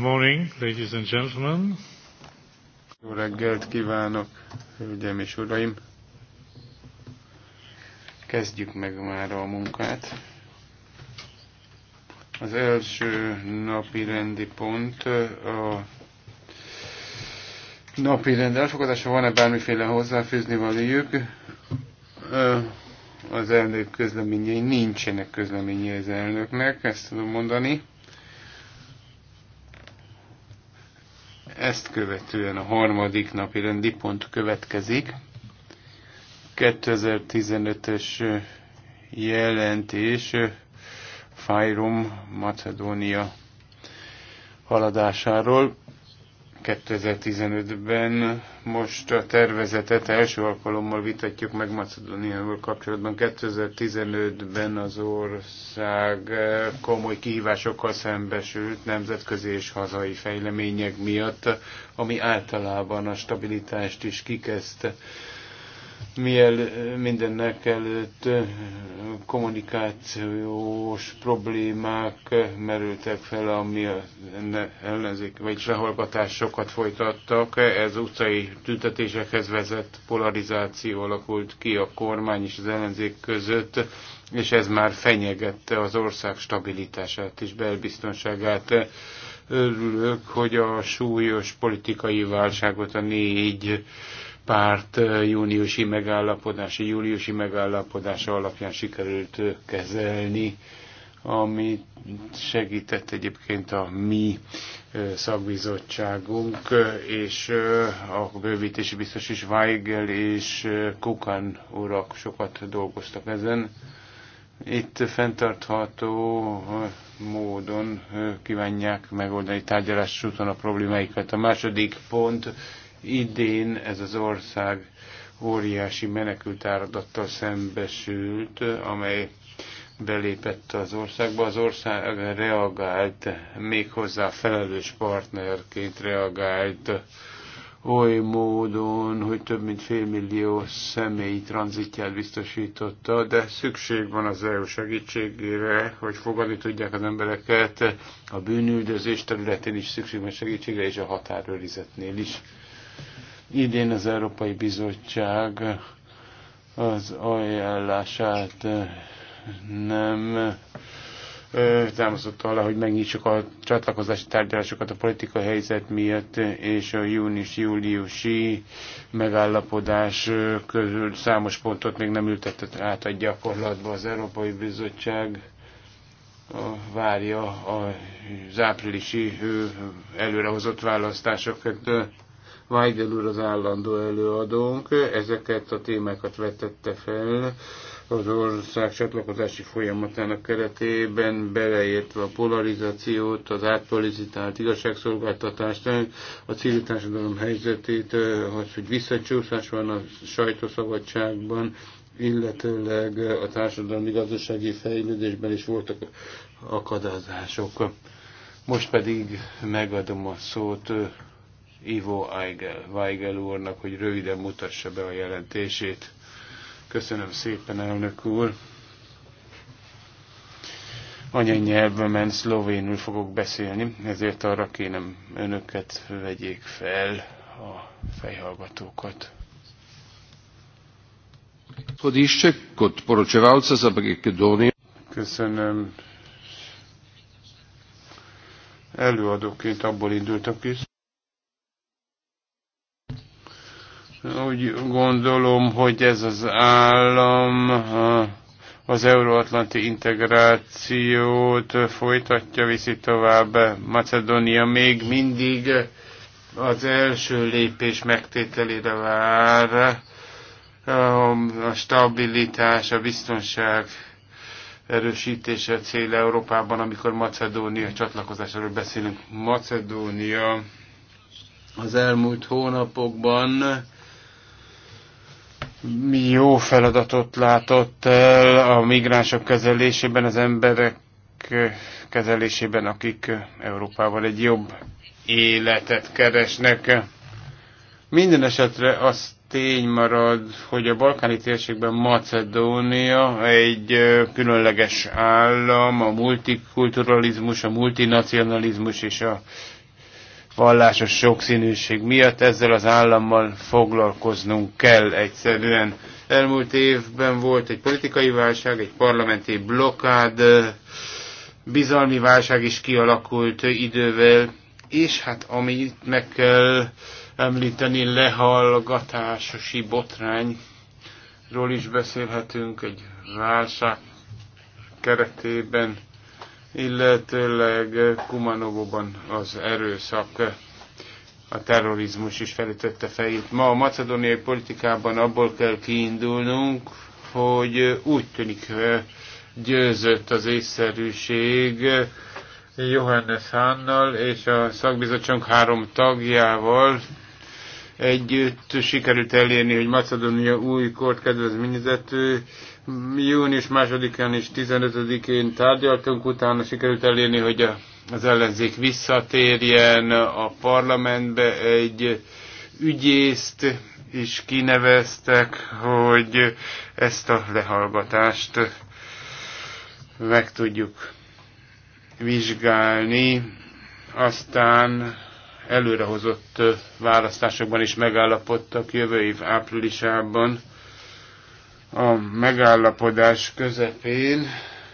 morning, ladies and gentlemen. Jó reggelt kívánok, hölgyeim és uraim! Kezdjük meg már a munkát. Az első napi rendi pont a napi rend elfogadása. Van-e bármiféle hozzáfűzni valójuk? Az elnök közleményei nincsenek közleményei az elnöknek, ezt tudom mondani. Ezt követően a harmadik napi rendi pont következik. 2015-ös jelentés Fajrum Macedónia haladásáról. 2015-ben most a tervezetet első alkalommal vitatjuk meg Macedóniával kapcsolatban. 2015-ben az ország komoly kihívásokkal szembesült nemzetközi és hazai fejlemények miatt, ami általában a stabilitást is kikezdte miel mindennek előtt kommunikációs problémák merültek fel, ami ellenzék, vagy lehallgatásokat folytattak. Ez utcai tüntetésekhez vezet, polarizáció alakult ki a kormány és az ellenzék között, és ez már fenyegette az ország stabilitását és belbiztonságát. Örülök, hogy a súlyos politikai válságot a négy párt júniusi megállapodása, júliusi megállapodása alapján sikerült kezelni, ami segített egyébként a mi szakbizottságunk, és a bővítési biztos is Weigel és Kukan urak sokat dolgoztak ezen. Itt fenntartható módon kívánják megoldani tárgyalás úton a problémáikat. A második pont idén ez az ország óriási menekültáradattal szembesült, amely belépett az országba. Az ország reagált, méghozzá felelős partnerként reagált oly módon, hogy több mint félmillió személyi tranzitját biztosította, de szükség van az EU segítségére, hogy fogadni tudják az embereket. A bűnüldözés területén is szükség van segítségre, és a határőrizetnél is. Idén az Európai Bizottság az ajánlását eh, nem eh, támasztotta alá, hogy megnyissuk a csatlakozási tárgyalásokat a politikai helyzet miatt, és a június-júliusi megállapodás eh, közül számos pontot még nem ültetett át a gyakorlatba az Európai Bizottság várja az áprilisi előrehozott választásokat. Weigel úr az állandó előadónk, ezeket a témákat vetette fel az ország csatlakozási folyamatának keretében, beleértve a polarizációt, az átpolitizált igazságszolgáltatást, a civil társadalom helyzetét, az, hogy visszacsúszás van a sajtószabadságban, illetőleg a társadalmi gazdasági fejlődésben is voltak akadázások. Most pedig megadom a szót Ivo Weigel, Weigel úrnak, hogy röviden mutassa be a jelentését. Köszönöm szépen, elnök úr! Anyanyelvemen szlovénul fogok beszélni, ezért arra kérem önöket vegyék fel a fejhallgatókat. Köszönöm. Előadóként abból indultak is. Úgy gondolom, hogy ez az állam az euróatlanti integrációt folytatja, viszi tovább. Macedónia még mindig az első lépés megtételére vár. A stabilitás, a biztonság erősítése cél Európában, amikor Macedónia csatlakozásáról beszélünk. Macedónia az elmúlt hónapokban jó feladatot látott el a migránsok kezelésében, az emberek kezelésében, akik Európával egy jobb életet keresnek. Minden esetre az tény marad, hogy a balkáni térségben Macedónia egy különleges állam, a multikulturalizmus, a multinacionalizmus és a vallásos sokszínűség miatt ezzel az állammal foglalkoznunk kell egyszerűen. Elmúlt évben volt egy politikai válság, egy parlamenti blokád, bizalmi válság is kialakult idővel, és hát ami itt meg kell említeni, lehallgatásosi botrányról is beszélhetünk egy válság keretében illetőleg Kumanovóban az erőszak a terrorizmus is felütötte fejét. Ma a macedóniai politikában abból kell kiindulnunk, hogy úgy tűnik győzött az észszerűség Johannes Hánnal és a szakbizottság három tagjával együtt sikerült elérni, hogy Macedónia új kort kedvezményezett Június másodikán és 15-én tárgyaltunk, utána sikerült elérni, hogy a, az ellenzék visszatérjen a parlamentbe egy ügyészt és kineveztek, hogy ezt a lehallgatást meg tudjuk vizsgálni. Aztán előrehozott választásokban is megállapodtak jövő év áprilisában a megállapodás közepén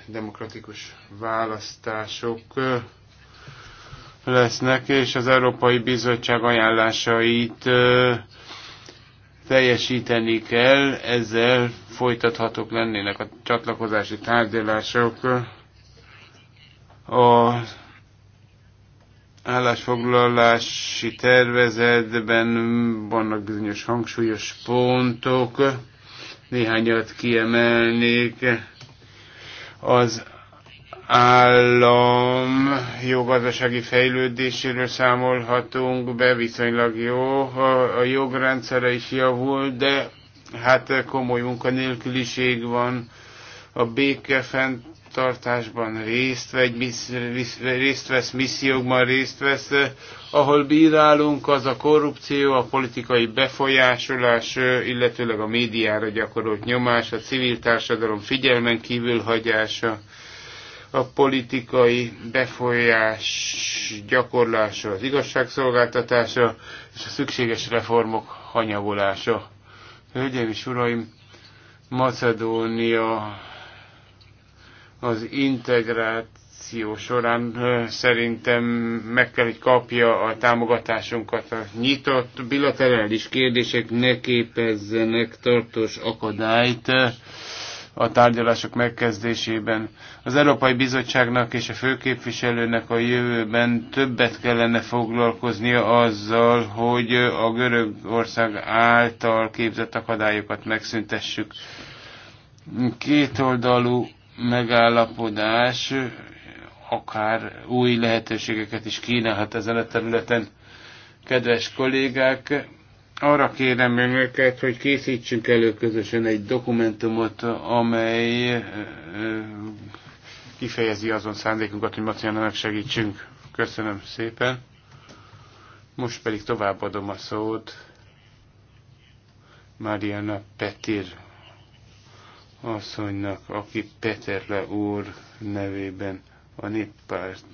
demokratikus választások lesznek, és az Európai Bizottság ajánlásait teljesíteni kell, ezzel folytathatók lennének a csatlakozási tárgyalások. A állásfoglalási tervezetben vannak bizonyos hangsúlyos pontok, Néhányat kiemelnék. Az állam jó gazdasági fejlődéséről számolhatunk be, viszonylag jó, a jogrendszere is javul, de hát komoly munkanélküliség van, a béke fent szertartásban részt, vegy, részt vesz, missziókban részt vesz, ahol bírálunk, az a korrupció, a politikai befolyásolás, illetőleg a médiára gyakorolt nyomás, a civil társadalom figyelmen kívül hagyása, a politikai befolyás gyakorlása, az igazságszolgáltatása és a szükséges reformok hanyagolása. Hölgyeim és uraim, Macedónia az integráció során szerintem meg kell, hogy kapja a támogatásunkat a nyitott bilaterális kérdések ne képezzenek tartós akadályt a tárgyalások megkezdésében. Az Európai Bizottságnak és a főképviselőnek a jövőben többet kellene foglalkoznia azzal, hogy a Görögország által képzett akadályokat megszüntessük. Kétoldalú megállapodás akár új lehetőségeket is kínálhat ezen a területen. Kedves kollégák, arra kérem önöket, hogy készítsünk elő közösen egy dokumentumot, amely kifejezi azon szándékunkat, hogy Macianának segítsünk. Köszönöm szépen. Most pedig továbbadom a szót Mariana Petir asszonynak, aki Peterle úr nevében a néppárt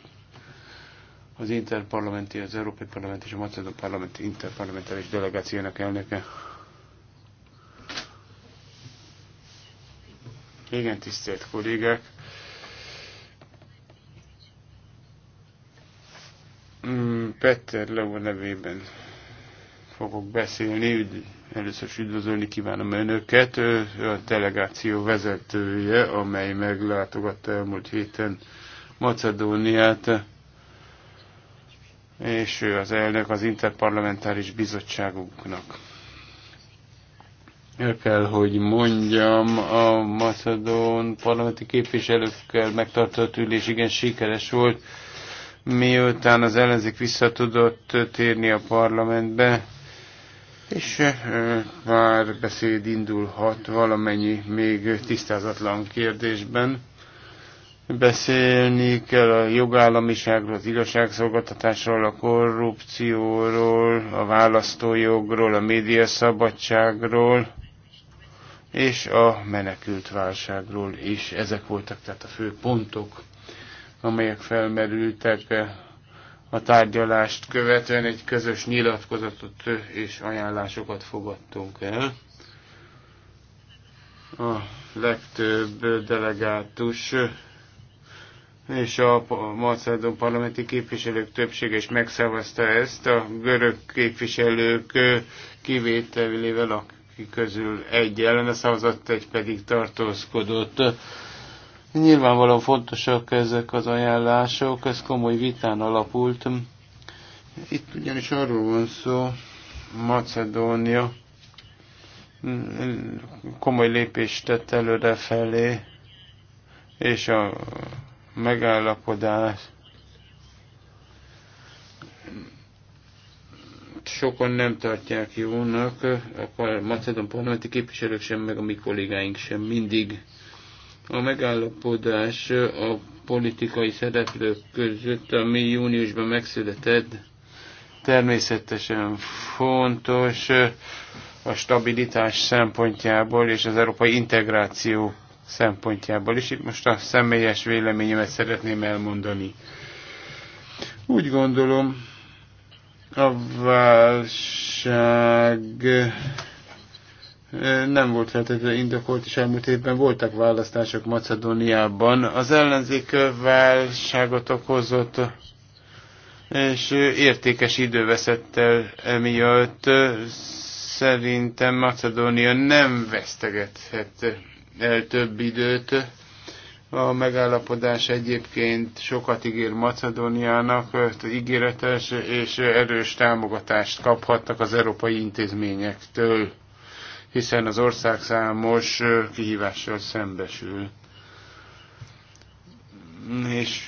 az interparlamenti, az Európai Parlament és a Macedon Parlament interparlamentális delegációnak elnöke. Igen, tisztelt kollégák! Hmm, Peter Leó nevében fogok beszélni, Először is üdvözölni kívánom Önöket. A delegáció vezetője, amely meglátogatta elmúlt héten Macedóniát, és ő az elnök az interparlamentáris bizottságunknak. El kell, hogy mondjam, a Macedón parlamenti képviselőkkel megtartott ülés igen sikeres volt, miután az ellenzék vissza tudott térni a parlamentbe, és pár beszéd indulhat valamennyi még tisztázatlan kérdésben. Beszélni kell a jogállamiságról, az igazságszolgáltatásról, a korrupcióról, a választójogról, a médiaszabadságról és a menekült válságról is. Ezek voltak tehát a fő pontok, amelyek felmerültek a tárgyalást követően egy közös nyilatkozatot és ajánlásokat fogadtunk el. A legtöbb delegátus és a Macedon parlamenti képviselők többsége is megszavazta ezt, a görög képviselők kivételével, akik közül egy ellene szavazott, egy pedig tartózkodott. Nyilvánvalóan fontosak ezek az ajánlások, ez komoly vitán alapult. Itt ugyanis arról van szó, Macedónia komoly lépést tett előre felé, és a megállapodás sokan nem tartják jónak, a macedon parlamenti képviselők sem, meg a mi kollégáink sem mindig a megállapodás a politikai szereplők között, ami júniusban megszületett, természetesen fontos a stabilitás szempontjából és az európai integráció szempontjából is. Itt most a személyes véleményemet szeretném elmondani. Úgy gondolom, a válság nem volt feltétlenül indokolt, és elmúlt évben voltak választások Macedóniában. Az ellenzék válságot okozott, és értékes idő veszett el emiatt. Szerintem Macedónia nem vesztegethet el több időt. A megállapodás egyébként sokat ígér Macedóniának, ígéretes és erős támogatást kaphatnak az európai intézményektől hiszen az ország számos kihívással szembesül. És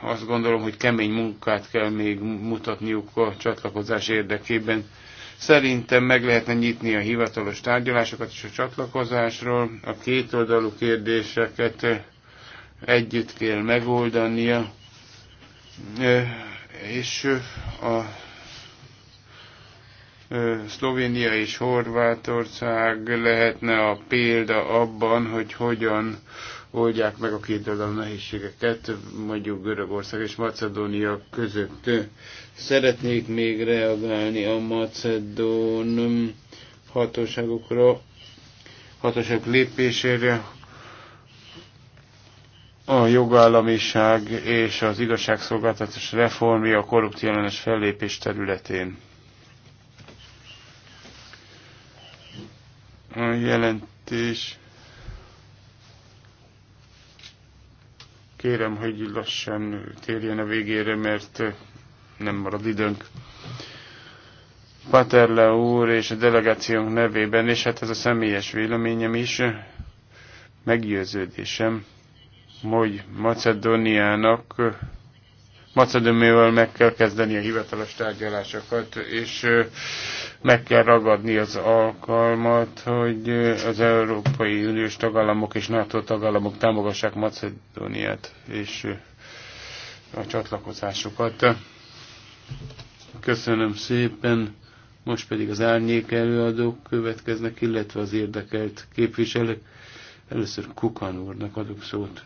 azt gondolom, hogy kemény munkát kell még mutatniuk a csatlakozás érdekében. Szerintem meg lehetne nyitni a hivatalos tárgyalásokat és a csatlakozásról. A kétoldalú kérdéseket együtt kell megoldania, és a Szlovénia és Horvátország lehetne a példa abban, hogy hogyan oldják meg a két oldal nehézségeket, mondjuk Görögország és Macedónia között. Szeretnék még reagálni a macedón hatóságokra, hatóságok lépésére, a jogállamiság és az igazságszolgáltatás reformja a korrupcióellenes fellépés területén. A jelentés. Kérem, hogy lassan térjen a végére, mert nem marad időnk. Paterle úr és a delegációnk nevében, és hát ez a személyes véleményem is, meggyőződésem, hogy Macedóniának Macedóniával meg kell kezdeni a hivatalos tárgyalásokat, és meg kell ragadni az alkalmat, hogy az Európai Uniós tagállamok és NATO tagállamok támogassák Macedóniát és a csatlakozásukat. Köszönöm szépen. Most pedig az árnyék előadók következnek, illetve az érdekelt képviselők. Először Kukan úrnak adok szót.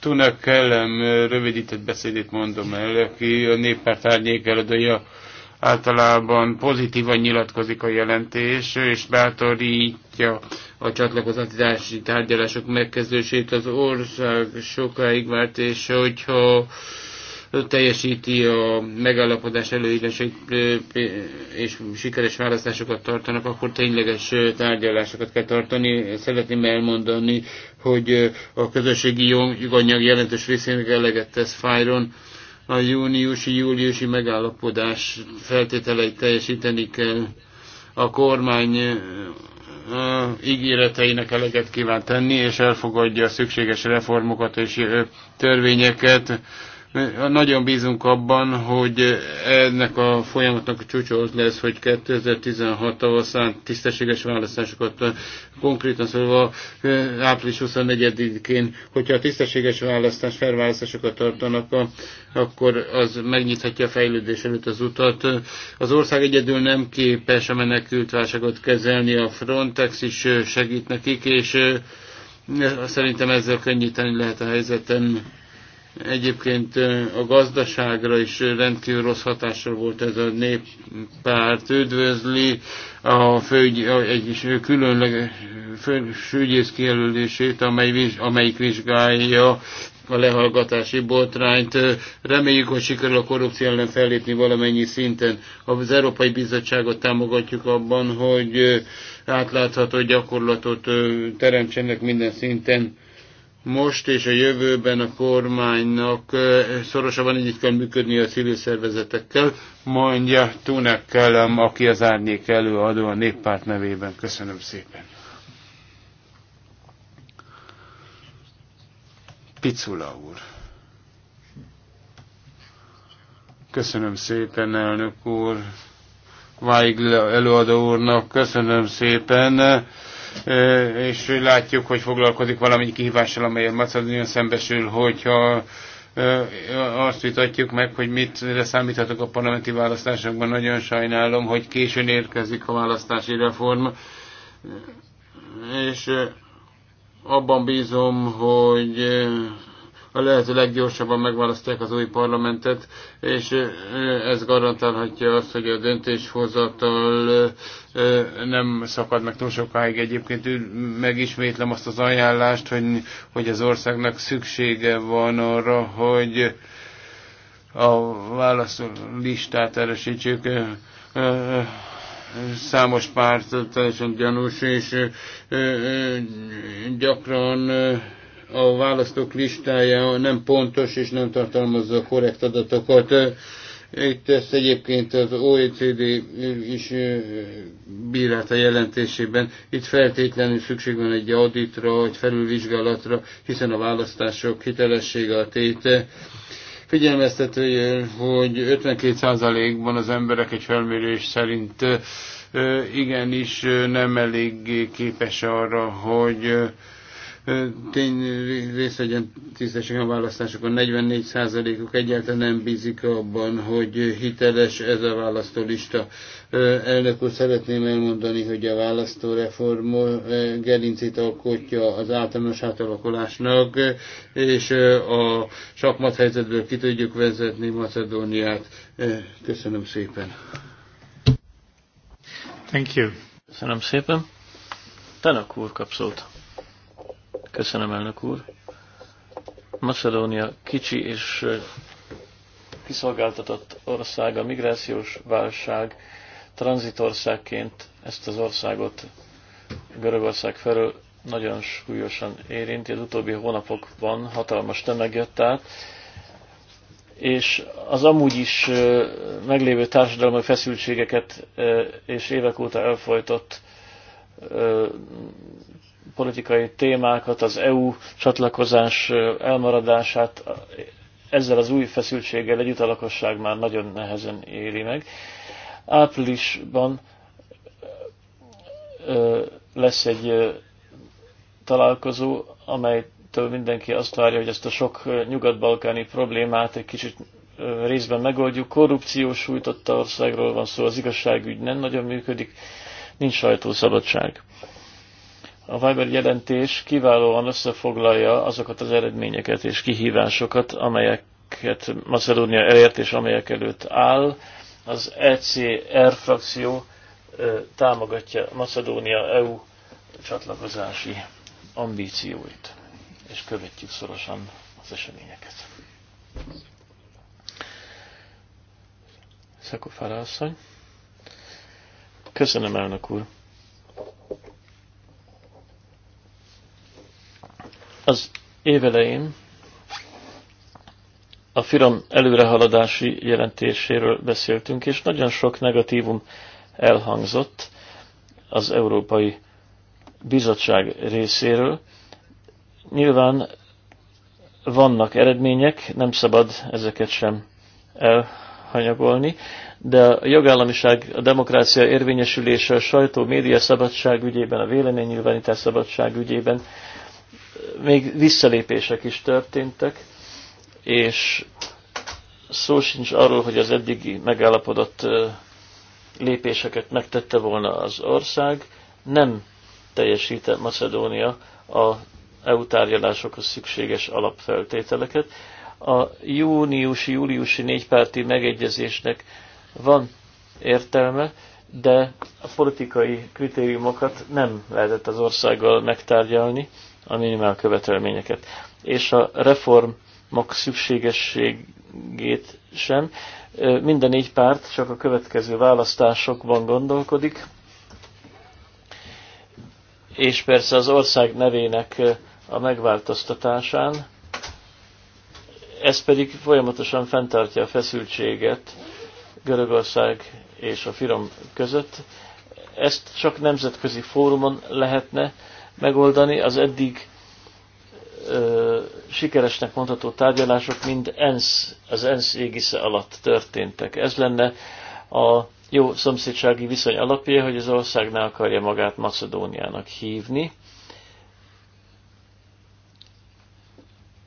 Tuna Kellem rövidített beszédét mondom el, aki a néppárt árnyék általában pozitívan nyilatkozik a jelentés, és bátorítja a csatlakozási tárgyalások megkezdését az ország sokáig várt, és hogyha teljesíti a megállapodás előírásait és sikeres választásokat tartanak, akkor tényleges tárgyalásokat kell tartani. Szeretném elmondani, hogy a közösségi joganyag jelentős részének eleget tesz Fájron, a júniusi-júliusi megállapodás feltételeit teljesíteni kell. A kormány ígéreteinek eleget kíván tenni, és elfogadja a szükséges reformokat és törvényeket nagyon bízunk abban, hogy ennek a folyamatnak a csúcsa az lesz, hogy 2016 tavaszán tisztességes választásokat konkrétan szóval április 24-én, hogyha a tisztességes választás, felválasztásokat tartanak, akkor az megnyithatja a fejlődés előtt az utat. Az ország egyedül nem képes a menekült válságot kezelni, a Frontex is segít nekik, és szerintem ezzel könnyíteni lehet a helyzeten Egyébként a gazdaságra is rendkívül rossz hatással volt ez a néppárt. Üdvözli a fő egy különleges főügyész kijelölését, amely, amelyik vizsgálja a lehallgatási botrányt. Reméljük, hogy sikerül a korrupció ellen fellépni valamennyi szinten. Az Európai Bizottságot támogatjuk abban, hogy átlátható gyakorlatot teremtsenek minden szinten most és a jövőben a kormánynak szorosabban együtt kell működni a civil szervezetekkel, mondja Tunek Kellem, aki az árnyék előadó a néppárt nevében. Köszönöm szépen. Picula úr. Köszönöm szépen, elnök úr. Weigl előadó úrnak köszönöm szépen és látjuk, hogy foglalkozik valami kihívással, amelyen Macedónia szembesül, hogyha azt vitatjuk meg, hogy mit számíthatok a parlamenti választásokban. Nagyon sajnálom, hogy későn érkezik a választási reform, és abban bízom, hogy a lehető leggyorsabban megválasztják az új parlamentet, és ez garantálhatja azt, hogy a döntéshozatal nem szakad meg túl sokáig. Egyébként megismétlem azt az ajánlást, hogy, hogy az országnak szüksége van arra, hogy a választó listát erősítsük számos párt teljesen gyanús, és gyakran a választók listája nem pontos és nem tartalmazza a korrekt adatokat. Itt ezt egyébként az OECD is bírálta jelentésében. Itt feltétlenül szükség van egy auditra, egy felülvizsgálatra, hiszen a választások hitelessége a téte. Figyelmeztető, hogy 52%-ban az emberek egy felmérés szerint igenis nem elég képes arra, hogy tény részt vegyen tisztességen a választásokon. 44%-uk egyáltalán nem bízik abban, hogy hiteles ez a választólista. Elnök úr, szeretném elmondani, hogy a választóreform gerincét alkotja az általános átalakulásnak, és a sakmat helyzetből ki tudjuk vezetni Macedóniát. Köszönöm szépen. Thank you. Köszönöm szépen. Tanak úr kap szót. Köszönöm, elnök úr. Macedónia kicsi és kiszolgáltatott ország, a migrációs válság tranzitországként ezt az országot Görögország felől nagyon súlyosan érinti. Az utóbbi hónapokban hatalmas tömeg jött át, és az amúgy is meglévő társadalmi feszültségeket és évek óta elfolytott politikai témákat, az EU csatlakozás elmaradását ezzel az új feszültséggel együtt a lakosság már nagyon nehezen éli meg. Áprilisban lesz egy találkozó, amelytől mindenki azt várja, hogy ezt a sok nyugat-balkáni problémát egy kicsit részben megoldjuk. Korrupció sújtotta országról van szó, az igazságügy nem nagyon működik, nincs sajtószabadság. A Weber jelentés kiválóan összefoglalja azokat az eredményeket és kihívásokat, amelyeket Macedónia elért és amelyek előtt áll. Az ECR frakció támogatja Macedónia EU csatlakozási ambícióit, és követjük szorosan az eseményeket. Szakofára asszony. Köszönöm, elnök úr. Az évelején a FIROM előrehaladási jelentéséről beszéltünk, és nagyon sok negatívum elhangzott az Európai Bizottság részéről. Nyilván vannak eredmények, nem szabad ezeket sem elhanyagolni, de a jogállamiság, a demokrácia érvényesülése, a sajtó, média szabadság ügyében, a véleménynyilvánítás szabadság ügyében még visszalépések is történtek, és szó sincs arról, hogy az eddigi megállapodott lépéseket megtette volna az ország, nem teljesíte Macedónia a EU tárgyalásokhoz szükséges alapfeltételeket. A júniusi-júliusi négypárti megegyezésnek van értelme, de a politikai kritériumokat nem lehetett az országgal megtárgyalni, a minimál követelményeket, és a reformok szükségességét sem. Minden négy párt csak a következő választásokban gondolkodik, és persze az ország nevének a megváltoztatásán, ez pedig folyamatosan fenntartja a feszültséget Görögország és a Firom között. Ezt csak nemzetközi fórumon lehetne megoldani. Az eddig ö, sikeresnek mondható tárgyalások mind ENSZ, az ENSZ égisze alatt történtek. Ez lenne a jó szomszédsági viszony alapja, hogy az ország ne akarja magát Macedóniának hívni.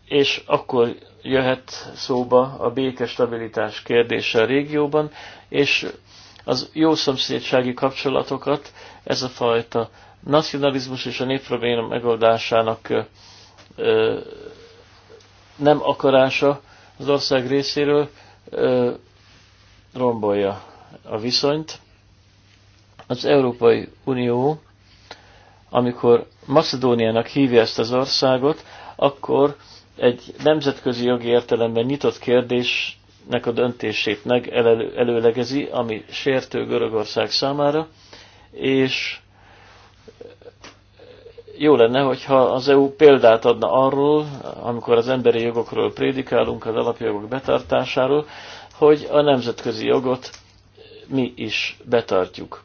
És akkor jöhet szóba a béke stabilitás kérdése a régióban, és az jó szomszédsági kapcsolatokat ez a fajta nacionalizmus és a népprobléma megoldásának nem akarása az ország részéről rombolja a viszonyt. Az Európai Unió, amikor Macedóniának hívja ezt az országot, akkor egy nemzetközi jogi értelemben nyitott kérdésnek a döntését előlegezi, ami sértő Görögország számára, és jó lenne, hogyha az EU példát adna arról, amikor az emberi jogokról prédikálunk, az alapjogok betartásáról, hogy a nemzetközi jogot mi is betartjuk.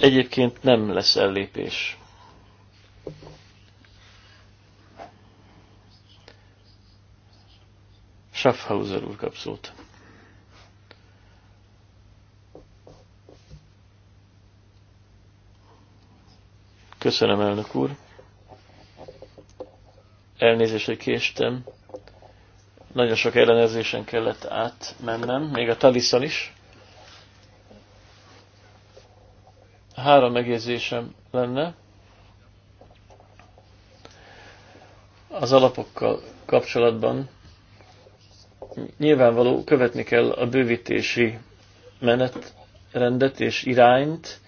Egyébként nem lesz ellépés. Schaffhauser úr kap szót. Köszönöm, elnök úr. Elnézést, hogy késtem. Nagyon sok ellenőrzésen kellett átmennem, még a Taliszon is. Három megjegyzésem lenne. Az alapokkal kapcsolatban nyilvánvaló követni kell a bővítési menetrendet és irányt,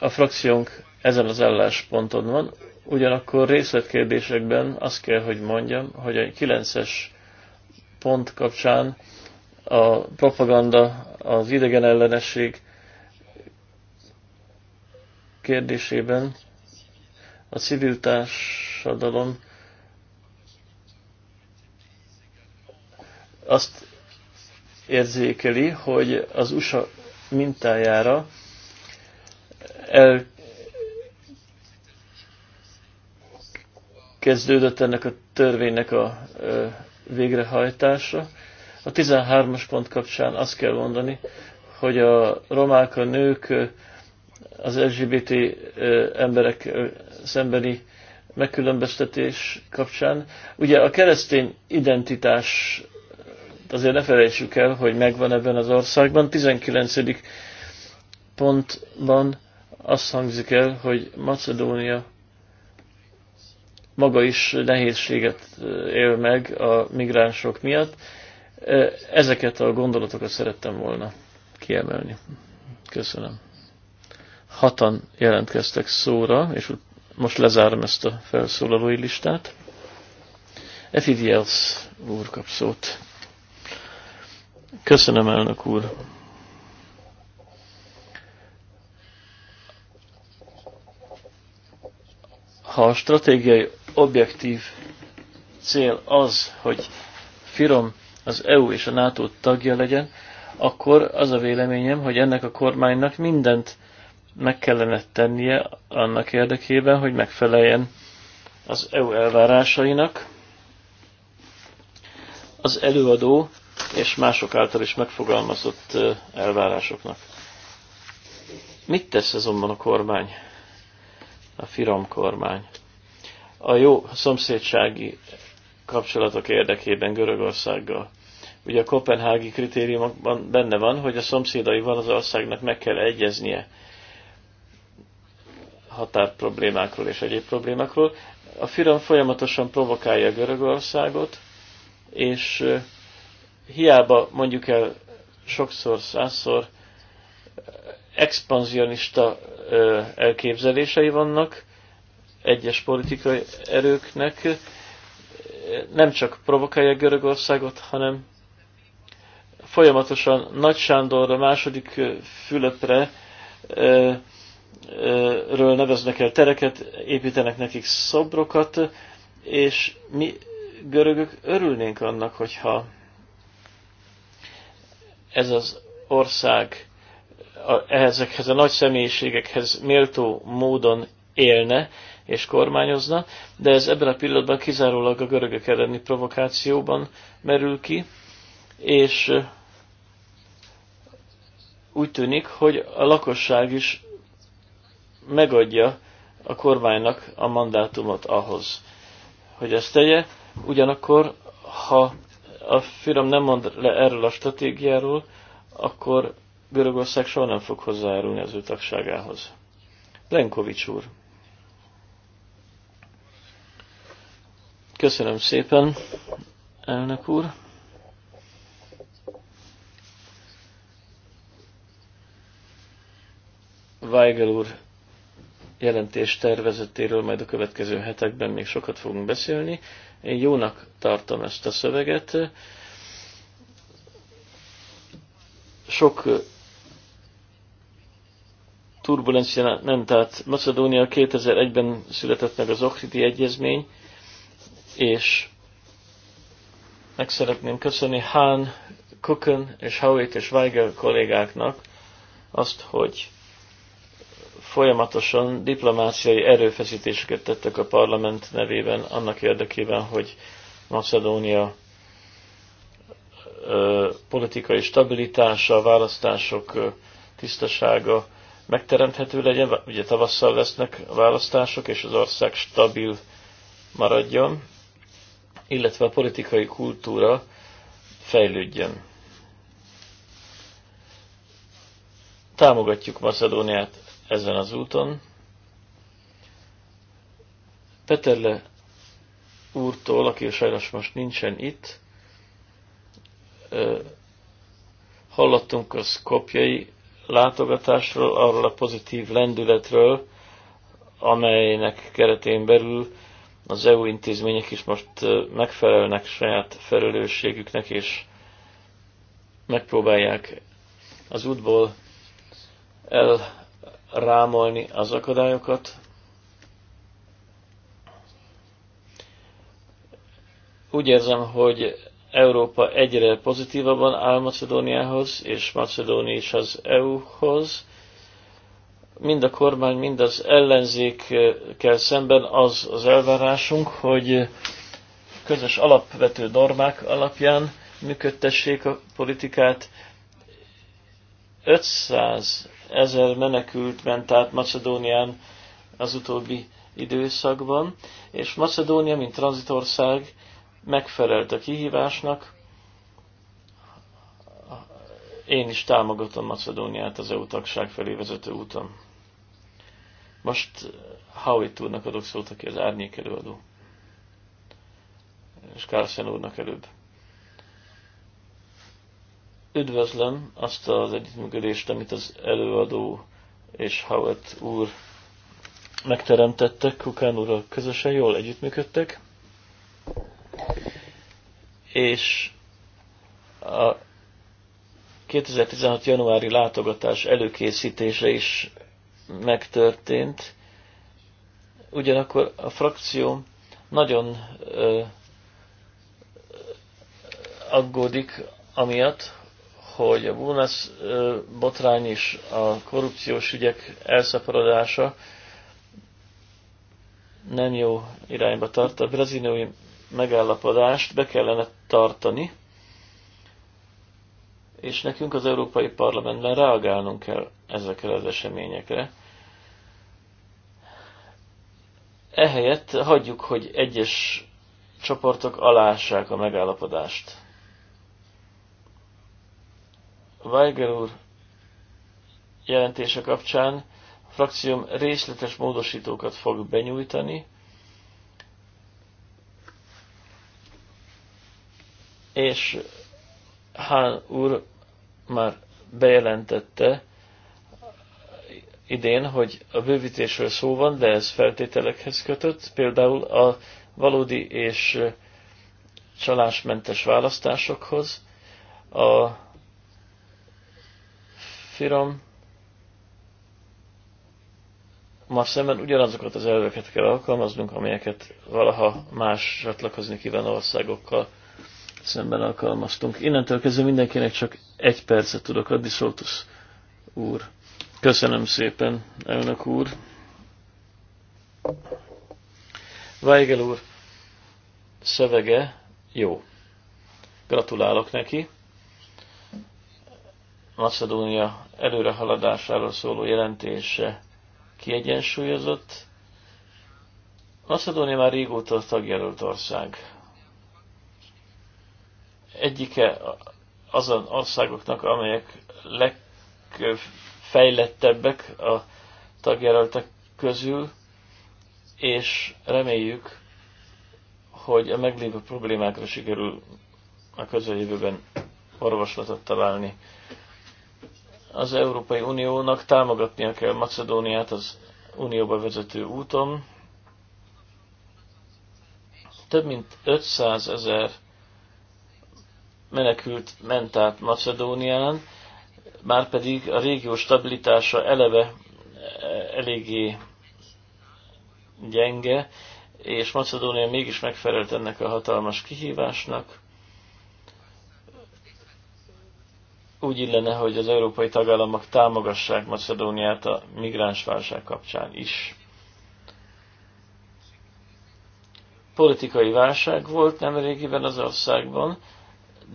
a frakciónk ezen az állásponton van, ugyanakkor részletkérdésekben azt kell, hogy mondjam, hogy a 9-es pont kapcsán a propaganda, az idegen ellenesség kérdésében a civil társadalom azt érzékeli, hogy az USA mintájára el kezdődött ennek a törvénynek a végrehajtása. A 13-as pont kapcsán azt kell mondani, hogy a romák, a nők, az LGBT emberek szembeni megkülönböztetés kapcsán. Ugye a keresztény identitás, azért ne felejtsük el, hogy megvan ebben az országban, 19. pontban azt hangzik el, hogy Macedónia maga is nehézséget él meg a migránsok miatt. Ezeket a gondolatokat szerettem volna kiemelni. Köszönöm. Hatan jelentkeztek szóra, és most lezárom ezt a felszólalói listát. Efidiels úr kap szót. Köszönöm, elnök úr. Ha a stratégiai objektív cél az, hogy Firom az EU és a NATO tagja legyen, akkor az a véleményem, hogy ennek a kormánynak mindent meg kellene tennie annak érdekében, hogy megfeleljen az EU elvárásainak. Az előadó és mások által is megfogalmazott elvárásoknak. Mit tesz azonban a kormány? a Firom kormány. A jó szomszédsági kapcsolatok érdekében Görögországgal. Ugye a kopenhági kritériumokban benne van, hogy a van az országnak meg kell egyeznie határproblémákról és egyéb problémákról. A Firom folyamatosan provokálja Görögországot, és hiába mondjuk el sokszor, százszor, expanzionista elképzelései vannak egyes politikai erőknek, nem csak provokálja Görögországot, hanem folyamatosan Nagy Sándorra, második Fülöpre ről neveznek el tereket, építenek nekik szobrokat, és mi görögök örülnénk annak, hogyha ez az ország a, ezekhez a nagy személyiségekhez méltó módon élne és kormányozna, de ez ebben a pillanatban kizárólag a görögök elleni provokációban merül ki, és úgy tűnik, hogy a lakosság is megadja a kormánynak a mandátumot ahhoz, hogy ezt tegye. Ugyanakkor, ha a firm nem mond le erről a stratégiáról, akkor Görögország soha nem fog hozzájárulni az ő tagságához. Lenkovics úr. Köszönöm szépen, elnök úr. Weigel úr jelentés tervezetéről majd a következő hetekben még sokat fogunk beszélni. Én jónak tartom ezt a szöveget. Sok turbulencia ment át. Macedónia 2001-ben született meg az Okriti Egyezmény, és meg szeretném köszönni Hán, Kukön és Howitt és Weigel kollégáknak azt, hogy folyamatosan diplomáciai erőfeszítéseket tettek a parlament nevében annak érdekében, hogy Macedónia politikai stabilitása, választások tisztasága megteremthető legyen, ugye tavasszal lesznek a választások, és az ország stabil maradjon, illetve a politikai kultúra fejlődjön. Támogatjuk Macedóniát ezen az úton. Peterle úrtól, aki sajnos most nincsen itt, hallottunk a szkopjai látogatásról, arról a pozitív lendületről, amelynek keretén belül az EU intézmények is most megfelelnek saját felelősségüknek, és megpróbálják az útból elrámolni az akadályokat. Úgy érzem, hogy Európa egyre pozitívabban áll Macedóniához, és Macedónia is az EU-hoz. Mind a kormány, mind az ellenzékkel szemben az az elvárásunk, hogy közös alapvető normák alapján működtessék a politikát. 500 ezer menekült ment át Macedónián az utóbbi időszakban, és Macedónia, mint tranzitország, megfelelt a kihívásnak. Én is támogatom Macedóniát az EU tagság felé vezető úton. Most Howitt úrnak adok szót, aki az árnyék előadó. És Carlsen úrnak előbb. Üdvözlöm azt az együttműködést, amit az előadó és Howitt úr megteremtettek, Kukán úrral közösen jól együttműködtek és a 2016. januári látogatás előkészítése is megtörtént. Ugyanakkor a frakció nagyon ö, aggódik amiatt, hogy a Búnász botrány is a korrupciós ügyek elszaporodása nem jó irányba tart. A braziliai megállapodást be kellene tartani, és nekünk az Európai Parlamentben reagálnunk kell ezekre az eseményekre. Ehelyett hagyjuk, hogy egyes csoportok alássák a megállapodást. Weiger úr jelentése kapcsán a frakcióm részletes módosítókat fog benyújtani, és Hán úr már bejelentette idén, hogy a bővítésről szó van, de ez feltételekhez kötött, például a valódi és csalásmentes választásokhoz, a firom ma szemben ugyanazokat az elveket kell alkalmaznunk, amelyeket valaha más csatlakozni kívánó országokkal szemben alkalmaztunk. Innentől kezdve mindenkinek csak egy percet tudok adni, Szoltusz úr. Köszönöm szépen, elnök úr. Weigel úr szövege jó. Gratulálok neki. Macedónia előrehaladásáról szóló jelentése kiegyensúlyozott. Macedónia már régóta tagjelölt ország egyike azon országoknak, amelyek legfejlettebbek a tagjelöltek közül, és reméljük, hogy a meglévő problémákra sikerül a közeljövőben orvoslatot találni. Az Európai Uniónak támogatnia kell Macedóniát az Unióba vezető úton. Több mint 500 ezer menekült ment át Macedónián, már pedig a régió stabilitása eleve e, eléggé gyenge, és Macedónia mégis megfelelt ennek a hatalmas kihívásnak. Úgy illene, hogy az európai tagállamok támogassák Macedóniát a migránsválság kapcsán is. Politikai válság volt nem régiben az országban,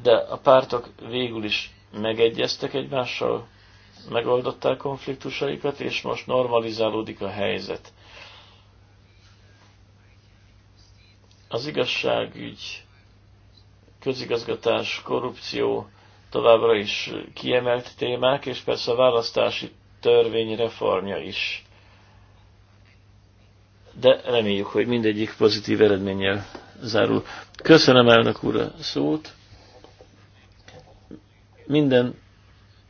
de a pártok végül is megegyeztek egymással, megoldották konfliktusaikat, és most normalizálódik a helyzet. Az igazságügy, közigazgatás, korrupció továbbra is kiemelt témák, és persze a választási törvény reformja is. De reméljük, hogy mindegyik pozitív eredménnyel zárul. Köszönöm elnök úr a szót! Minden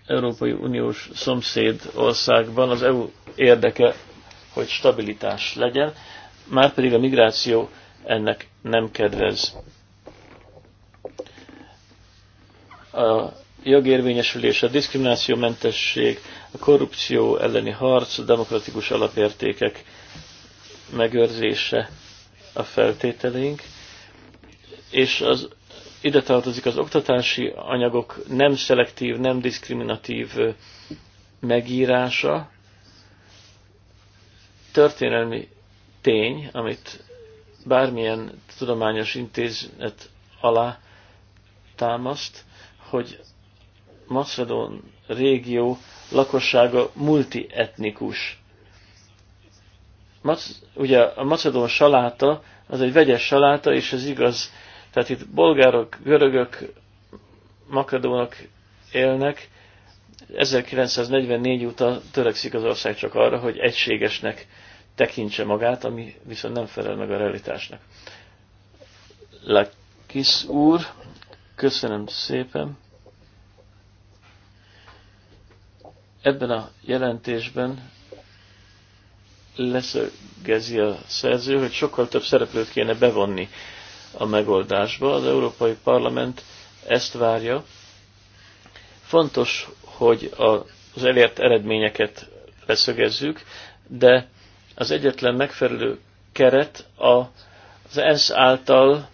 Európai Uniós szomszéd országban az EU érdeke, hogy stabilitás legyen, már pedig a migráció ennek nem kedvez. A jogérvényesülés, a diszkriminációmentesség, a korrupció elleni harc, a demokratikus alapértékek megőrzése a feltételeink, és az ide tartozik az oktatási anyagok nem szelektív, nem diszkriminatív megírása. Történelmi tény, amit bármilyen tudományos intézet alá támaszt, hogy Macedón régió lakossága multietnikus. Mac, ugye a macedón saláta az egy vegyes saláta, és ez igaz tehát itt bolgárok, görögök, makedónok élnek, 1944 óta törekszik az ország csak arra, hogy egységesnek tekintse magát, ami viszont nem felel meg a realitásnak. Lakis úr, köszönöm szépen. Ebben a jelentésben leszögezi a szerző, hogy sokkal több szereplőt kéne bevonni a megoldásba. Az Európai Parlament ezt várja. Fontos, hogy az elért eredményeket leszögezzük, de az egyetlen megfelelő keret az ENSZ által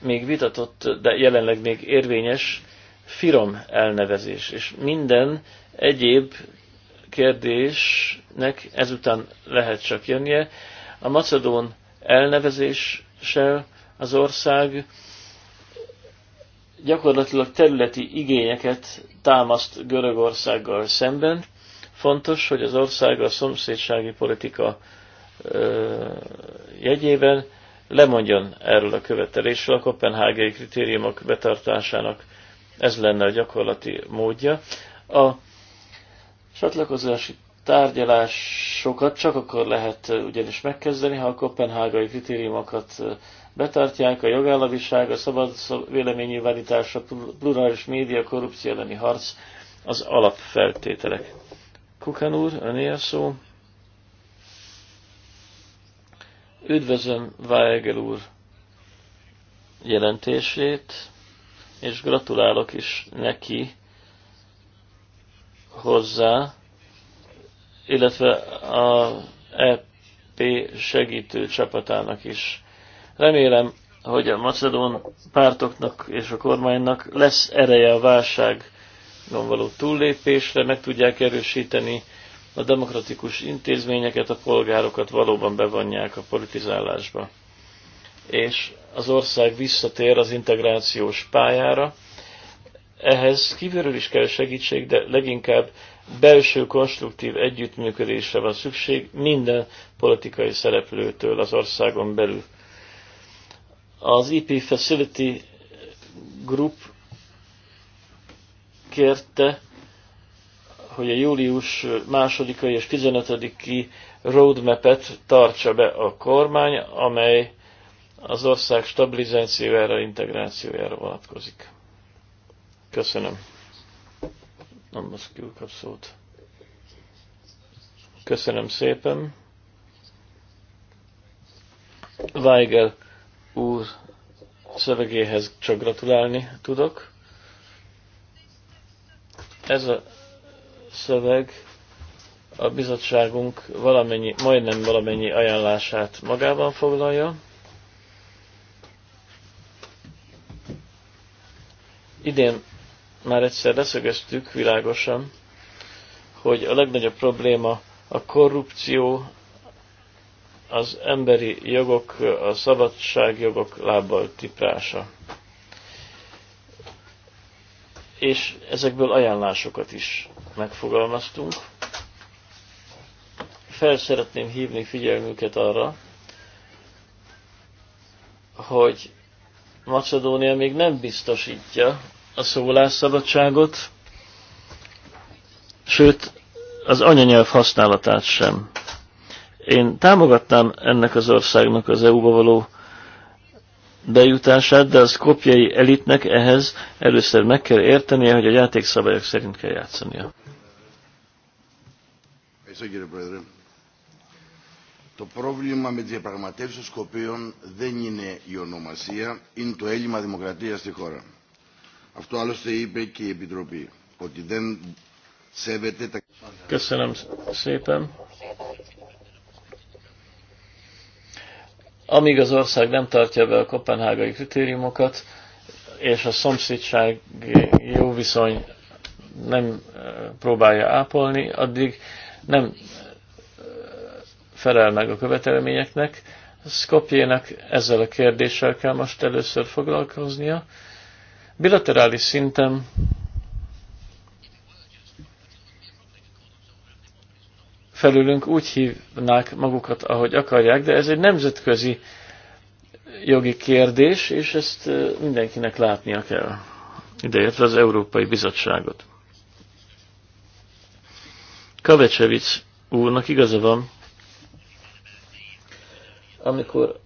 még vitatott, de jelenleg még érvényes firom elnevezés, és minden egyéb kérdésnek ezután lehet csak jönnie. A macedón elnevezéssel az ország gyakorlatilag területi igényeket támaszt Görögországgal szemben. Fontos, hogy az ország a szomszédsági politika jegyében lemondjon erről a követelésről, a kopenhágai kritériumok betartásának ez lenne a gyakorlati módja. A csatlakozási tárgyalásokat csak akkor lehet ugyanis megkezdeni, ha a kopenhágai kritériumokat betartják, a jogállamiság, a szabad véleménynyilvánítás, a plurális média, korrupció elleni harc, az alapfeltételek. Kukan úr, öné a szó. Üdvözlöm Weigel úr jelentését, és gratulálok is neki hozzá, illetve a EP segítő csapatának is. Remélem, hogy a macedón pártoknak és a kormánynak lesz ereje a válságon való túllépésre, meg tudják erősíteni a demokratikus intézményeket, a polgárokat valóban bevonják a politizálásba. És az ország visszatér az integrációs pályára, ehhez kívülről is kell segítség, de leginkább belső konstruktív együttműködésre van szükség minden politikai szereplőtől az országon belül. Az IP e Facility Group kérte, hogy a július másodikai és 15-i roadmap-et tartsa be a kormány, amely az ország stabilizációjára, integrációjára vonatkozik. Köszönöm. most kap szót. Köszönöm szépen. Weigel úr szövegéhez csak gratulálni tudok. Ez a szöveg a bizottságunk valamennyi, majdnem valamennyi ajánlását magában foglalja. Idén már egyszer leszögeztük világosan, hogy a legnagyobb probléma a korrupció, az emberi jogok, a szabadságjogok lábbal tiprása. És ezekből ajánlásokat is megfogalmaztunk. Fel szeretném hívni figyelmüket arra, hogy Macedónia még nem biztosítja a szólásszabadságot, sőt, az anyanyelv használatát sem. Én támogatnám ennek az országnak az EU-ba való bejutását, de az kopjai elitnek ehhez először meg kell értenie, hogy a játékszabályok szerint kell játszania. Το πρόβλημα με τις διαπραγματεύσεις των Σκοπίων δεν είναι η ονομασία, είναι το έλλειμμα δημοκρατίας στη χώρα. Αυτό άλλωστε είπε και η Επιτροπή, ότι δεν σέβεται τα... Köszönöm szépen. Amíg az ország nem tartja be a kopenhágai kritériumokat, és a szomszédság jó viszony nem eh, próbálja ápolni, addig nem eh, felel meg a követelményeknek. Skopjének ezzel a kérdéssel kell most először foglalkoznia, Bilaterális szinten felülünk úgy hívnák magukat, ahogy akarják, de ez egy nemzetközi jogi kérdés, és ezt mindenkinek látnia kell, ideértve az Európai Bizottságot. Kavecsevic úrnak igaza van, amikor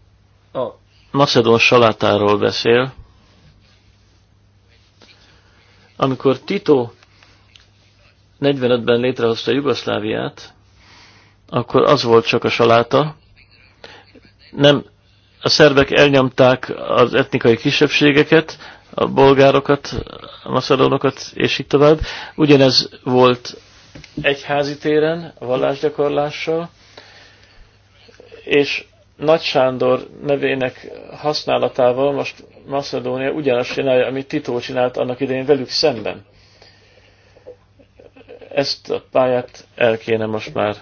a macedón salátáról beszél, amikor Tito 45-ben létrehozta Jugoszláviát, akkor az volt csak a saláta. Nem, a szerbek elnyomták az etnikai kisebbségeket, a bolgárokat, a maszadonokat, és így tovább. Ugyanez volt egyházi téren, a vallásgyakorlással, és Nagy Sándor nevének használatával most Macedónia ugyanazt csinálja, amit Tito csinált annak idején velük szemben. Ezt a pályát el kéne most már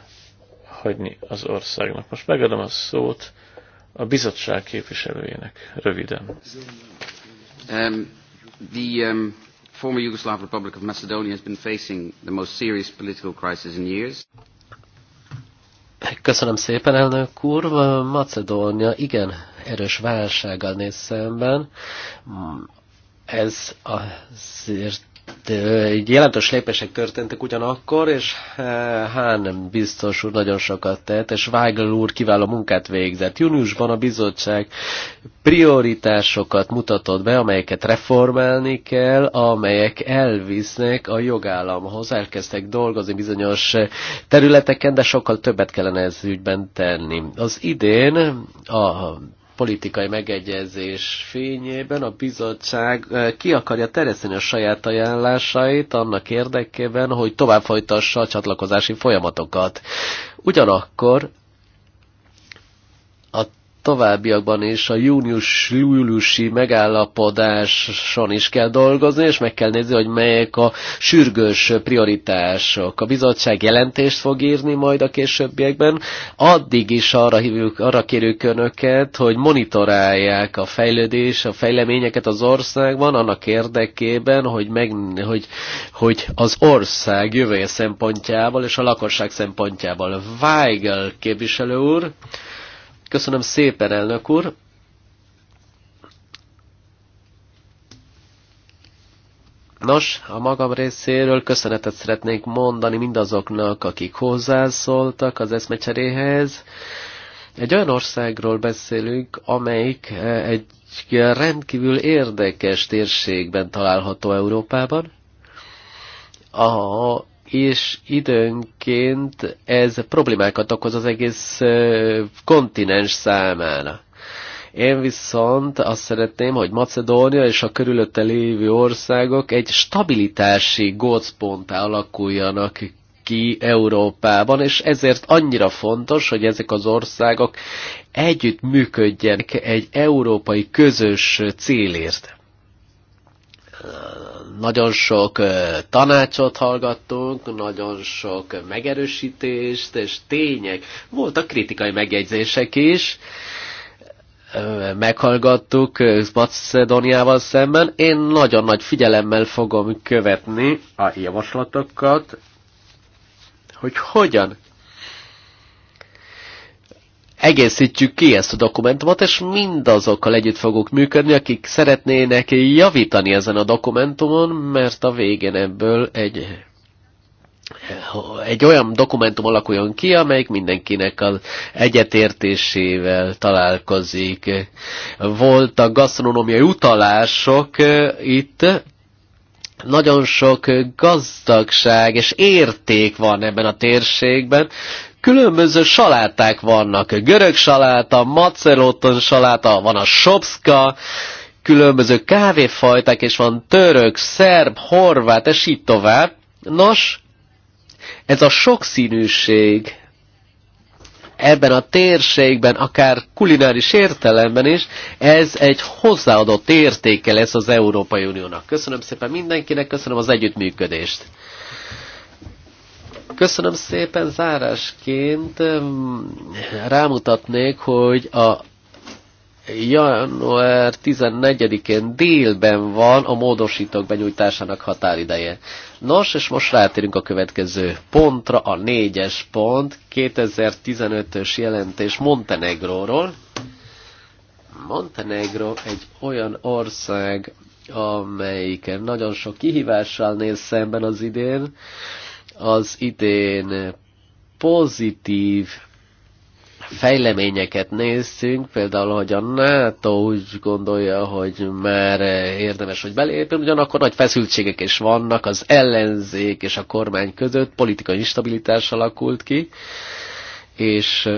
hagyni az országnak. Most megadom a szót a bizottság képviselőjének röviden. Um, the um, former Yugoslav Republic of Macedonia has been facing the most serious political crisis in years. Köszönöm szépen, elnök úr. Macedónia igen erős válsággal néz szemben. Ez azért jelentős lépések történtek ugyanakkor, és Hán biztos úr nagyon sokat tett, és Weigl úr kiváló munkát végzett. Júniusban a bizottság prioritásokat mutatott be, amelyeket reformálni kell, amelyek elvisznek a jogállamhoz. Elkezdtek dolgozni bizonyos területeken, de sokkal többet kellene ez ügyben tenni. Az idén a politikai megegyezés fényében a bizottság eh, ki akarja terjeszteni a saját ajánlásait annak érdekében, hogy tovább folytassa a csatlakozási folyamatokat. Ugyanakkor továbbiakban is a június-júliusi megállapodáson is kell dolgozni, és meg kell nézni, hogy melyek a sürgős prioritások. A bizottság jelentést fog írni majd a későbbiekben. Addig is arra, hívjuk, arra kérjük önöket, hogy monitorálják a fejlődés, a fejleményeket az országban, annak érdekében, hogy, meg, hogy, hogy az ország jövője szempontjából és a lakosság szempontjából. Weigel képviselő úr, Köszönöm szépen, elnök úr! Nos, a magam részéről köszönetet szeretnék mondani mindazoknak, akik hozzászóltak az eszmecseréhez. Egy olyan országról beszélünk, amelyik e, egy rendkívül érdekes térségben található Európában, a és időnként ez problémákat okoz az egész kontinens számára. Én viszont azt szeretném, hogy Macedónia és a körülötte lévő országok egy stabilitási gócponttá alakuljanak ki Európában, és ezért annyira fontos, hogy ezek az országok együtt működjenek egy európai közös célért nagyon sok tanácsot hallgattunk, nagyon sok megerősítést és tények. Voltak kritikai megjegyzések is, meghallgattuk Macedóniával szemben. Én nagyon nagy figyelemmel fogom követni a javaslatokat, hogy hogyan egészítjük ki ezt a dokumentumot, és mindazokkal együtt fogok működni, akik szeretnének javítani ezen a dokumentumon, mert a végén ebből egy egy olyan dokumentum alakuljon ki, amelyik mindenkinek az egyetértésével találkozik. Voltak gasztronómiai utalások eh, itt, nagyon sok gazdagság és érték van ebben a térségben, különböző saláták vannak. A görög saláta, macerotton saláta, van a sopska, különböző kávéfajták, és van török, szerb, horvát, és így tovább. Nos, ez a sokszínűség ebben a térségben, akár kulináris értelemben is, ez egy hozzáadott értéke lesz az Európai Uniónak. Köszönöm szépen mindenkinek, köszönöm az együttműködést. Köszönöm szépen zárásként. Rámutatnék, hogy a január 14-én délben van a módosítók benyújtásának határideje. Nos, és most rátérünk a következő pontra, a négyes pont, 2015-ös jelentés Montenegróról. Montenegró egy olyan ország, amelyik nagyon sok kihívással néz szemben az idén, az idén pozitív fejleményeket néztünk, például, hogy a NATO úgy gondolja, hogy már érdemes, hogy belépjen, ugyanakkor nagy feszültségek is vannak, az ellenzék és a kormány között politikai instabilitás alakult ki, és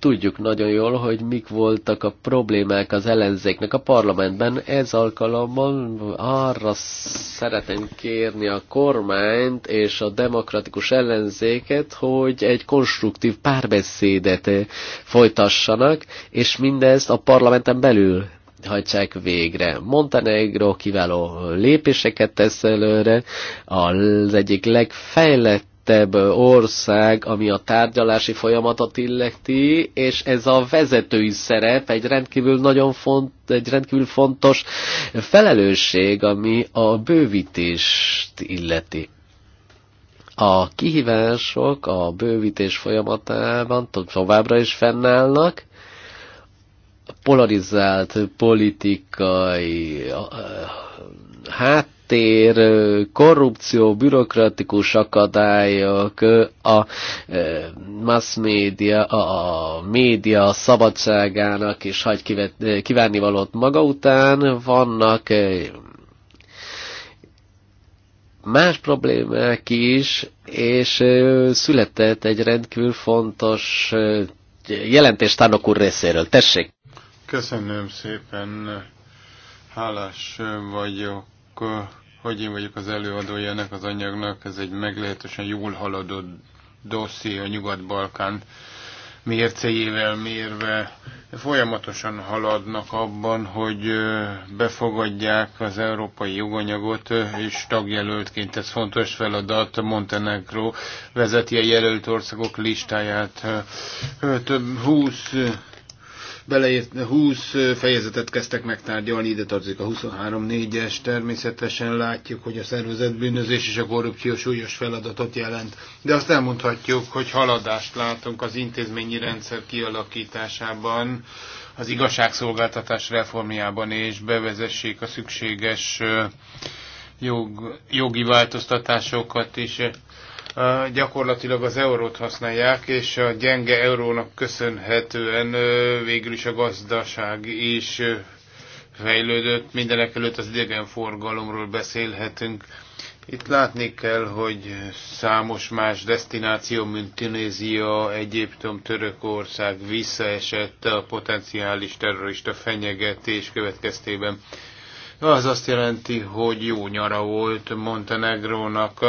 tudjuk nagyon jól, hogy mik voltak a problémák az ellenzéknek a parlamentben. Ez alkalommal arra szeretem kérni a kormányt és a demokratikus ellenzéket, hogy egy konstruktív párbeszédet folytassanak, és mindezt a parlamenten belül hagyják végre. Montenegro kiváló lépéseket tesz előre, az egyik legfejlett fejlettebb ország, ami a tárgyalási folyamatot illeti, és ez a vezetői szerep egy rendkívül nagyon font, egy rendkívül fontos felelősség, ami a bővítést illeti. A kihívások a bővítés folyamatában továbbra is fennállnak, polarizált politikai hát háttér, korrupció, bürokratikus akadályok, a mass média, a média szabadságának is hagy kívánni valót maga után, vannak más problémák is, és született egy rendkívül fontos jelentés tanok úr részéről. Tessék! Köszönöm szépen, hálás vagyok hogy én vagyok az előadója ennek az anyagnak. Ez egy meglehetősen jól haladott dosszi a Nyugat-Balkán mércéjével mérve folyamatosan haladnak abban, hogy befogadják az európai joganyagot, és tagjelöltként ez fontos feladat. Montenegro vezeti a jelölt országok listáját. Több 20 beleért 20 fejezetet kezdtek megtárgyalni, ide tartozik a 23-4-es, természetesen látjuk, hogy a szervezetbűnözés és a korrupció súlyos feladatot jelent, de azt elmondhatjuk, hogy haladást látunk az intézményi rendszer kialakításában, az igazságszolgáltatás reformjában, és bevezessék a szükséges jog, jogi változtatásokat is gyakorlatilag az eurót használják, és a gyenge eurónak köszönhetően végül is a gazdaság is fejlődött. Mindenek előtt az idegenforgalomról beszélhetünk. Itt látni kell, hogy számos más destináció, mint Tunézia, Egyiptom, Törökország visszaesett a potenciális terrorista fenyegetés következtében. Az azt jelenti, hogy jó nyara volt Montenegrónak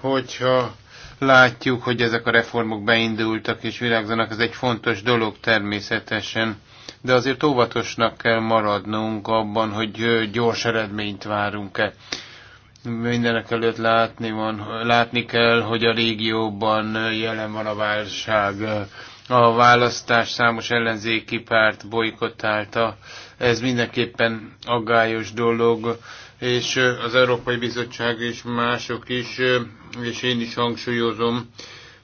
hogyha látjuk, hogy ezek a reformok beindultak és virágzanak, ez egy fontos dolog természetesen, de azért óvatosnak kell maradnunk abban, hogy gyors eredményt várunk-e. Mindenek előtt látni, van, látni kell, hogy a régióban jelen van a válság. A választás számos ellenzéki párt bolykottálta. Ez mindenképpen aggályos dolog és az Európai Bizottság és mások is, és én is hangsúlyozom,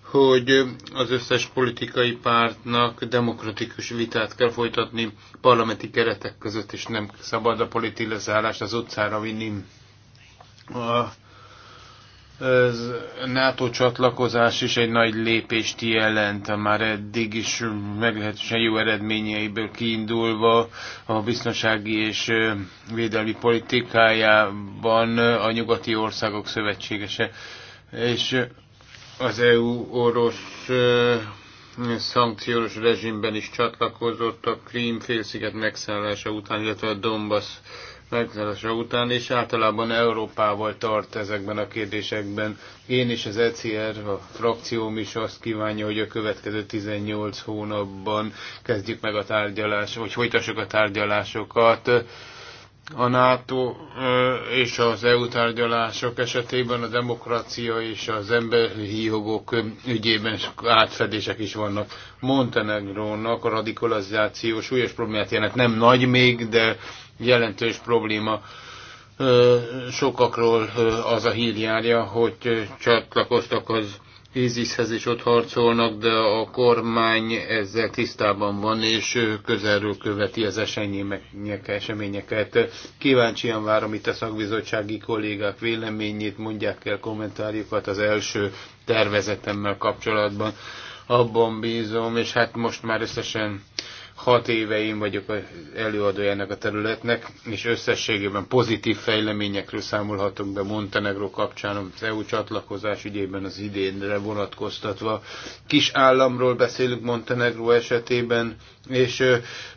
hogy az összes politikai pártnak demokratikus vitát kell folytatni parlamenti keretek között, és nem szabad a politi az utcára vinni. A ez NATO csatlakozás is egy nagy lépést jelent, a már eddig is meglehetősen jó eredményeiből kiindulva a biztonsági és védelmi politikájában a nyugati országok szövetségese. És az EU-orosz szankciós rezsimben is csatlakozott a Krím félsziget megszállása után, illetve a Donbass megzárása után, és általában Európával tart ezekben a kérdésekben. Én is az ECR, a frakcióm is azt kívánja, hogy a következő 18 hónapban kezdjük meg a tárgyalás, vagy folytassuk a tárgyalásokat. A NATO és az EU tárgyalások esetében a demokrácia és az emberi jogok ügyében átfedések is vannak. Montenegrónak a radikalizáció súlyos problémát jelent. Nem nagy még, de jelentős probléma. Sokakról az a hír járja, hogy csatlakoztak az ISIS-hez és ott harcolnak, de a kormány ezzel tisztában van, és közelről követi az eseményeket. Kíváncsian várom itt a szakbizottsági kollégák véleményét, mondják el kommentárjukat az első tervezetemmel kapcsolatban. Abban bízom, és hát most már összesen Hat éve én vagyok az előadója ennek a területnek, és összességében pozitív fejleményekről számolhatunk be Montenegro kapcsán, az EU csatlakozás ügyében az idénre vonatkoztatva. Kis államról beszélünk Montenegro esetében, és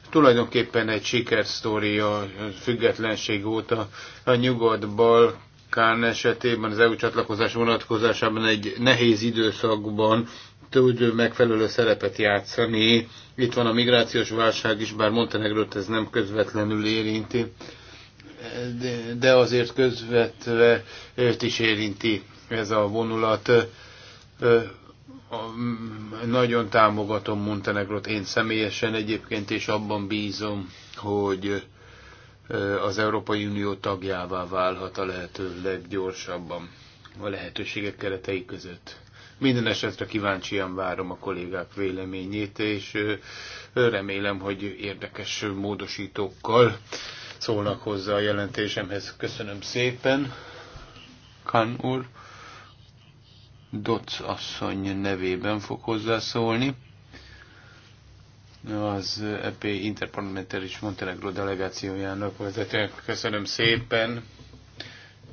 tulajdonképpen egy sikersztória függetlenség óta a nyugatbal, bal esetében, az EU csatlakozás vonatkozásában egy nehéz időszakban tud megfelelő szerepet játszani itt van a migrációs válság is, bár Montenegrót ez nem közvetlenül érinti, de, de azért közvetve őt is érinti ez a vonulat. Nagyon támogatom Montenegrót én személyesen egyébként, és abban bízom, hogy az Európai Unió tagjává válhat a lehető leggyorsabban a lehetőségek keretei között. Minden esetre kíváncsian várom a kollégák véleményét, és remélem, hogy érdekes módosítókkal szólnak hozzá a jelentésemhez. Köszönöm szépen, Kan úr. Doc asszony nevében fog hozzászólni. Az EP interparlamentális Montenegro delegációjának vezetőnek. Köszönöm szépen.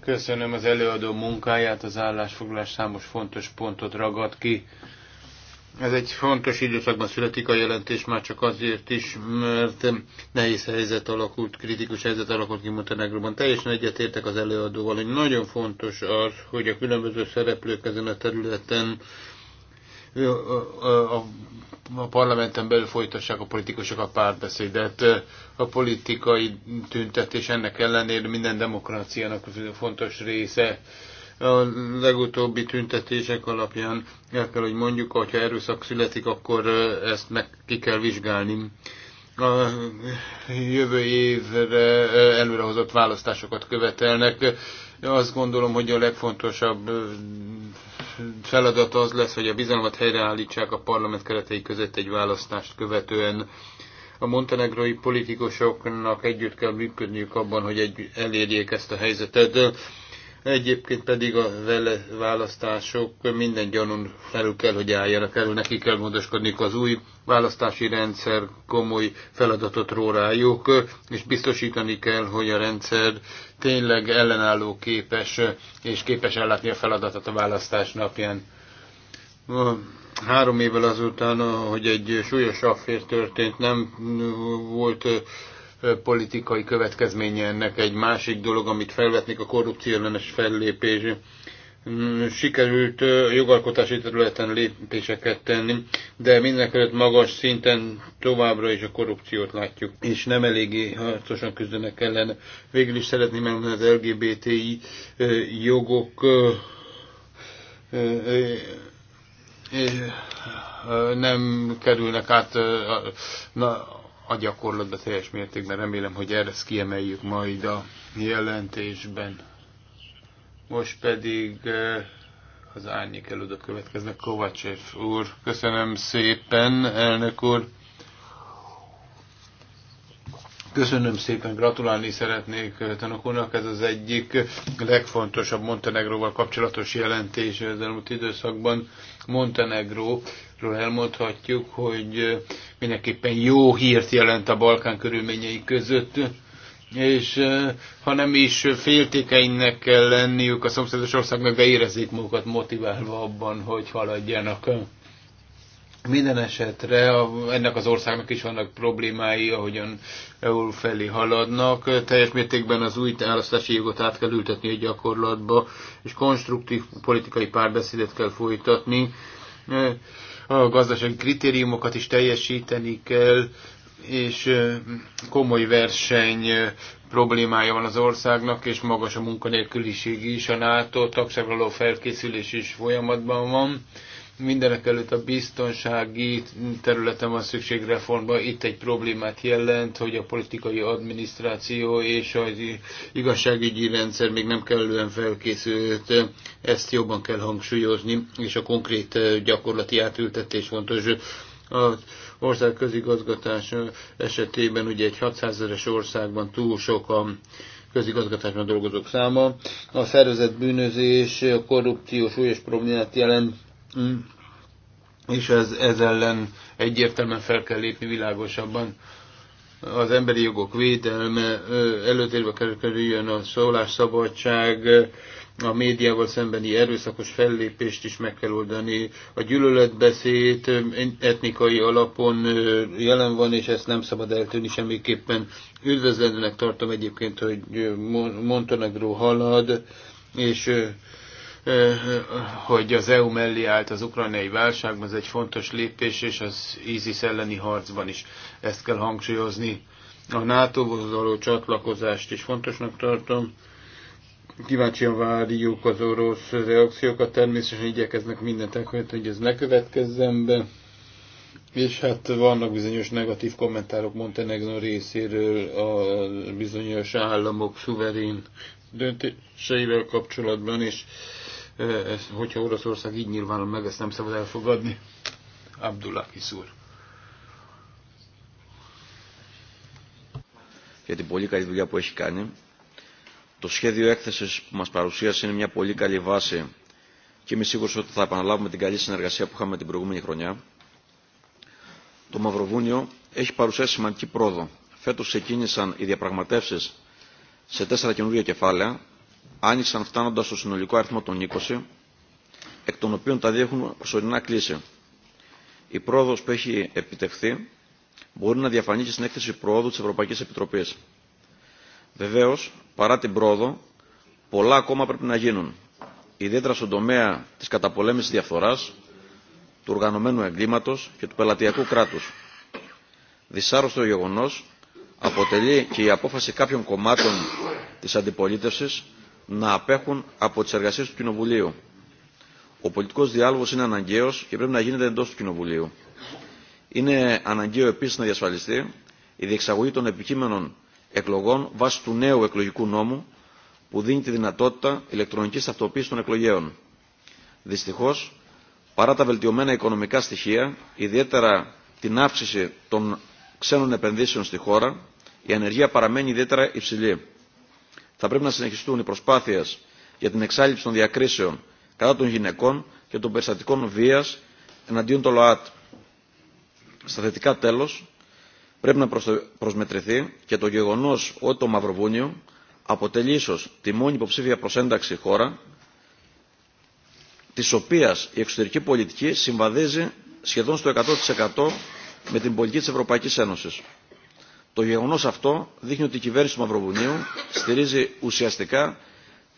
Köszönöm az előadó munkáját, az állásfoglalás számos fontos pontot ragad ki. Ez egy fontos időszakban születik a jelentés, már csak azért is, mert nehéz helyzet alakult, kritikus helyzet alakult ki Montenegróban. Teljesen egyetértek az előadóval, hogy nagyon fontos az, hogy a különböző szereplők ezen a területen a a parlamenten belül folytassák a politikusok a párbeszédet. A politikai tüntetés ennek ellenére minden demokráciának fontos része. A legutóbbi tüntetések alapján el kell, hogy mondjuk, hogyha erőszak születik, akkor ezt meg ki kell vizsgálni. A jövő évre előrehozott választásokat követelnek. Azt gondolom, hogy a legfontosabb feladat az lesz, hogy a bizalmat helyreállítsák a parlament keretei között egy választást követően. A montenegrói politikusoknak együtt kell működniük abban, hogy egy, elérjék ezt a helyzetet. Egyébként pedig a vele választások minden gyanún felül kell, hogy álljanak elő, neki kell gondoskodni az új választási rendszer komoly feladatot ró rájuk, és biztosítani kell, hogy a rendszer tényleg ellenálló képes, és képes ellátni a feladatot a választás napján. Három évvel azután, hogy egy súlyos affér történt, nem volt politikai következménye ennek. Egy másik dolog, amit felvetnék a korrupció ellenes fellépés. Mm, sikerült jogalkotási területen lépéseket tenni, de mindenkelőtt magas szinten továbbra is a korrupciót látjuk, és nem eléggé harcosan küzdenek ellen. Végül is szeretném elmondani az LGBTI jogok nem kerülnek át a gyakorlatban teljes mértékben. Remélem, hogy erre ezt kiemeljük majd a jelentésben. Most pedig eh, az árnyék előd a következnek. Kovácsev úr, köszönöm szépen, elnök úr. Köszönöm szépen, gratulálni szeretnék eh, tanok úrnak. Ez az egyik legfontosabb Montenegróval kapcsolatos jelentés az elmúlt időszakban. Montenegróról elmondhatjuk, hogy eh, mindenképpen jó hírt jelent a Balkán körülményei között és eh, ha nem is féltékeinek kell lenniük a szomszédos országnak, de magukat motiválva abban, hogy haladjanak. Minden esetre a, ennek az országnak is vannak problémái, ahogyan EU felé haladnak. Teljes mértékben az új választási jogot át kell ültetni a gyakorlatba, és konstruktív politikai párbeszédet kell folytatni. A gazdasági kritériumokat is teljesíteni kell, és komoly verseny problémája van az országnak, és magas a munkanélküliség is, a NATO tagságra felkészülés is folyamatban van Mindenek előtt a biztonsági területen van szükség reformba. Itt egy problémát jelent, hogy a politikai adminisztráció és az igazságügyi rendszer még nem kellően felkészült. Ezt jobban kell hangsúlyozni, és a konkrét gyakorlati átültetés fontos az ország közigazgatás esetében ugye egy 600 országban túl sok a közigazgatásban dolgozók száma. A szervezett bűnözés, a korrupció súlyos problémát jelent, Mm. és ez, ez ellen egyértelműen fel kell lépni világosabban. Az emberi jogok védelme előtérbe kerüljön a szólásszabadság, a médiával szembeni erőszakos fellépést is meg kell oldani. A gyűlöletbeszéd etnikai alapon jelen van, és ezt nem szabad eltűnni semmiképpen. Üdvözlendőnek tartom egyébként, hogy Montenegro halad, és hogy az EU mellé állt az ukrajnai válságban, ez egy fontos lépés, és az ISIS elleni harcban is ezt kell hangsúlyozni. A nato való csatlakozást is fontosnak tartom. Kíváncsian várjuk az orosz reakciókat, természetesen igyekeznek mindent elkövetni, hogy ez ne következzen be. És hát vannak bizonyos negatív kommentárok Montenegro részéről a bizonyos államok szuverén döntéseivel kapcsolatban, és ez, hogyha Oroszország így nyilvánul meg, ezt nem szabad elfogadni. Abdullah Kiszúr. για την πολύ καλή δουλειά που έχει κάνει. Το σχέδιο έκθεση που μα παρουσίασε είναι μια πολύ καλή βάση και είμαι σίγουρο ότι θα επαναλάβουμε την καλή συνεργασία που είχαμε την προηγούμενη χρονιά. Το Μαυροβούνιο έχει παρουσιάσει σημαντική πρόοδο. Φέτο ξεκίνησαν οι διαπραγματεύσει σε τέσσερα καινούργια κεφάλαια άνοιξαν φτάνοντας στο συνολικό αριθμό των 20, εκ των οποίων τα δύο έχουν προσωρινά κλείσει. Η πρόοδος που έχει επιτευχθεί μπορεί να διαφανεί και στην έκθεση πρόοδου της Ευρωπαϊκής Επιτροπής. Βεβαίως, παρά την πρόοδο, πολλά ακόμα πρέπει να γίνουν, ιδιαίτερα στον τομέα της καταπολέμησης διαφθοράς, του οργανωμένου εγκλήματος και του πελατειακού κράτους. Δυσάρρωστο γεγονός αποτελεί και η απόφαση κάποιων κομμάτων της αντιπολίτευσης να απέχουν από τι εργασίε του Κοινοβουλίου. Ο πολιτικό διάλογο είναι αναγκαίο και πρέπει να γίνεται εντό του Κοινοβουλίου. Είναι αναγκαίο επίση να διασφαλιστεί η διεξαγωγή των επικείμενων εκλογών βάσει του νέου εκλογικού νόμου που δίνει τη δυνατότητα ηλεκτρονική ταυτοποίηση των εκλογέων. Δυστυχώ, παρά τα βελτιωμένα οικονομικά στοιχεία, ιδιαίτερα την αύξηση των ξένων επενδύσεων στη χώρα, η ανεργία παραμένει ιδιαίτερα υψηλή θα πρέπει να συνεχιστούν οι προσπάθειες για την εξάλληψη των διακρίσεων κατά των γυναικών και των περιστατικών βίας εναντίον των ΛΟΑΤ. Στα θετικά τέλος, πρέπει να προσμετρηθεί και το γεγονός ότι το Μαυροβούνιο αποτελεί ίσως τη μόνη υποψήφια προσένταξη χώρα της οποίας η εξωτερική πολιτική συμβαδίζει σχεδόν στο 100% με την πολιτική της Ευρωπαϊκής Ένωσης. Το γεγονό αυτό δείχνει ότι η κυβέρνηση του Μαυροβουνίου στηρίζει ουσιαστικά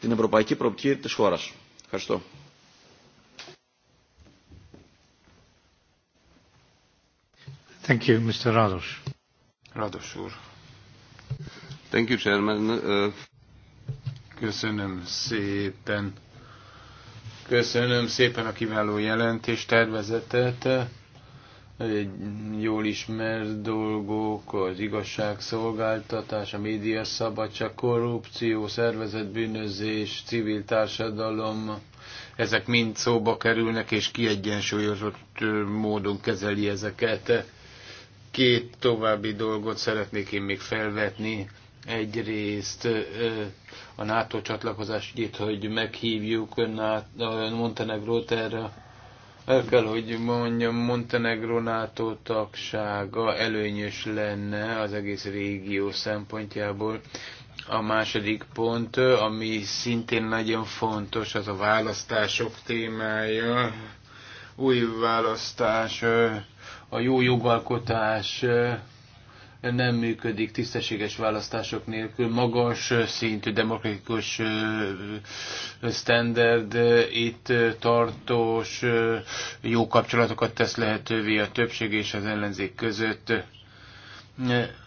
την ευρωπαϊκή προοπτική τη χώρα. Ευχαριστώ. Thank you, Mr. Rados. Rados úr. Thank you, Chairman. Köszönöm szépen. Köszönöm szépen a kiváló jelentést, tervezetet jól ismert dolgok, az igazságszolgáltatás, a média szabadság, korrupció, szervezetbűnözés, civil társadalom, ezek mind szóba kerülnek, és kiegyensúlyozott módon kezeli ezeket. Két további dolgot szeretnék én még felvetni. Egyrészt a NATO csatlakozás hogy meghívjuk Montenegrót erre el kell, hogy mondjam, Montenegro NATO tagsága előnyös lenne az egész régió szempontjából. A második pont, ami szintén nagyon fontos, az a választások témája. Új választás, a jó jogalkotás, nem működik tisztességes választások nélkül, magas szintű demokratikus standard itt tartós jó kapcsolatokat tesz lehetővé a többség és az ellenzék között.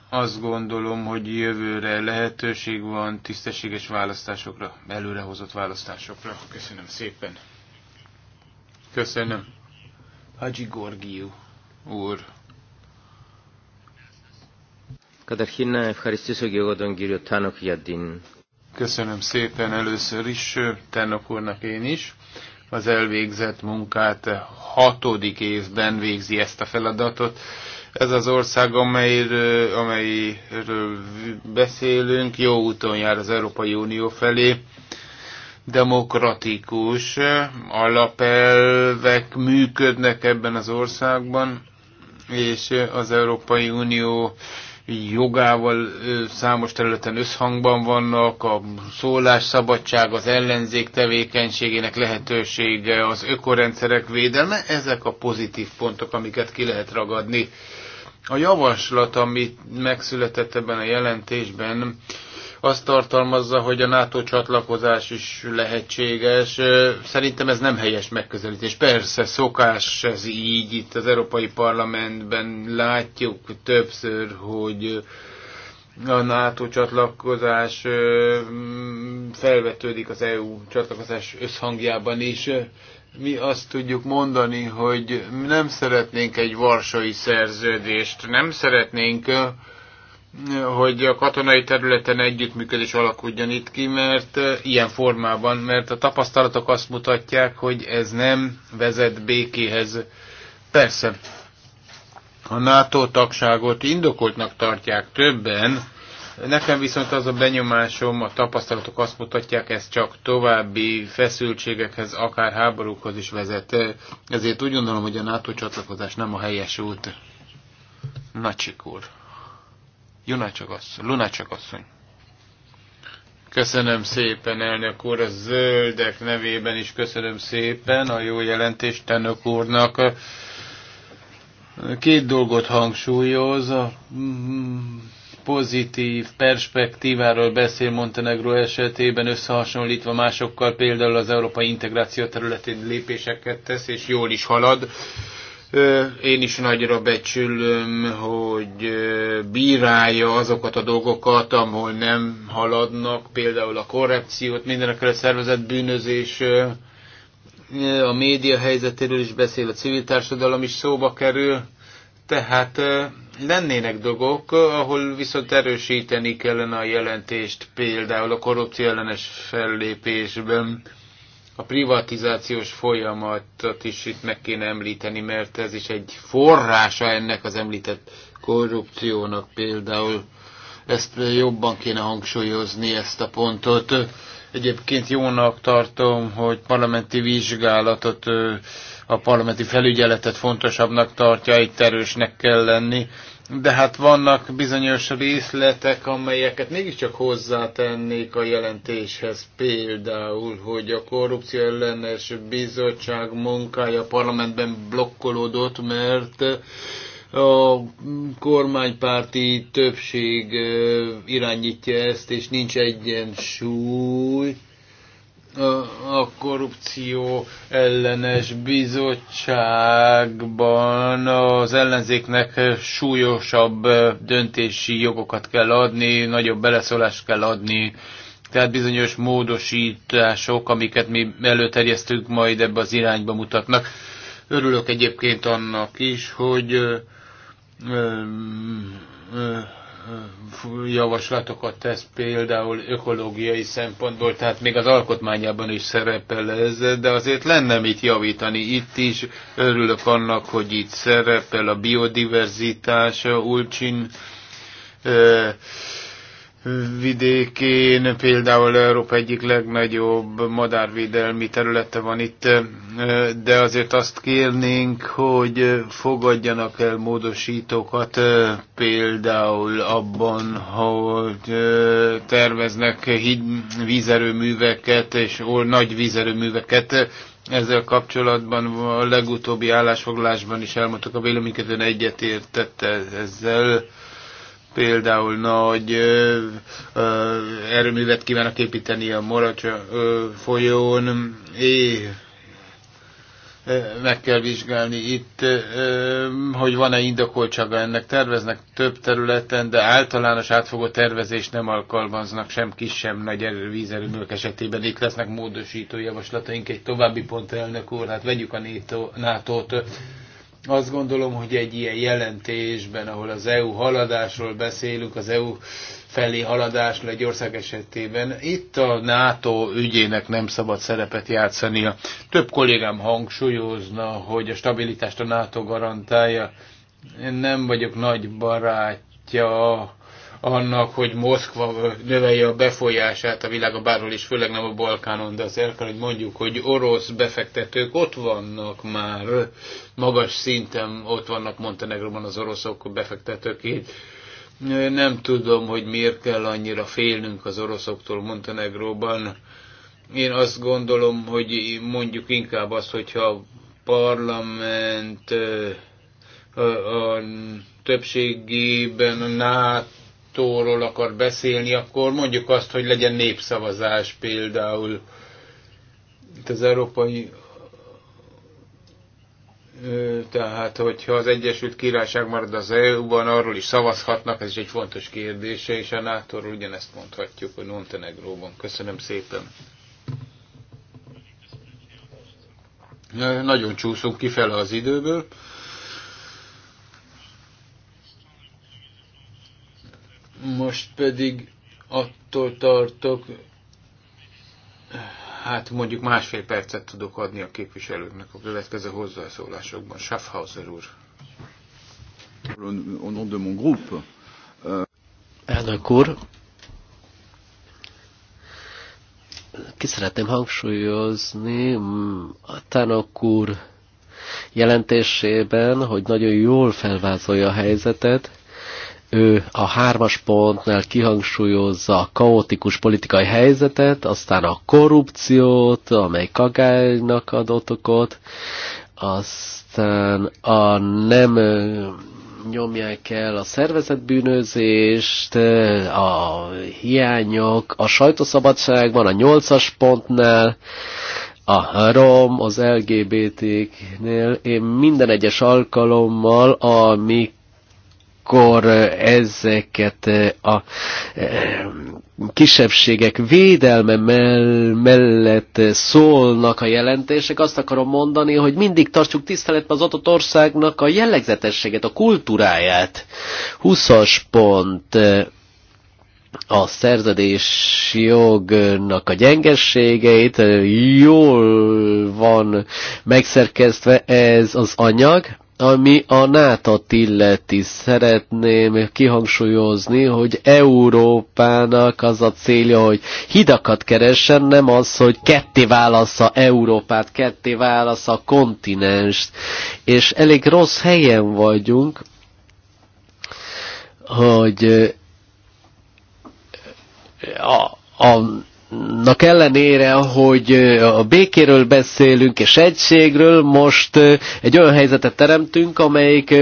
Azt gondolom, hogy jövőre lehetőség van tisztességes választásokra, előrehozott választásokra. Köszönöm szépen. Köszönöm. Hagyi Gorgiu úr. Köszönöm szépen először is Tánok úrnak én is. Az elvégzett munkát hatodik évben végzi ezt a feladatot. Ez az ország, amelyről, amelyről beszélünk, jó úton jár az Európai Unió felé demokratikus alapelvek működnek ebben az országban, és az Európai Unió jogával számos területen összhangban vannak, a szólásszabadság, az ellenzék tevékenységének lehetősége, az ökorendszerek védelme, ezek a pozitív pontok, amiket ki lehet ragadni. A javaslat, amit megszületett ebben a jelentésben, azt tartalmazza, hogy a NATO csatlakozás is lehetséges. Szerintem ez nem helyes megközelítés. Persze, szokás ez így, itt az Európai Parlamentben látjuk többször, hogy a NATO csatlakozás felvetődik az EU csatlakozás összhangjában is. Mi azt tudjuk mondani, hogy nem szeretnénk egy varsói szerződést, nem szeretnénk hogy a katonai területen együttműködés alakuljon itt ki, mert ilyen formában, mert a tapasztalatok azt mutatják, hogy ez nem vezet békéhez. Persze, a NATO tagságot indokoltnak tartják többen, Nekem viszont az a benyomásom, a tapasztalatok azt mutatják, ez csak további feszültségekhez, akár háborúkhoz is vezet. Ezért úgy gondolom, hogy a NATO csatlakozás nem a helyes út. Nagy úr. Lunácsak asszony. Lunácsak asszony. Köszönöm szépen, elnök úr, a zöldek nevében is köszönöm szépen a jó jelentést elnök úrnak. Két dolgot hangsúlyoz, a mm, pozitív perspektíváról beszél Montenegro esetében, összehasonlítva másokkal például az európai integráció területén lépéseket tesz, és jól is halad én is nagyra becsülöm, hogy bírálja azokat a dolgokat, ahol nem haladnak, például a korrupciót, mindenekre szervezett bűnözés, a média helyzetéről is beszél, a civil társadalom is szóba kerül, tehát lennének dolgok, ahol viszont erősíteni kellene a jelentést, például a korrupció ellenes fellépésben, a privatizációs folyamatot is itt meg kéne említeni, mert ez is egy forrása ennek az említett korrupciónak például. Ezt jobban kéne hangsúlyozni, ezt a pontot. Egyébként jónak tartom, hogy parlamenti vizsgálatot, a parlamenti felügyeletet fontosabbnak tartja, itt erősnek kell lenni de hát vannak bizonyos részletek, amelyeket mégiscsak hozzátennék a jelentéshez. Például, hogy a korrupció ellenes bizottság munkája a parlamentben blokkolódott, mert a kormánypárti többség irányítja ezt, és nincs egyensúly a korrupció ellenes bizottságban az ellenzéknek súlyosabb döntési jogokat kell adni, nagyobb beleszólást kell adni, tehát bizonyos módosítások, amiket mi előterjesztünk, majd ebbe az irányba mutatnak. Örülök egyébként annak is, hogy javaslatokat tesz például ökológiai szempontból, tehát még az alkotmányában is szerepel ez, de azért lenne mit javítani. Itt is örülök annak, hogy itt szerepel a biodiverzitás, Ulcsin vidékén, például Európa egyik legnagyobb madárvédelmi területe van itt, de azért azt kérnénk, hogy fogadjanak el módosítókat, például abban, hogy terveznek híd, vízerőműveket és nagy vízerőműveket, ezzel kapcsolatban a legutóbbi állásfoglalásban is elmondtuk a véleménykedőn egyetértette ezzel, például nagy ö, ö, erőművet kívánnak építeni a Moracsa ö, folyón, é, meg kell vizsgálni itt, hogy van-e indokoltsága ennek. Terveznek több területen, de általános átfogó tervezés nem alkalmaznak sem kis, sem nagy vízerőművek esetében. Itt lesznek módosító javaslataink, egy további pont elnök úr, hát vegyük a NATO-t. Azt gondolom, hogy egy ilyen jelentésben, ahol az EU haladásról beszélünk, az EU felé haladásról egy ország esetében, itt a NATO ügyének nem szabad szerepet játszania. Több kollégám hangsúlyozna, hogy a stabilitást a NATO garantálja. Én nem vagyok nagy barátja annak, hogy Moszkva növelje a befolyását a világa bárhol is, főleg nem a Balkánon, de az kell, hogy mondjuk, hogy orosz befektetők ott vannak már, magas szinten ott vannak Montenegróban az oroszok befektetők itt. Nem tudom, hogy miért kell annyira félnünk az oroszoktól Montenegróban. Én azt gondolom, hogy mondjuk inkább azt, hogyha a parlament a, a, többségében a NATO szektorról akar beszélni, akkor mondjuk azt, hogy legyen népszavazás például. Itt az Európai tehát, hogyha az Egyesült Királyság marad az EU-ban, arról is szavazhatnak, ez is egy fontos kérdése, és a NATO-ról ugyanezt mondhatjuk, hogy Montenegróban. Köszönöm szépen. Nagyon csúszunk kifele az időből. Most pedig attól tartok, hát mondjuk másfél percet tudok adni a képviselőknek a következő hozzászólásokban. Schaffhauser úr. Uh, elnök úr, ki szeretném hangsúlyozni mm, a Tanok úr jelentésében, hogy nagyon jól felvázolja a helyzetet, ő a hármas pontnál kihangsúlyozza a kaotikus politikai helyzetet, aztán a korrupciót, amely kagálynak adott okot, aztán a nem nyomják el a szervezetbűnözést, a hiányok, a sajtószabadságban, a nyolcas pontnál, a rom, az lgbt nél én minden egyes alkalommal, amik akkor ezeket a kisebbségek védelme mellett szólnak a jelentések, azt akarom mondani, hogy mindig tartsuk tiszteletben az adott országnak a jellegzetességet, a kultúráját. 20-as pont a szerződés jognak a gyengességeit, jól van megszerkeztve ez az anyag, ami a nato illeti, szeretném kihangsúlyozni, hogy Európának az a célja, hogy hidakat keressen, nem az, hogy ketté válasza Európát, ketté válasza a kontinenst. És elég rossz helyen vagyunk, hogy a, a annak ellenére, hogy a békéről beszélünk és egységről, most egy olyan helyzetet teremtünk, amelyik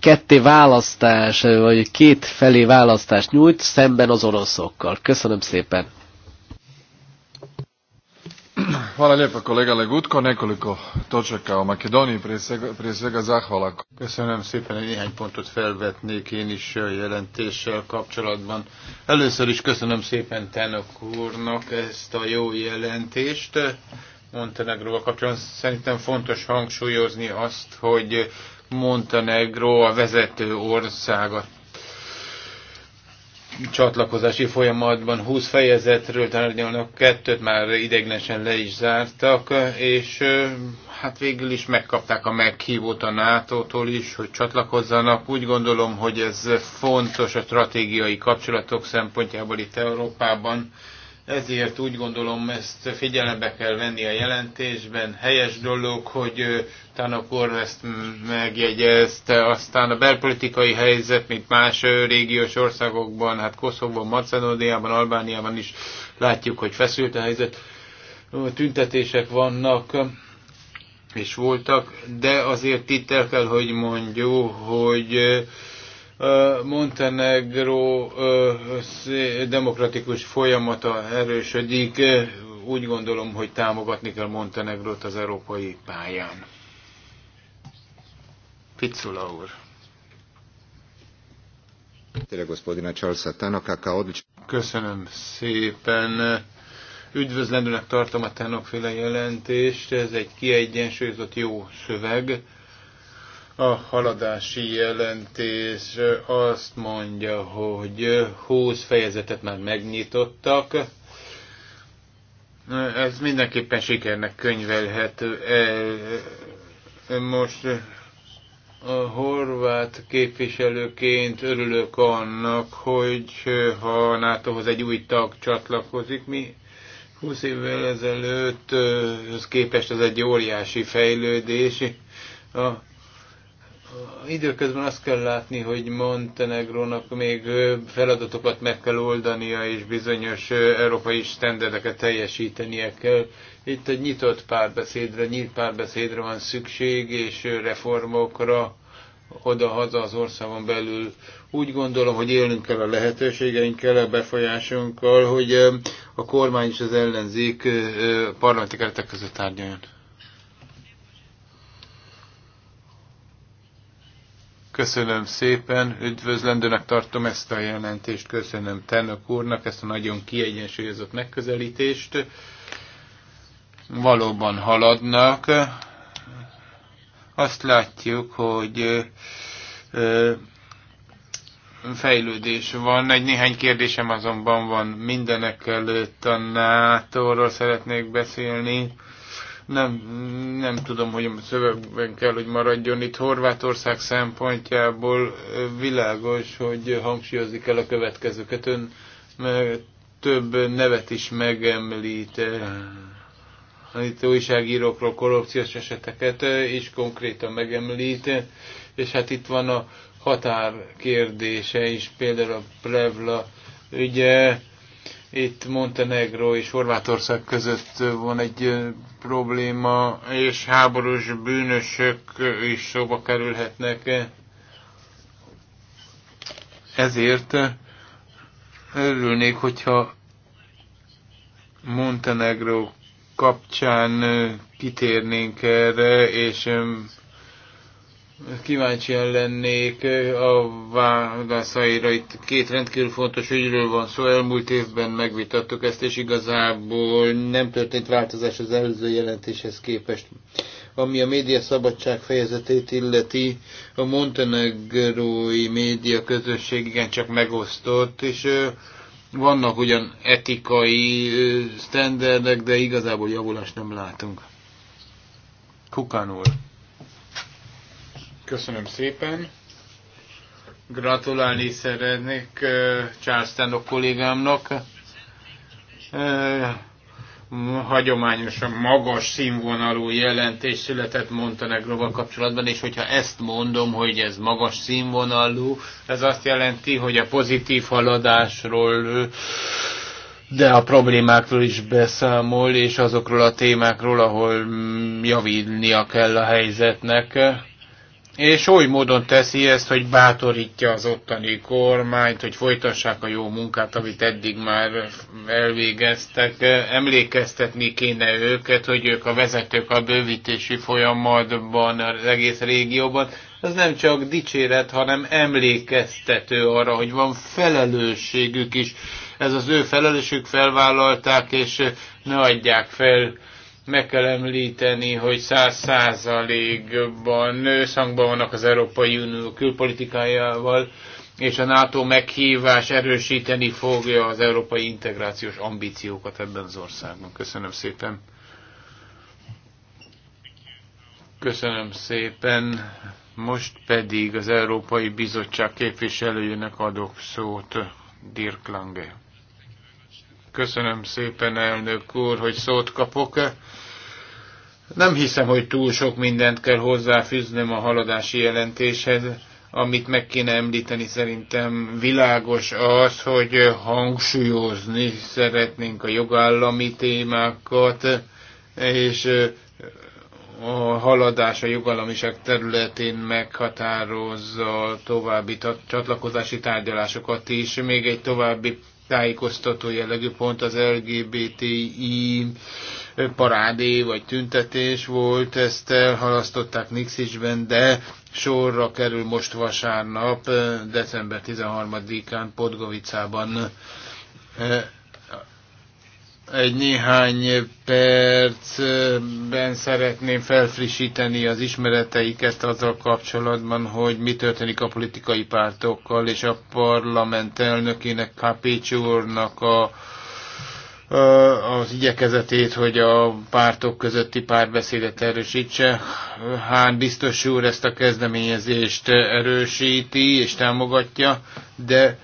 ketté választás, vagy két felé választást nyújt szemben az oroszokkal. Köszönöm szépen! Hvala lijepa kolega Legutko. Nekoliko točaka o Makedoniji, prije svega, zahvala. Köszönöm szépen, hogy néhány pontot felvetnék én is a jelentéssel kapcsolatban. Először is köszönöm szépen Tenok úrnak ezt a jó jelentést. Montenegróval kapcsolatban szerintem fontos hangsúlyozni azt, hogy Montenegro a vezető ország a csatlakozási folyamatban 20 fejezetről tárgyalnak, kettőt már ideiglenesen le is zártak, és hát végül is megkapták a meghívót a NATO-tól is, hogy csatlakozzanak. Úgy gondolom, hogy ez fontos a stratégiai kapcsolatok szempontjából itt Európában. Ezért úgy gondolom, ezt figyelembe kell venni a jelentésben. Helyes dolog, hogy Tanakor ezt megjegyezte. Aztán a belpolitikai helyzet, mint más régiós országokban, hát Koszovban, Macedóniában, Albániában is látjuk, hogy feszült a helyzet. Tüntetések vannak és voltak, de azért itt el kell, hogy mondjuk, hogy Montenegro demokratikus folyamata erősödik. Úgy gondolom, hogy támogatni kell Montenegrót az európai pályán. Picula úr. Köszönöm szépen. Üdvözlendőnek tartom a tenokféle jelentést. Ez egy kiegyensúlyozott jó szöveg a haladási jelentés azt mondja, hogy 20 fejezetet már megnyitottak. Ez mindenképpen sikernek könyvelhető el. Most a horvát képviselőként örülök annak, hogy ha a NATO-hoz egy új tag csatlakozik, mi 20 évvel ezelőtt képest az egy óriási fejlődés. A időközben azt kell látni, hogy Montenegrónak még feladatokat meg kell oldania, és bizonyos európai standardeket teljesítenie kell. Itt egy nyitott párbeszédre, nyílt párbeszédre van szükség, és reformokra oda-haza az országon belül. Úgy gondolom, hogy élnünk kell a lehetőségeinkkel, a befolyásunkkal, hogy a kormány és az ellenzék parlamenti keretek között tárgyaljon. Köszönöm szépen, üdvözlendőnek tartom ezt a jelentést, köszönöm Tennök úrnak ezt a nagyon kiegyensúlyozott megközelítést. Valóban haladnak. Azt látjuk, hogy fejlődés van. Egy néhány kérdésem azonban van mindenek előtt a NATO-ról szeretnék beszélni nem, nem tudom, hogy a szövegben kell, hogy maradjon itt. Horvátország szempontjából világos, hogy hangsúlyozni kell a következőket. Ön több nevet is megemlít. Itt újságírókról korrupciós eseteket is konkrétan megemlít. És hát itt van a határ kérdése is, például a Prevla ügye itt Montenegro és Horvátország között van egy probléma, és háborús bűnösök is szóba kerülhetnek. Ezért örülnék, hogyha Montenegro kapcsán kitérnénk erre, és kíváncsi lennék a válaszaira. Itt két rendkívül fontos ügyről van szó, elmúlt évben megvitattuk ezt, és igazából nem történt változás az előző jelentéshez képest. Ami a média szabadság fejezetét illeti, a montenegrói média közösség igencsak megosztott, és vannak ugyan etikai sztenderdek, de igazából javulást nem látunk. Kukán úr. Köszönöm szépen. Gratulálni szeretnék Charles Tannock kollégámnak. Hagyományosan magas színvonalú jelentés született Montenegroval kapcsolatban, és hogyha ezt mondom, hogy ez magas színvonalú, ez azt jelenti, hogy a pozitív haladásról de a problémákról is beszámol, és azokról a témákról, ahol javítnia kell a helyzetnek és oly módon teszi ezt, hogy bátorítja az ottani kormányt, hogy folytassák a jó munkát, amit eddig már elvégeztek. Emlékeztetni kéne őket, hogy ők a vezetők a bővítési folyamatban, az egész régióban. Ez nem csak dicséret, hanem emlékeztető arra, hogy van felelősségük is. Ez az ő felelősségük felvállalták, és ne adják fel meg kell említeni, hogy száz százalékban összhangban vannak az Európai Unió külpolitikájával, és a NATO meghívás erősíteni fogja az európai integrációs ambíciókat ebben az országban. Köszönöm szépen. Köszönöm szépen. Most pedig az Európai Bizottság képviselőjének adok szót, Dirk Lange. Köszönöm szépen, elnök úr, hogy szót kapok. Nem hiszem, hogy túl sok mindent kell hozzáfűznöm a haladási jelentéshez. Amit meg kéne említeni, szerintem világos az, hogy hangsúlyozni szeretnénk a jogállami témákat, és a haladás a jogállamiság területén meghatározza a további csatlakozási tárgyalásokat is. Még egy további tájékoztató jellegű pont az LGBTI parádé vagy tüntetés volt, ezt elhalasztották Nixisben, de sorra kerül most vasárnap, december 13-án Podgovicában egy néhány percben szeretném felfrissíteni az ismereteiket azzal kapcsolatban, hogy mi történik a politikai pártokkal és a parlament elnökének, Kápécsi úrnak a, az igyekezetét, hogy a pártok közötti párbeszédet erősítse. Hán biztos úr ezt a kezdeményezést erősíti és támogatja, de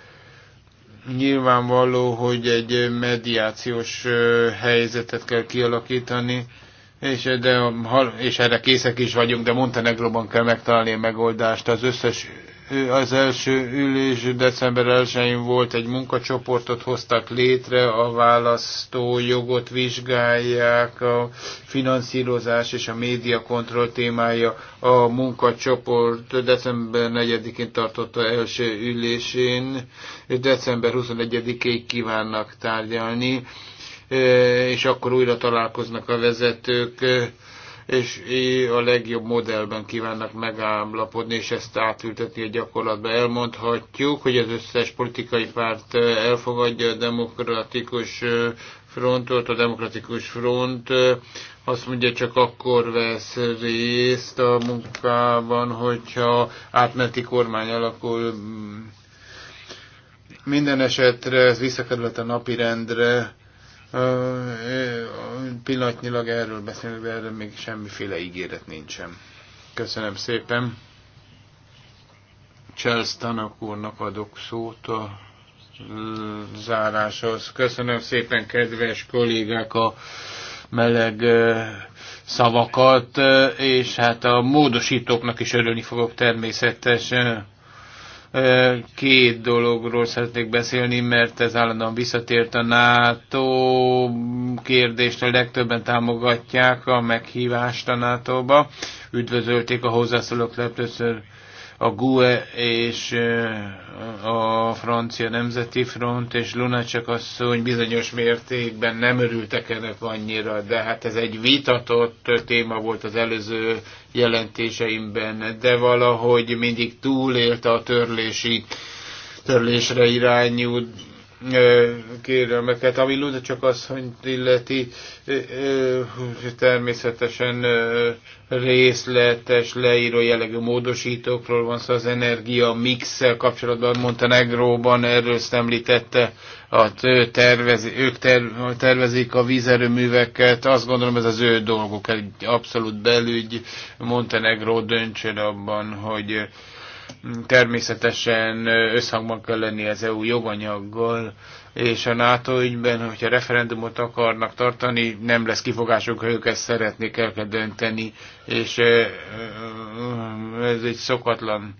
Nyilvánvaló, hogy egy mediációs helyzetet kell kialakítani, és, de, és erre készek is vagyunk, de Montenegróban kell megtalálni a megoldást. Az összes az első ülés december 1-én volt, egy munkacsoportot hoztak létre, a választó jogot vizsgálják, a finanszírozás és a médiakontroll témája. A munkacsoport december 4-én tartotta első ülésén, december 21-ig kívánnak tárgyalni, és akkor újra találkoznak a vezetők és a legjobb modellben kívánnak megállapodni, és ezt átültetni a gyakorlatba. Elmondhatjuk, hogy az összes politikai párt elfogadja a demokratikus frontot, a demokratikus front azt mondja, csak akkor vesz részt a munkában, hogyha átmeneti kormány alakul. Minden esetre ez visszakerült a napi rendre, Pillanatnyilag erről beszélünk, de erről még semmiféle ígéret nincsen. Köszönöm szépen. Charles Tanak úrnak adok szót a záráshoz. Köszönöm szépen, kedves kollégák, a meleg szavakat, és hát a módosítóknak is örülni fogok természetesen. Két dologról szeretnék beszélni, mert ez állandóan visszatért a NATO kérdést, a legtöbben támogatják a meghívást a NATO-ba. Üdvözölték a hozzászólók legtöbbször a GUE és a francia nemzeti front és csak Lunacek hogy bizonyos mértékben nem örültek ennek annyira, de hát ez egy vitatott téma volt az előző jelentéseimben, de valahogy mindig túlélte a törlési törlésre irányú kérelmeket, ami Luda csak az, hogy illeti természetesen részletes, leíró jellegű módosítókról van szó szóval az energia mixel kapcsolatban Montenegróban, erről említette, a ő tervezi, ők tervezik a vízerőműveket, azt gondolom ez az ő dolgok, egy abszolút belügy, Montenegró döntsön abban, hogy Természetesen összhangban kell lenni az EU joganyaggal, és a NATO ügyben, hogyha referendumot akarnak tartani, nem lesz kifogásunk, ha ők ezt szeretnék, el kell dönteni, és ez egy szokatlan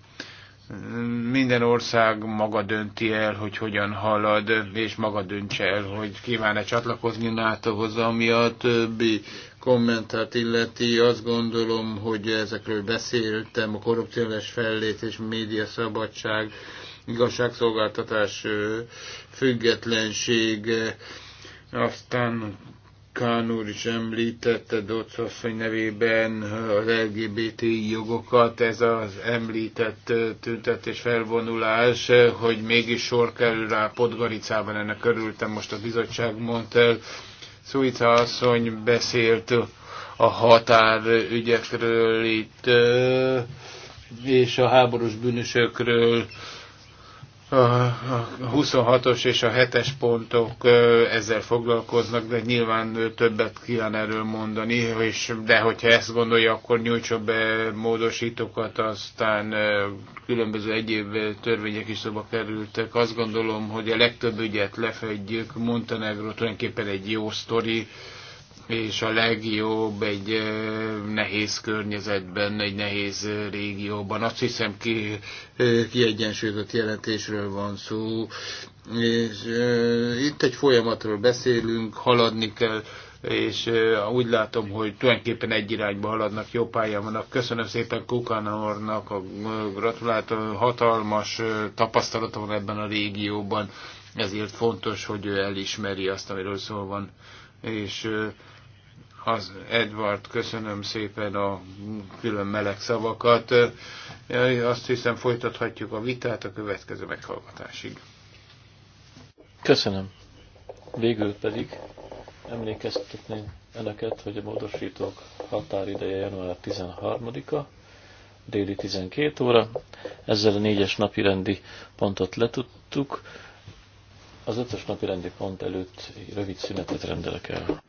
minden ország maga dönti el, hogy hogyan halad, és maga döntse el, hogy kíván-e csatlakozni NATO-hoz, ami a többi kommentát illeti, azt gondolom, hogy ezekről beszéltem, a korrupciós és média szabadság, igazságszolgáltatás függetlenség, aztán Kán úr is említette Doc asszony nevében az LGBT jogokat, ez az említett tüntetés felvonulás, hogy mégis sor kerül rá Podgaricában, ennek örültem, most a bizottság mondta el, Szuica asszony beszélt a határügyekről itt, és a háborús bűnösökről a 26-os és a 7-es pontok ezzel foglalkoznak, de nyilván többet kíván erről mondani, és de hogyha ezt gondolja, akkor nyújtson be módosítókat, aztán különböző egyéb törvények is szoba kerültek. Azt gondolom, hogy a legtöbb ügyet lefedjük. Montenegro tulajdonképpen egy jó sztori, és a legjobb egy nehéz környezetben, egy nehéz régióban. Azt hiszem, ki, kiegyensúlyozott jelentésről van szó, és itt egy folyamatról beszélünk, haladni kell, és úgy látom, hogy tulajdonképpen egy irányba haladnak, jó pályán vannak. Köszönöm szépen Kukanornak, a gratulátor, hatalmas tapasztalata van ebben a régióban, ezért fontos, hogy ő elismeri azt, amiről szó van és az Edward, köszönöm szépen a külön meleg szavakat. Azt hiszem folytathatjuk a vitát a következő meghallgatásig. Köszönöm. Végül pedig emlékeztetni önöket, hogy a módosítók határideje január 13-a, déli 12 óra. Ezzel a négyes napi rendi pontot letudtuk. Az ötös napi rendi pont előtt rövid szünetet rendelek el.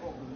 problem.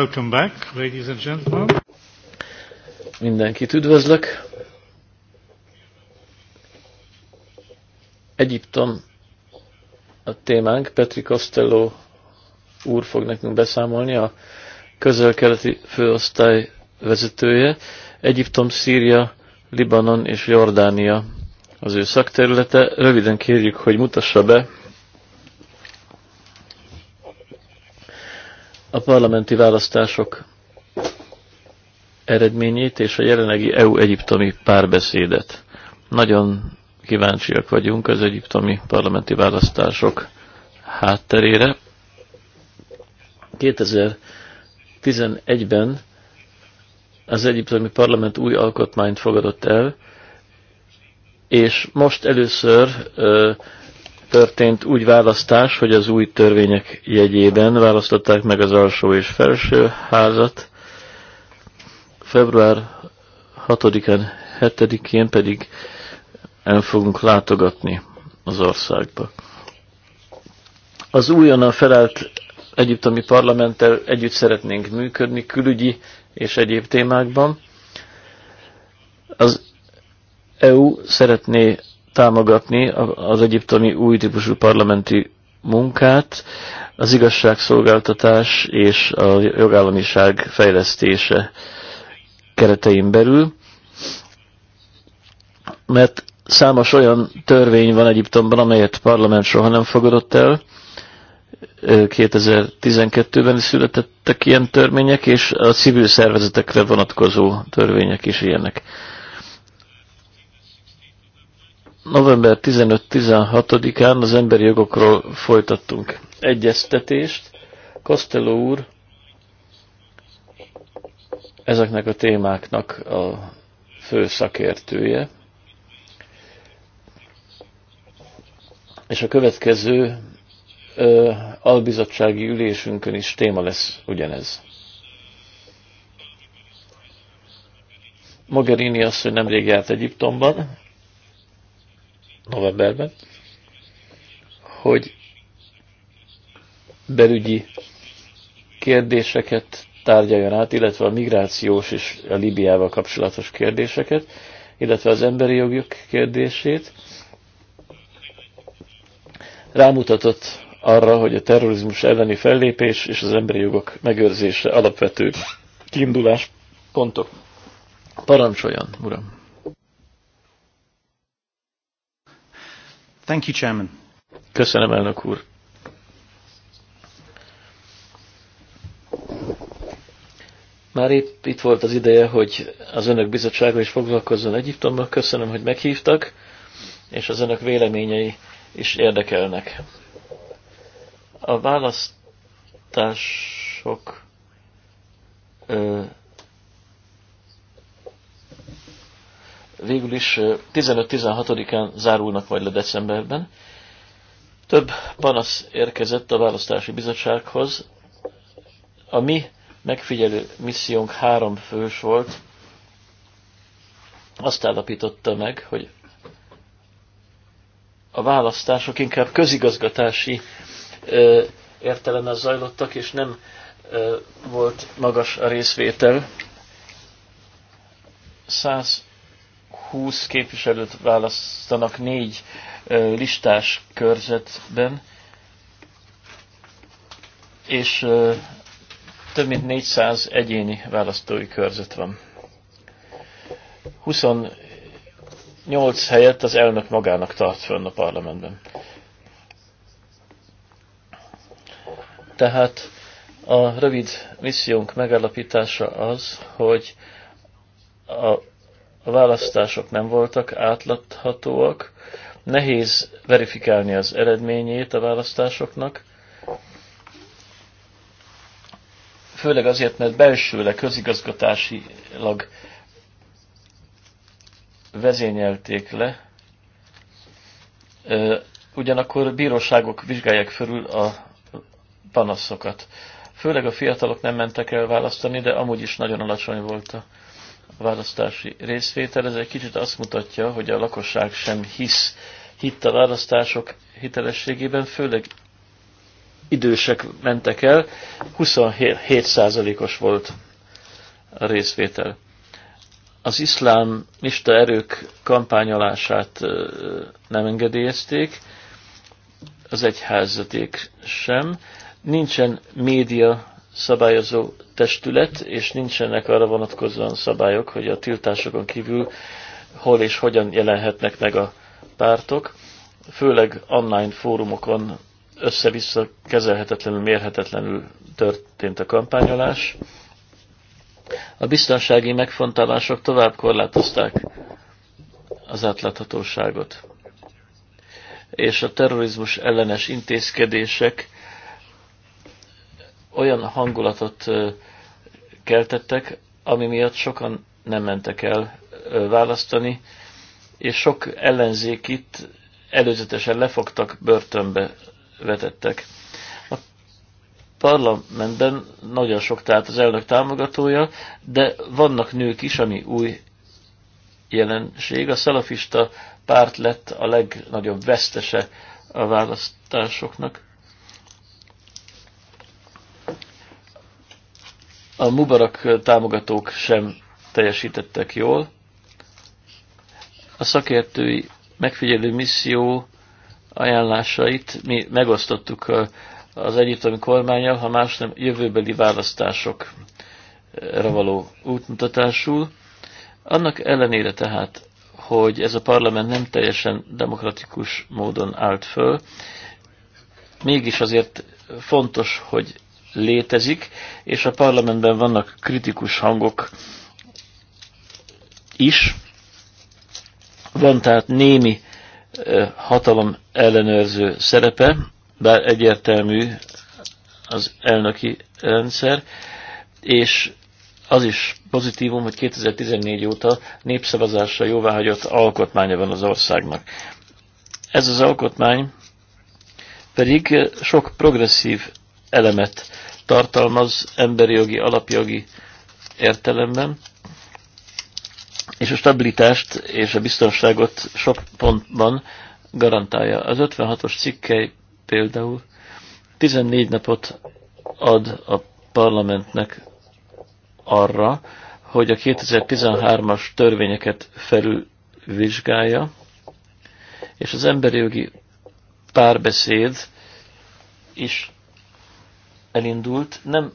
Welcome back, ladies and gentlemen. Mindenkit üdvözlök. Egyiptom a témánk, Petri Costello úr fog nekünk beszámolni, a közel-keleti főosztály vezetője. Egyiptom, Szíria, Libanon és Jordánia az ő szakterülete. Röviden kérjük, hogy mutassa be parlamenti választások eredményét és a jelenlegi EU-egyiptomi párbeszédet. Nagyon kíváncsiak vagyunk az egyiptomi parlamenti választások hátterére. 2011-ben az egyiptomi parlament új alkotmányt fogadott el, és most először uh, történt úgy választás, hogy az új törvények jegyében választották meg az alsó és felső házat. Február 6-án, 7-én pedig el fogunk látogatni az országba. Az újonnan felállt egyiptomi parlamenttel együtt szeretnénk működni külügyi és egyéb témákban. Az EU szeretné támogatni az egyiptomi új típusú parlamenti munkát, az igazságszolgáltatás és a jogállamiság fejlesztése keretein belül, mert számos olyan törvény van Egyiptomban, amelyet parlament soha nem fogadott el. 2012-ben is születettek ilyen törvények, és a civil szervezetekre vonatkozó törvények is ilyenek november 15-16-án az emberi jogokról folytattunk egyeztetést. Kosteló úr ezeknek a témáknak a fő szakértője, és a következő ö, albizottsági ülésünkön is téma lesz ugyanez. Mogherini hogy nemrég járt Egyiptomban, novemberben, hogy belügyi kérdéseket tárgyaljon át, illetve a migrációs és a Libiával kapcsolatos kérdéseket, illetve az emberi jogok kérdését. Rámutatott arra, hogy a terrorizmus elleni fellépés és az emberi jogok megőrzése alapvető kiindulás pontok. Parancsoljon, uram! Thank you, Chairman. Köszönöm, elnök úr. Már épp itt volt az ideje, hogy az önök bizottsága is foglalkozzon Egyiptommal. Köszönöm, hogy meghívtak, és az önök véleményei is érdekelnek. A választások ö, végül is 15-16-án zárulnak majd le decemberben. Több panasz érkezett a választási bizottsághoz. A mi megfigyelő missziónk három fős volt. Azt állapította meg, hogy a választások inkább közigazgatási ö, értelemben zajlottak, és nem ö, volt magas a részvétel. 100 20 képviselőt választanak négy listás körzetben, és több mint 400 egyéni választói körzet van. 28 helyett az elnök magának tart fönn a parlamentben. Tehát a rövid missziónk megállapítása az, hogy a a választások nem voltak átláthatóak, nehéz verifikálni az eredményét a választásoknak, főleg azért, mert belsőleg közigazgatásilag vezényelték le, ugyanakkor bíróságok vizsgálják fölül a panaszokat. Főleg a fiatalok nem mentek el választani, de amúgy is nagyon alacsony volt a választási részvétel. Ez egy kicsit azt mutatja, hogy a lakosság sem hisz hitt a választások hitelességében, főleg idősek mentek el, 27%-os volt a részvétel. Az iszlámista erők kampányolását nem engedélyezték, az egyházaték sem. Nincsen média szabályozó testület, és nincsenek arra vonatkozóan szabályok, hogy a tiltásokon kívül hol és hogyan jelenhetnek meg a pártok, főleg online fórumokon össze-vissza kezelhetetlenül, mérhetetlenül történt a kampányolás. A biztonsági megfontolások tovább korlátozták az átláthatóságot. És a terrorizmus ellenes intézkedések olyan hangulatot keltettek, ami miatt sokan nem mentek el választani, és sok ellenzék itt előzetesen lefogtak, börtönbe vetettek. A parlamentben nagyon sok, tehát az elnök támogatója, de vannak nők is, ami új jelenség. A szalafista párt lett a legnagyobb vesztese a választásoknak. A Mubarak támogatók sem teljesítettek jól. A szakértői megfigyelő misszió ajánlásait mi megosztottuk az egyiptomi kormányjal, ha más nem jövőbeli választásokra való útmutatásul. Annak ellenére tehát, hogy ez a parlament nem teljesen demokratikus módon állt föl, mégis azért fontos, hogy létezik, és a parlamentben vannak kritikus hangok is. Van tehát némi hatalom ellenőrző szerepe, bár egyértelmű az elnöki rendszer, és az is pozitívum, hogy 2014 óta népszavazásra jóváhagyott alkotmánya van az országnak. Ez az alkotmány pedig sok progresszív elemet tartalmaz emberi jogi, alapjogi értelemben, és a stabilitást és a biztonságot sok pontban garantálja. Az 56-os cikkely például 14 napot ad a parlamentnek arra, hogy a 2013-as törvényeket felülvizsgálja, és az emberi jogi párbeszéd is elindult. Nem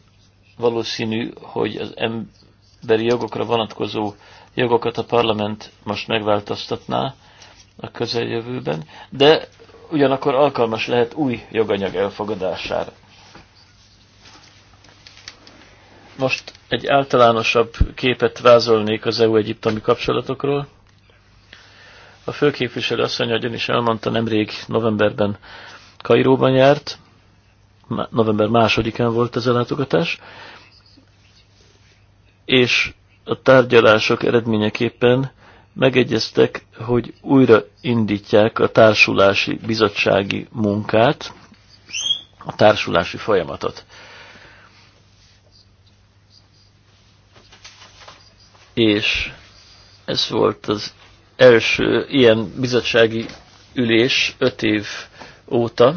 valószínű, hogy az emberi jogokra vonatkozó jogokat a parlament most megváltoztatná a közeljövőben, de ugyanakkor alkalmas lehet új joganyag elfogadására. Most egy általánosabb képet vázolnék az EU-egyiptomi kapcsolatokról. A főképviselő asszony, ahogy ön is elmondta, nemrég novemberben Kairóban járt, november másodikán volt ez a látogatás, és a tárgyalások eredményeképpen megegyeztek, hogy újra indítják a társulási bizottsági munkát, a társulási folyamatot. És ez volt az első ilyen bizottsági ülés öt év óta,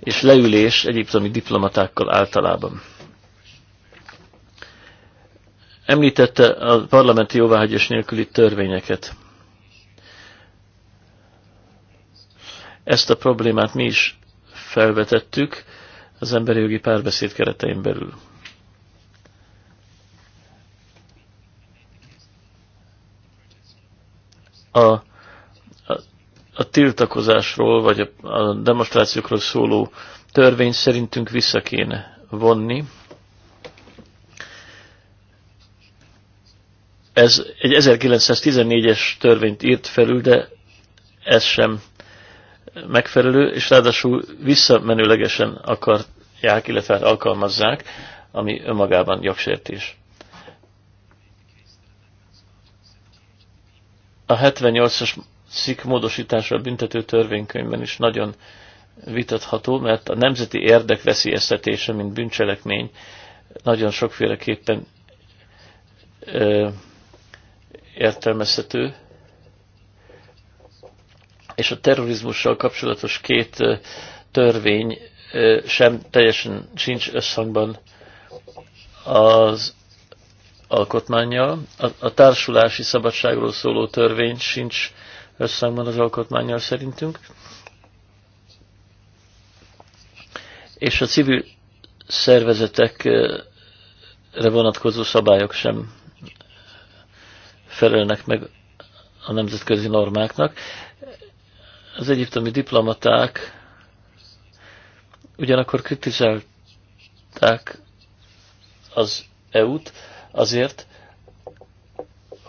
és leülés egyiptomi diplomatákkal általában. Említette a parlamenti jóváhagyás nélküli törvényeket. Ezt a problémát mi is felvetettük az emberi jogi párbeszéd keretein belül. A a tiltakozásról vagy a demonstrációkról szóló törvény szerintünk vissza kéne vonni. Ez egy 1914-es törvényt írt felül, de ez sem megfelelő, és ráadásul visszamenőlegesen akarják, illetve hát alkalmazzák, ami önmagában jogsértés. A 78-as cikk módosítása a büntető törvénykönyvben is nagyon vitatható, mert a nemzeti érdek veszélyeztetése, mint bűncselekmény nagyon sokféleképpen ö, értelmezhető, és a terrorizmussal kapcsolatos két ö, törvény ö, sem teljesen sincs összhangban az alkotmányjal. A, a társulási szabadságról szóló törvény sincs összhangban az alkotmányjal szerintünk. És a civil szervezetekre vonatkozó szabályok sem felelnek meg a nemzetközi normáknak. Az egyiptomi diplomaták ugyanakkor kritizálták az EU-t azért,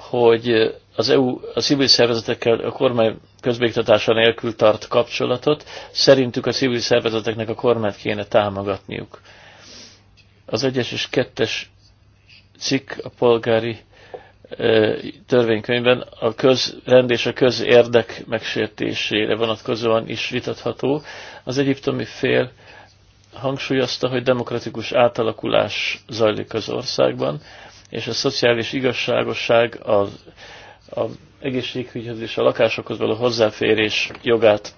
hogy az EU a civil szervezetekkel a kormány közbéktatása nélkül tart kapcsolatot, szerintük a civil szervezeteknek a kormányt kéne támogatniuk. Az egyes és kettes cikk a polgári törvénykönyvben a közrend és a közérdek megsértésére vonatkozóan is vitatható. Az egyiptomi fél hangsúlyozta, hogy demokratikus átalakulás zajlik az országban, és a szociális igazságosság az, az egészségügyhöz és a lakásokhoz való hozzáférés jogát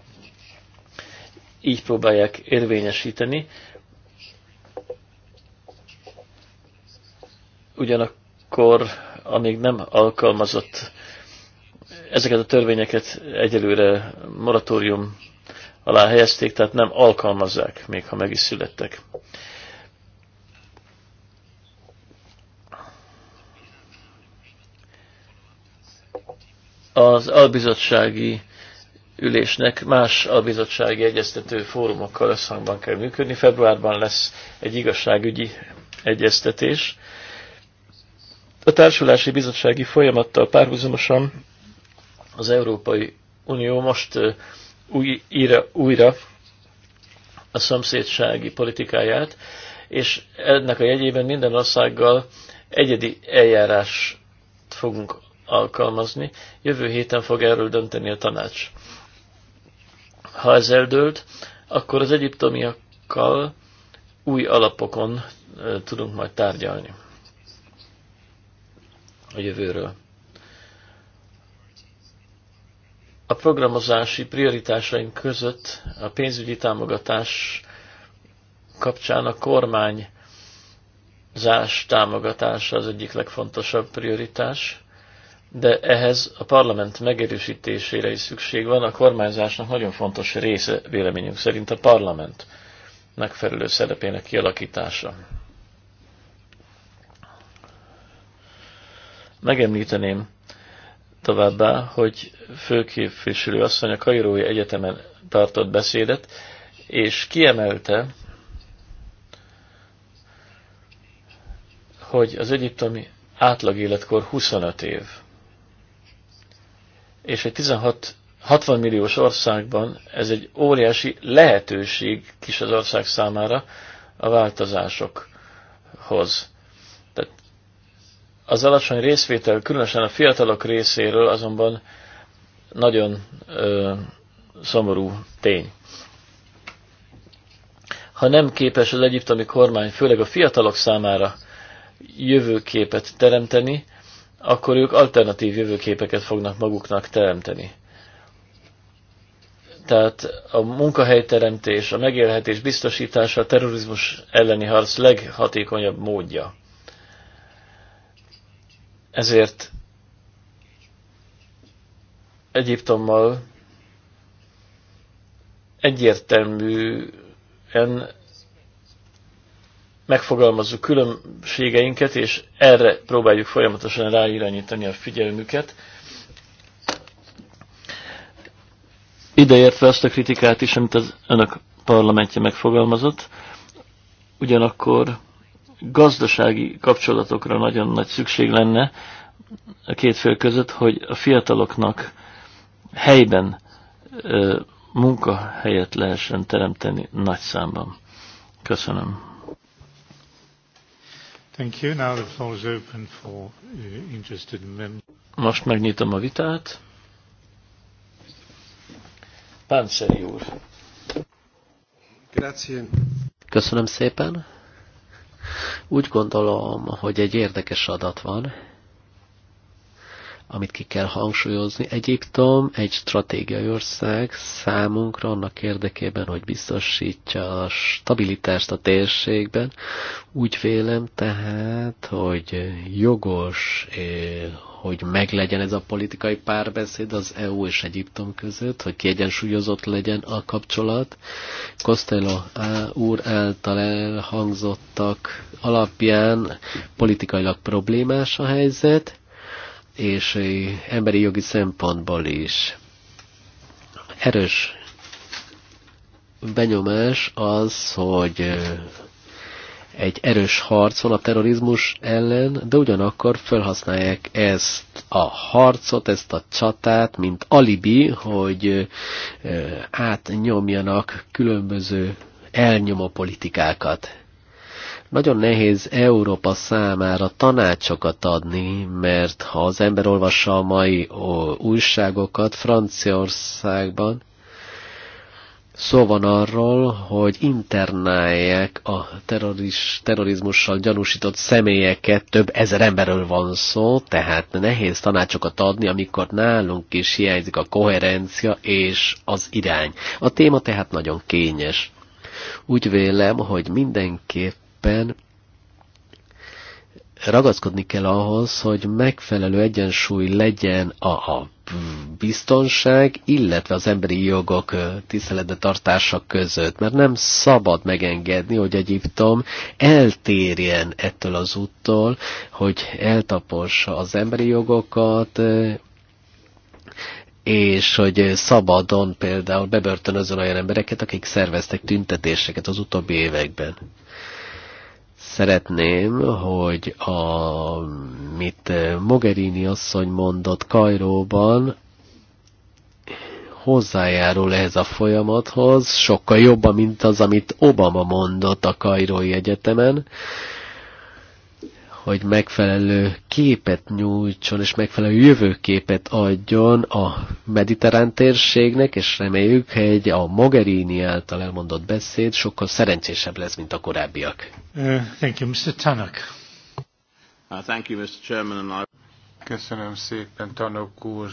így próbálják érvényesíteni. Ugyanakkor a még nem alkalmazott ezeket a törvényeket egyelőre moratórium alá helyezték, tehát nem alkalmazzák, még ha meg is születtek. az albizottsági ülésnek más albizottsági egyeztető fórumokkal összhangban kell működni. Februárban lesz egy igazságügyi egyeztetés. A társulási bizottsági folyamattal párhuzamosan az Európai Unió most újra, újra a szomszédsági politikáját, és ennek a jegyében minden országgal egyedi eljárás fogunk alkalmazni. Jövő héten fog erről dönteni a tanács. Ha ez eldőlt, akkor az egyiptomiakkal új alapokon tudunk majd tárgyalni a jövőről. A programozási prioritásaink között a pénzügyi támogatás kapcsán a kormány zás támogatása az egyik legfontosabb prioritás de ehhez a parlament megerősítésére is szükség van. A kormányzásnak nagyon fontos része véleményünk szerint a parlament megfelelő szerepének kialakítása. Megemlíteném továbbá, hogy főképviselő asszony a Kairói Egyetemen tartott beszédet, és kiemelte, hogy az egyiptomi átlagéletkor 25 év és egy 16 60 milliós országban ez egy óriási lehetőség kis az ország számára a változásokhoz. Tehát az alacsony részvétel, különösen a fiatalok részéről azonban nagyon ö, szomorú tény. Ha nem képes az egyiptomi kormány, főleg a fiatalok számára jövőképet teremteni, akkor ők alternatív jövőképeket fognak maguknak teremteni. Tehát a munkahelyteremtés, a megélhetés biztosítása a terrorizmus elleni harc leghatékonyabb módja. Ezért Egyiptommal egyértelműen megfogalmazzuk különbségeinket, és erre próbáljuk folyamatosan ráirányítani a figyelmüket. Ideértve azt a kritikát is, amit az önök parlamentje megfogalmazott, ugyanakkor gazdasági kapcsolatokra nagyon nagy szükség lenne a két fél között, hogy a fiataloknak helyben munkahelyet lehessen teremteni nagy számban. Köszönöm. Most megnyitom a vitát. Páncéli úr. Köszönöm szépen. Úgy gondolom, hogy egy érdekes adat van, amit ki kell hangsúlyozni. Egyiptom egy stratégiai ország számunkra annak érdekében, hogy biztosítja a stabilitást a térségben. Úgy vélem tehát, hogy jogos, eh, hogy meglegyen ez a politikai párbeszéd az EU és Egyiptom között, hogy kiegyensúlyozott legyen a kapcsolat. Costello eh, úr által elhangzottak alapján politikailag problémás a helyzet, és emberi jogi szempontból is. Erős benyomás az, hogy egy erős harc van a terrorizmus ellen, de ugyanakkor felhasználják ezt a harcot, ezt a csatát, mint alibi, hogy átnyomjanak különböző elnyomó politikákat. Nagyon nehéz Európa számára tanácsokat adni, mert ha az ember olvassa a mai újságokat Franciaországban, Szó van arról, hogy internálják a terroris, terrorizmussal gyanúsított személyeket, több ezer emberről van szó, tehát nehéz tanácsokat adni, amikor nálunk is hiányzik a koherencia és az irány. A téma tehát nagyon kényes. Úgy vélem, hogy mindenképp mindenképpen ragaszkodni kell ahhoz, hogy megfelelő egyensúly legyen a, a biztonság, illetve az emberi jogok tiszteletbe tartása között, mert nem szabad megengedni, hogy Egyiptom eltérjen ettől az úttól, hogy eltapossa az emberi jogokat, és hogy szabadon például bebörtönözön olyan embereket, akik szerveztek tüntetéseket az utóbbi években szeretném, hogy a, mit eh, Mogherini asszony mondott Kajróban, hozzájárul ehhez a folyamathoz, sokkal jobban, mint az, amit Obama mondott a Kajrói Egyetemen, hogy megfelelő képet nyújtson és megfelelő jövőképet adjon a mediterrán térségnek, és reméljük, hogy a Mogherini által elmondott beszéd sokkal szerencsésebb lesz, mint a korábbiak. Uh, thank you, Mr. Tanak. Uh, thank you, Mr. Chairman, and I... Köszönöm szépen, Tanok úr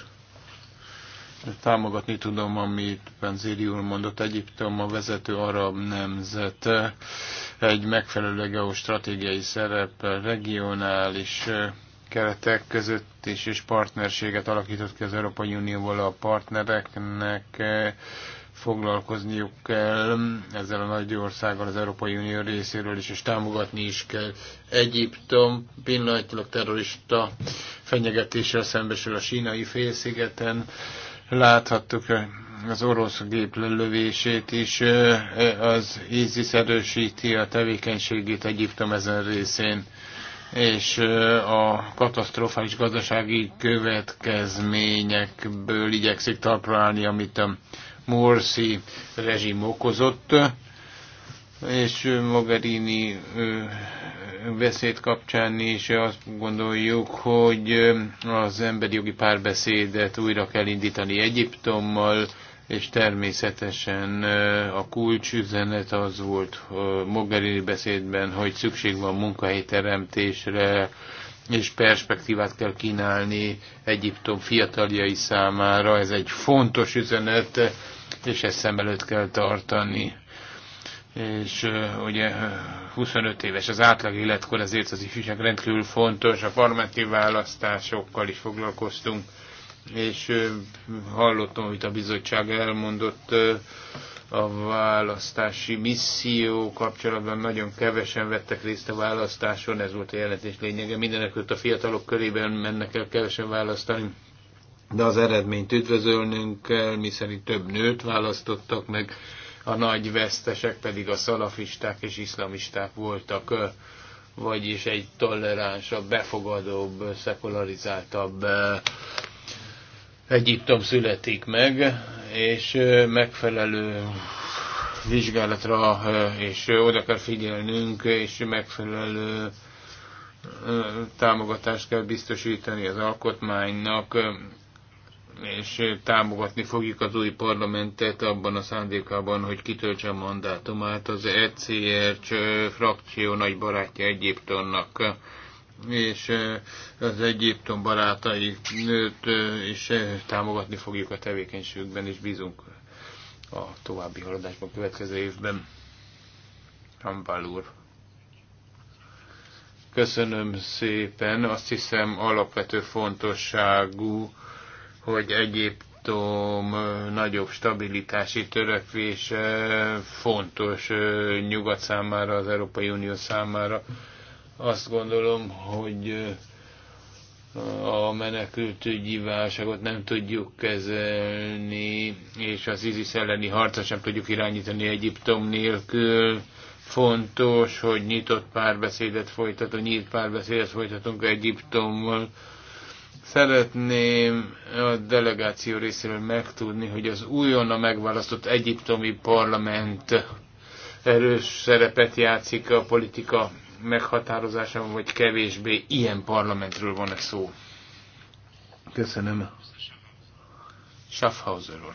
támogatni tudom, amit Penzéri úr mondott, Egyiptom a vezető arab nemzet egy megfelelő geostratégiai szerep regionális keretek között is, és partnerséget alakított ki az Európai Unióval a partnereknek foglalkozniuk kell ezzel a nagy országgal az Európai Unió részéről is, és támogatni is kell. Egyiptom pillanatilag terrorista fenyegetéssel szembesül a sínai félszigeten. Láthattuk az orosz lövését is, az ISIS erősíti a tevékenységét Egyiptom ezen részén, és a katasztrofális gazdasági következményekből igyekszik talpra állni, amit a Morsi rezsim okozott, és Mogherini beszéd kapcsán is azt gondoljuk, hogy az emberi jogi párbeszédet újra kell indítani Egyiptommal, és természetesen a kulcsüzenet az volt Mogherini beszédben, hogy szükség van munkahelyteremtésre, és perspektívát kell kínálni Egyiptom fiataljai számára. Ez egy fontos üzenet, és ezt szem előtt kell tartani. És ugye 25 éves az átlag életkor, ezért az ifjúság rendkívül fontos. A formatív választásokkal is foglalkoztunk és hallottam, amit a bizottság elmondott a választási misszió kapcsolatban nagyon kevesen vettek részt a választáson, ez volt a jelentés lényege. Mindenekült a fiatalok körében mennek el kevesen választani, de az eredményt üdvözölnünk kell, miszerint több nőt választottak meg, a nagy vesztesek pedig a szalafisták és iszlamisták voltak, vagyis egy toleránsabb, befogadóbb, szekularizáltabb Egyiptom születik meg, és megfelelő vizsgálatra, és oda kell figyelnünk, és megfelelő támogatást kell biztosítani az alkotmánynak, és támogatni fogjuk az új parlamentet abban a szándékában, hogy kitöltse a mandátumát. Az ECR frakció nagy barátja Egyiptomnak és az Egyiptom barátai nőt és támogatni fogjuk a tevékenységükben, és bízunk a további haladásban következő évben. Hambal úr. Köszönöm szépen. Azt hiszem alapvető fontosságú, hogy Egyiptom nagyobb stabilitási törekvése fontos nyugat számára, az Európai Unió számára azt gondolom, hogy a menekültügyi válságot nem tudjuk kezelni, és az ISIS elleni harcot sem tudjuk irányítani Egyiptom nélkül. Fontos, hogy nyitott párbeszédet folytatunk, nyílt párbeszédet folytatunk Egyiptommal. Szeretném a delegáció részéről megtudni, hogy az újonnan megválasztott egyiptomi parlament erős szerepet játszik a politika meghatározása vagy kevésbé ilyen parlamentről van-e szó? Köszönöm. Schaffhauser úr.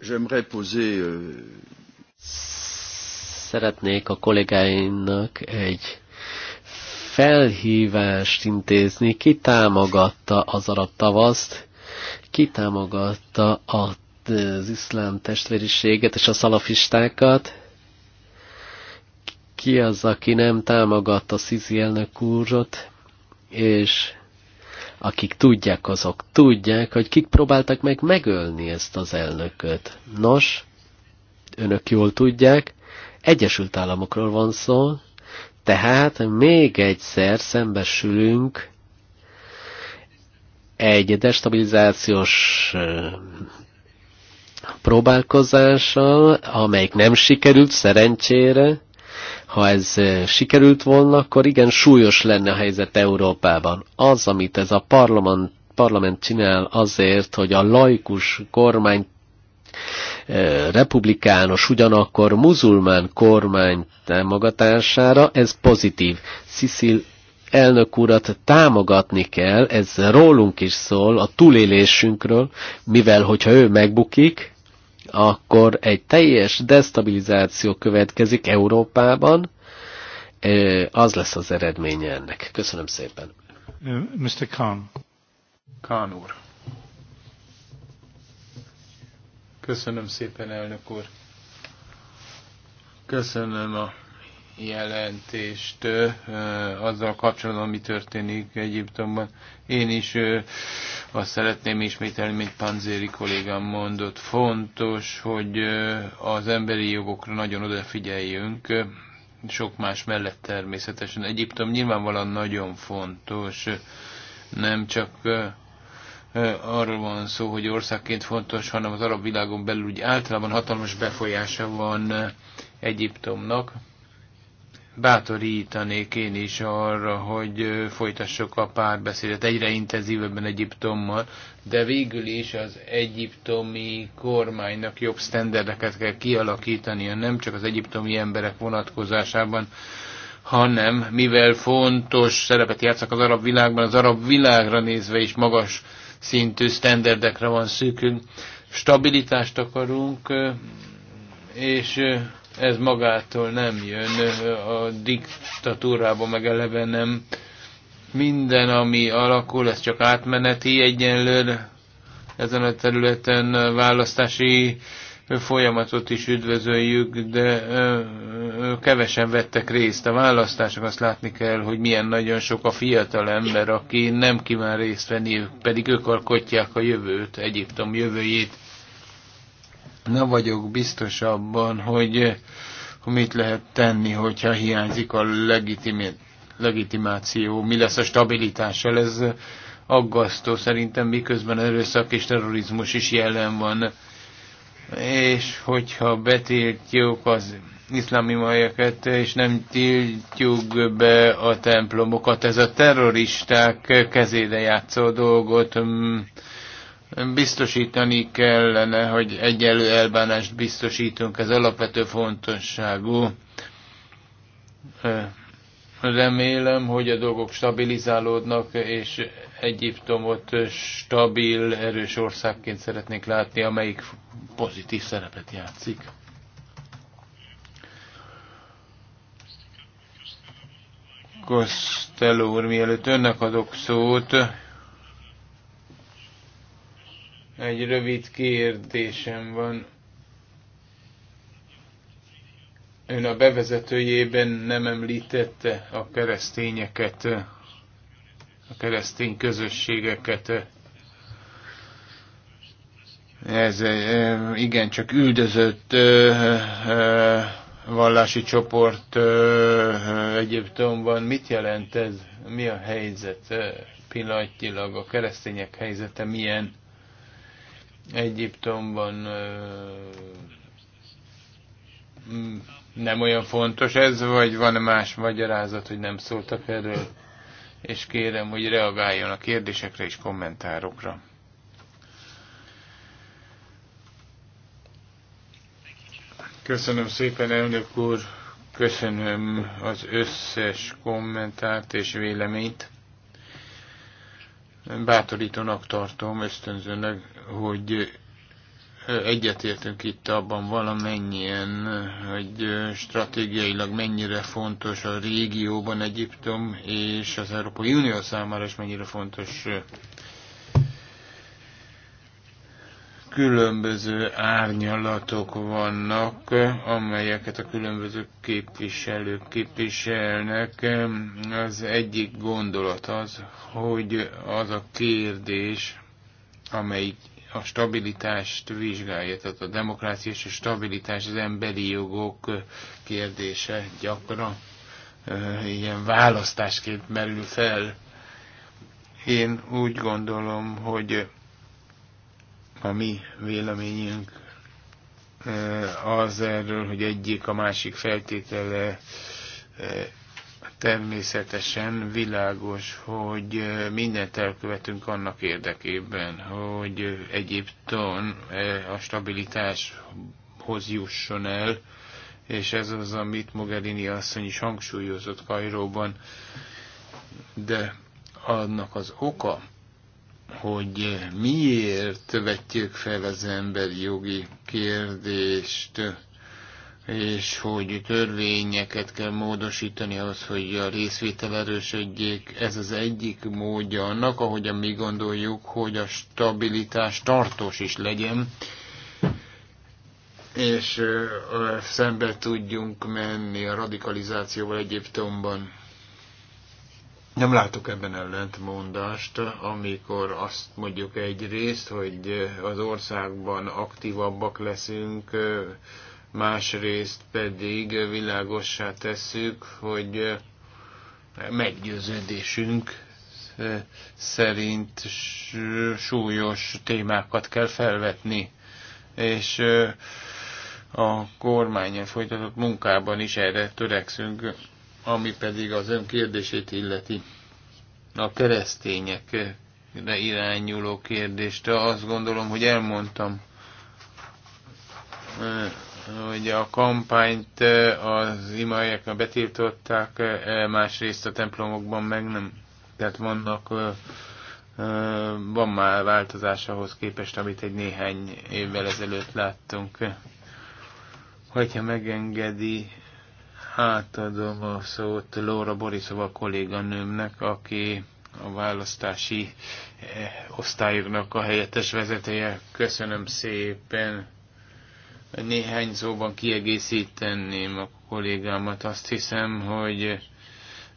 J'aimerais poser... Euh, Szeretnék a kollégáinak egy felhívást intézni, ki támogatta az arab tavaszt, ki támogatta az iszlám testvériséget és a szalafistákat, ki az, aki nem támogatta Szizi elnök úrot, és akik tudják, azok tudják, hogy kik próbáltak meg megölni ezt az elnököt. Nos, önök jól tudják, Egyesült Államokról van szó, tehát még egyszer szembesülünk egy destabilizációs próbálkozással, amelyik nem sikerült szerencsére, ha ez sikerült volna, akkor igen súlyos lenne a helyzet Európában. Az, amit ez a parlament, parlament csinál azért, hogy a laikus kormány republikános ugyanakkor muzulmán kormány támogatására, ez pozitív. Sziszil elnök urat támogatni kell, ez rólunk is szól, a túlélésünkről, mivel hogyha ő megbukik, akkor egy teljes destabilizáció következik Európában, az lesz az eredménye ennek. Köszönöm szépen. Mr. Khan. Khan úr. Köszönöm szépen, elnök úr. Köszönöm a jelentést azzal kapcsolatban, ami történik Egyiptomban. Én is azt szeretném ismételni, mint Panzéri kollégám mondott, fontos, hogy az emberi jogokra nagyon odafigyeljünk, sok más mellett természetesen. Egyiptom nyilvánvalóan nagyon fontos, nem csak arról van szó, hogy országként fontos, hanem az arab világon belül úgy általában hatalmas befolyása van Egyiptomnak bátorítanék én is arra, hogy folytassuk a párbeszédet egyre intenzívebben Egyiptommal, de végül is az egyiptomi kormánynak jobb sztenderdeket kell kialakítania, nem csak az egyiptomi emberek vonatkozásában, hanem mivel fontos szerepet játszak az arab világban, az arab világra nézve is magas szintű sztenderdekre van szűkünk, Stabilitást akarunk, és ez magától nem jön, a diktatúrában meg eleve nem. Minden, ami alakul, ez csak átmeneti egyenlőre ezen a területen választási folyamatot is üdvözöljük, de kevesen vettek részt a választások. Azt látni kell, hogy milyen nagyon sok a fiatal ember, aki nem kíván részt venni, pedig ők alkotják a jövőt, Egyiptom jövőjét nem vagyok biztos abban, hogy mit lehet tenni, hogyha hiányzik a legitimáció, mi lesz a stabilitással, ez aggasztó szerintem, miközben erőszak és terrorizmus is jelen van. És hogyha betiltjuk az iszlámi majeket, és nem tiltjuk be a templomokat, ez a terroristák kezére játszó dolgot mm, Biztosítani kellene, hogy egyenlő elbánást biztosítunk, ez alapvető fontosságú. Remélem, hogy a dolgok stabilizálódnak, és Egyiptomot stabil, erős országként szeretnék látni, amelyik pozitív szerepet játszik. Costello úr, mielőtt önnek adok szót, egy rövid kérdésem van. Ön a bevezetőjében nem említette a keresztényeket, a keresztény közösségeket. Ez eh, igen, csak üldözött eh, eh, vallási csoport Egyiptomban. Mit jelent ez? Mi a helyzet pillanatnyilag? A keresztények helyzete milyen? Egyiptomban nem olyan fontos ez, vagy van más magyarázat, hogy nem szóltak erről, és kérem, hogy reagáljon a kérdésekre és kommentárokra. Köszönöm szépen, elnök úr, köszönöm az összes kommentárt és véleményt bátorítónak tartom, ösztönzőnek, hogy egyetértünk itt abban valamennyien, hogy stratégiailag mennyire fontos a régióban Egyiptom, és az Európai Unió számára is mennyire fontos különböző árnyalatok vannak, amelyeket a különböző képviselők képviselnek. Az egyik gondolat az, hogy az a kérdés, amelyik a stabilitást vizsgálja, tehát a demokrácia és a stabilitás, az emberi jogok kérdése gyakran ilyen választásként merül fel. Én úgy gondolom, hogy a mi véleményünk e, az erről, hogy egyik a másik feltétele e, természetesen világos, hogy e, mindent elkövetünk annak érdekében, hogy Egyiptom a stabilitáshoz jusson el, és ez az, amit Mogherini asszony is hangsúlyozott Kairóban, de annak az oka, hogy miért vetjük fel az emberi jogi kérdést, és hogy törvényeket kell módosítani ahhoz, hogy a részvétel erősödjék. Ez az egyik módja annak, ahogyan mi gondoljuk, hogy a stabilitás tartós is legyen, és szembe tudjunk menni a radikalizációval Egyiptomban nem látok ebben ellentmondást, amikor azt mondjuk egyrészt, hogy az országban aktívabbak leszünk, másrészt pedig világossá tesszük, hogy meggyőződésünk szerint súlyos témákat kell felvetni, és a kormányon folytatott munkában is erre törekszünk ami pedig az ön kérdését illeti, a keresztényekre irányuló kérdést, azt gondolom, hogy elmondtam, hogy a kampányt az imaiaknak betiltották, másrészt a templomokban meg nem. Tehát vannak, van már változás ahhoz képest, amit egy néhány évvel ezelőtt láttunk. Hogyha megengedi, átadom a szót Lóra Borisova kolléganőmnek, aki a választási eh, osztályoknak a helyettes vezetője. Köszönöm szépen. Néhány szóban kiegészíteném a kollégámat. Azt hiszem, hogy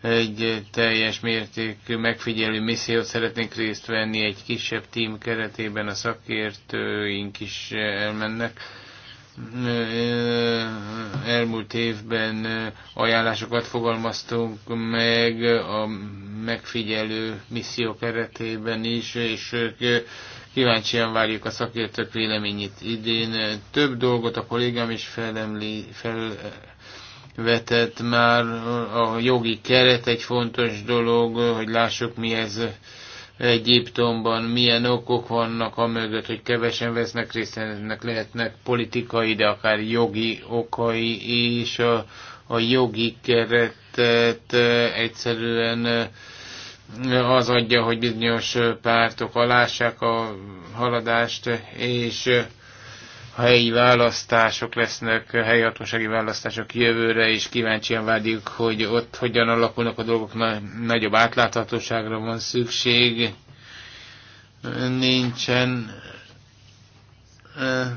egy teljes mértékű megfigyelő missziót szeretnék részt venni egy kisebb tím keretében, a szakértőink is elmennek elmúlt évben ajánlásokat fogalmaztunk meg a megfigyelő misszió keretében is, és kíváncsian várjuk a szakértők véleményét idén. Több dolgot a kollégám is felemli, fel, vetett már a jogi keret egy fontos dolog, hogy lássuk mi ez Egyiptomban milyen okok vannak a mögött, hogy kevesen vesznek részt, ennek lehetnek politikai, de akár jogi okai is. A, a jogi keretet egyszerűen az adja, hogy bizonyos pártok alássák a haladást, és helyi választások lesznek, helyi hatósági választások jövőre, és kíváncsian várjuk, hogy ott hogyan alakulnak a dolgok, nagyobb átláthatóságra van szükség. Nincsen eh,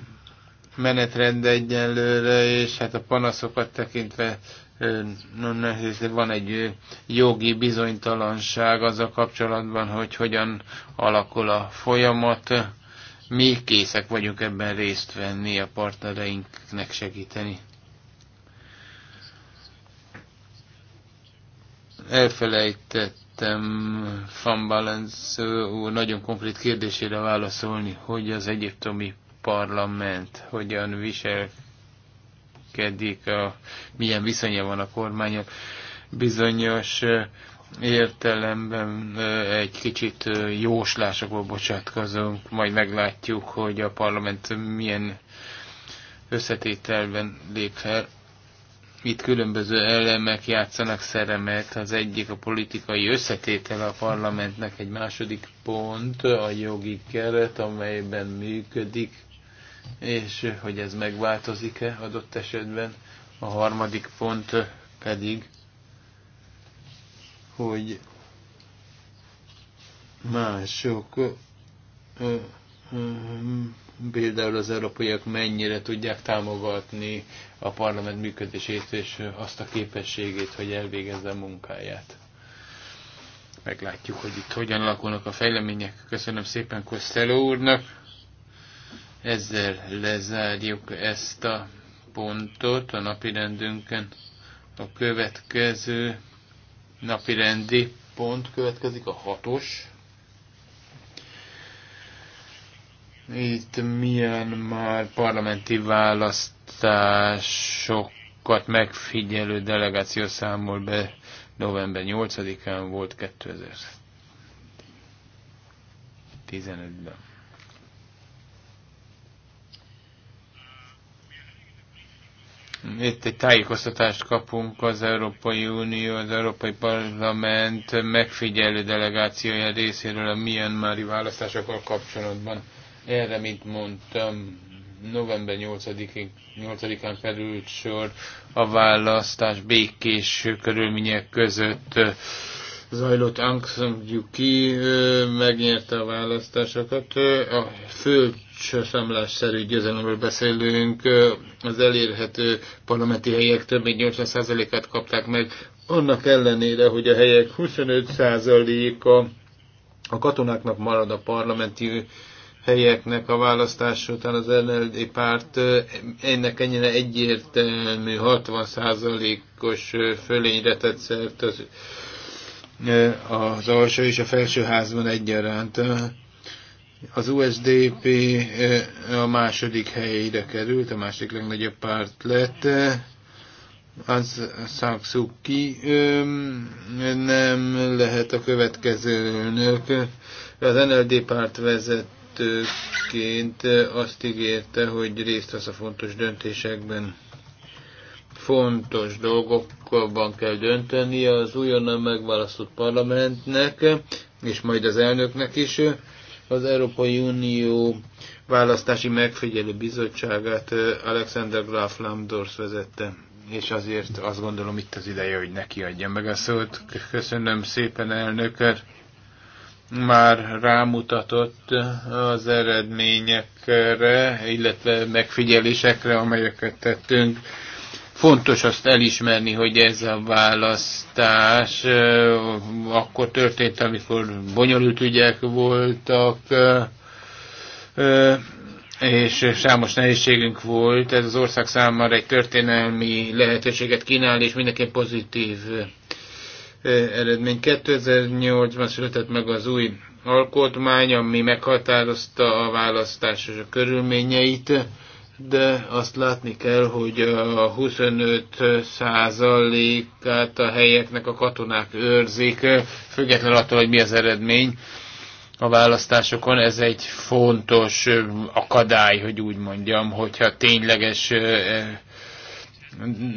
menetrend egyelőre, és hát a panaszokat tekintve eh, van egy eh, jogi bizonytalanság az a kapcsolatban, hogy hogyan alakul a folyamat mi készek vagyunk ebben részt venni, a partnereinknek segíteni. Elfelejtettem Van Balens úr nagyon konkrét kérdésére válaszolni, hogy az egyiptomi parlament hogyan viselkedik, a, milyen viszonya van a kormányok. Bizonyos értelemben egy kicsit jóslásokból bocsátkozunk, majd meglátjuk, hogy a parlament milyen összetételben lép fel. Itt különböző elemek játszanak szeremet, az egyik a politikai összetétele a parlamentnek, egy második pont a jogi keret, amelyben működik, és hogy ez megváltozik-e adott esetben, a harmadik pont pedig hogy mások, például az európaiak mennyire tudják támogatni a parlament működését és azt a képességét, hogy elvégezze a munkáját. Meglátjuk, hogy itt hogyan alakulnak a fejlemények. Köszönöm szépen Kosszeló úrnak. Ezzel lezárjuk ezt a pontot a rendünkön. A következő napi rendi pont következik, a hatos. Itt milyen már parlamenti választásokat megfigyelő delegáció számol be november 8-án volt 2015-ben. Itt egy tájékoztatást kapunk az Európai Unió, az Európai Parlament megfigyelő delegációja részéről a Myanmari választásokkal kapcsolatban. Erre, mint mondtam, november 8-án, 8-án került sor a választás békés körülmények között zajlott Aung San Suu Kyi megnyerte a választásokat. A földszemlásszerű győzelemről beszélünk, az elérhető parlamenti helyek több mint 80%-át kapták meg, annak ellenére, hogy a helyek 25%-a a katonáknak marad a parlamenti helyeknek a választás után az NLD párt ennek ennyire egyértelmű 60%-os fölényre tett szert az az alsó és a felső házban egyaránt. Az USDP eh, a második helyére került, a másik legnagyobb párt lett. Az Saksuki eh, nem lehet a következő elnök. Az NLD párt vezetőként eh, azt ígérte, hogy részt vesz a fontos döntésekben fontos dolgokban kell dönteni az újonnan megválasztott parlamentnek, és majd az elnöknek is. Az Európai Unió választási megfigyelő bizottságát eh, Alexander Graf Lambdorsz vezette, és azért azt gondolom itt az ideje, hogy neki adja meg a szót. Köszönöm szépen, elnöket! már rámutatott az eredményekre, illetve megfigyelésekre, amelyeket tettünk. Fontos azt elismerni, hogy ez a választás akkor történt, amikor bonyolult ügyek voltak, és számos nehézségünk volt. Ez az ország számára egy történelmi lehetőséget kínál, és mindenki pozitív eredmény. 2008-ban született meg az új alkotmány, ami meghatározta a választás körülményeit de azt látni kell, hogy a 25 százalékát a helyeknek a katonák őrzik, függetlenül attól, hogy mi az eredmény a választásokon. Ez egy fontos akadály, hogy úgy mondjam, hogyha tényleges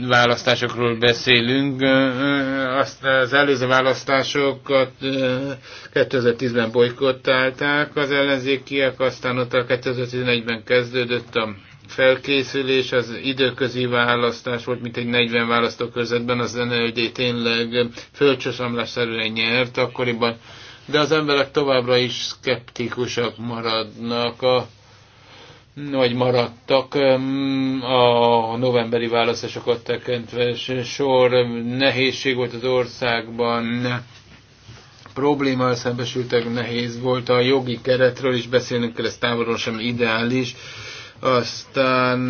választásokról beszélünk. Azt az előző választásokat 2010-ben bolykottálták az ellenzékiek, aztán ott a 2011-ben kezdődött a felkészülés, az időközi választás volt, mint egy 40 választókörzetben az NLD tényleg földcsosamlásszerűen nyert akkoriban, de az emberek továbbra is szkeptikusak maradnak a vagy maradtak a novemberi választásokat tekintve, sor nehézség volt az országban, problémával szembesültek, nehéz volt, a jogi keretről is beszélnünk kell, ez távolról sem ideális, aztán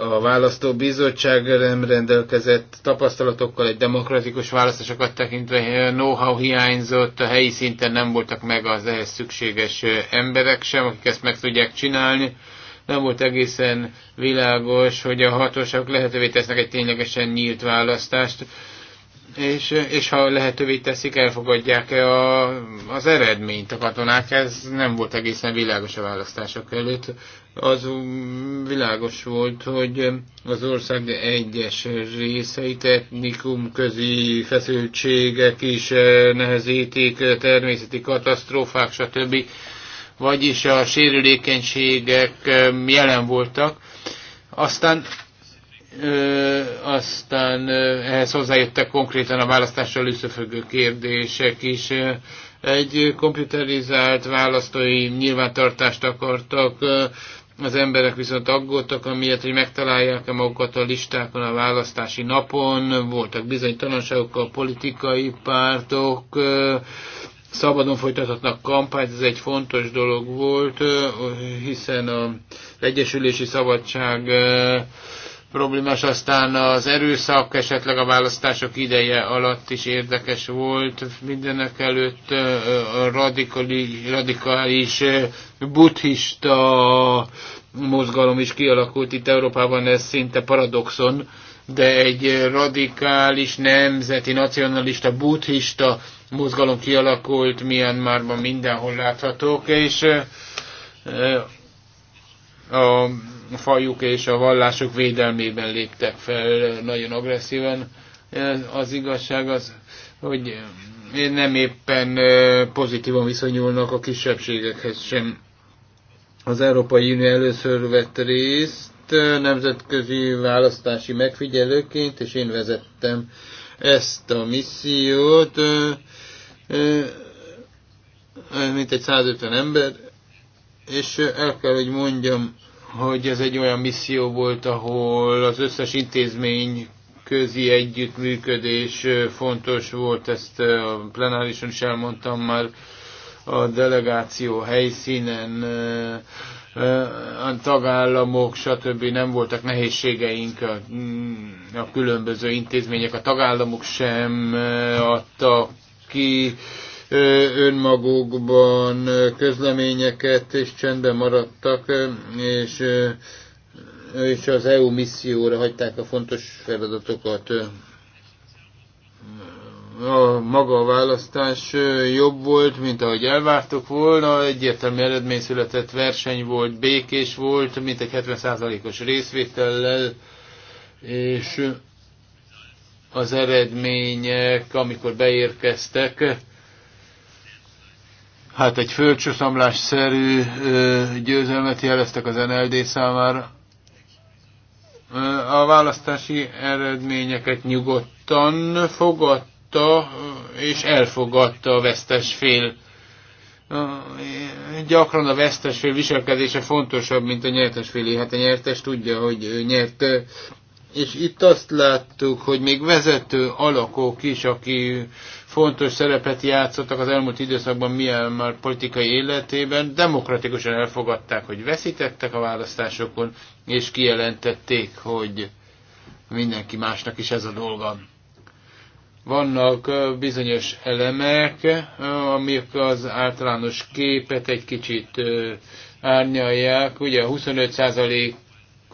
a választóbizottság nem rendelkezett tapasztalatokkal egy demokratikus választásokat tekintve know-how hiányzott, a helyi szinten nem voltak meg az ehhez szükséges emberek sem, akik ezt meg tudják csinálni. Nem volt egészen világos, hogy a hatóságok lehetővé tesznek egy ténylegesen nyílt választást és, és ha lehetővé teszik, elfogadják-e eh, a, az eredményt a katonák? Ez nem volt egészen világos a választások előtt. Az világos volt, hogy az ország egyes részeit etnikum közi feszültségek is eh, nehezítik, természeti katasztrófák, stb. Vagyis a sérülékenységek eh, jelen voltak. Aztán Ö, aztán ö, ehhez hozzájöttek konkrétan a választással összefüggő kérdések is. Egy komputerizált választói nyilvántartást akartak, ö, az emberek viszont aggódtak, amiért, hogy megtalálják-e magukat a listákon a választási napon, voltak bizonytalanságok a politikai pártok, ö, szabadon folytathatnak kampányt, ez egy fontos dolog volt, ö, hiszen az egyesülési szabadság ö, problémás, aztán az erőszak esetleg a választások ideje alatt is érdekes volt, mindenek előtt a radikali, radikális buddhista mozgalom is kialakult itt Európában, ez szinte paradoxon, de egy radikális, nemzeti, nacionalista, buddhista mozgalom kialakult, Myanmarban mindenhol láthatók, és a fajuk és a vallások védelmében léptek fel nagyon agresszíven. Az igazság az, hogy nem éppen pozitívan viszonyulnak a kisebbségekhez sem. Az Európai Unió először vett részt nemzetközi választási megfigyelőként, és én vezettem ezt a missziót, mint egy 150 ember, és el kell, hogy mondjam, hogy ez egy olyan misszió volt, ahol az összes intézmény közi együttműködés fontos volt, ezt a plenárison is elmondtam már a delegáció helyszínen, a tagállamok, stb. nem voltak nehézségeink, a, mm, a különböző intézmények, a tagállamok sem adtak ki önmagukban közleményeket, és csendben maradtak, és, és az EU misszióra hagyták a fontos feladatokat. A maga a választás jobb volt, mint ahogy elvártuk volna, egyértelmű eredmény született verseny volt, békés volt, mint egy 70%-os részvétellel, és az eredmények, amikor beérkeztek, hát egy földcsúszamlásszerű győzelmet jeleztek az NLD számára. A választási eredményeket nyugodtan fogadta és elfogadta a vesztes fél. Gyakran a vesztes fél viselkedése fontosabb, mint a nyertes fél. Hát a nyertes tudja, hogy ő nyert. És itt azt láttuk, hogy még vezető alakok is, aki fontos szerepet játszottak az elmúlt időszakban milyen már politikai életében. Demokratikusan elfogadták, hogy veszítettek a választásokon, és kijelentették, hogy mindenki másnak is ez a dolga. Vannak bizonyos elemek, amik az általános képet egy kicsit árnyalják. Ugye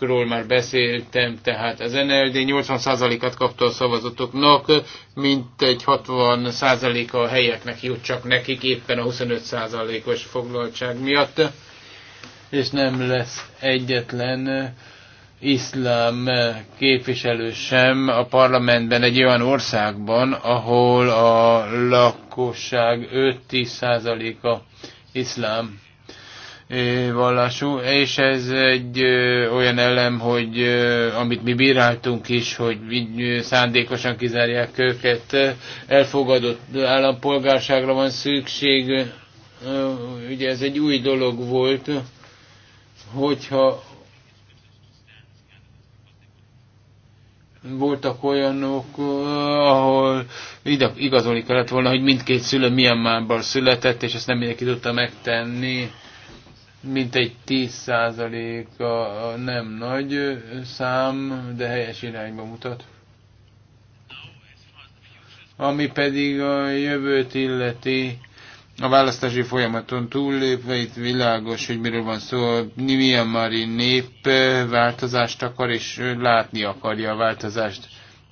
ról már beszéltem, tehát az NLD 80%-at kapta a szavazatoknak, mint egy 60%-a a helyeknek jut csak nekik éppen a 25%-os foglaltság miatt, és nem lesz egyetlen iszlám képviselő sem a parlamentben egy olyan országban, ahol a lakosság 5-10%-a iszlám vallású, és ez egy ö, olyan elem, hogy ö, amit mi bíráltunk is, hogy szándékosan kizárják őket, elfogadott állampolgárságra van szükség, ö, ugye ez egy új dolog volt, hogyha voltak olyanok, ahol igazolni kellett volna, hogy mindkét szülő milyen mámban született, és ezt nem mindenki tudta megtenni mintegy 10%-a nem nagy szám, de helyes irányba mutat. Ami pedig a jövőt illeti, a választási folyamaton túllépve, itt világos, hogy miről van szó, Myanmari nép változást akar, és látni akarja a változást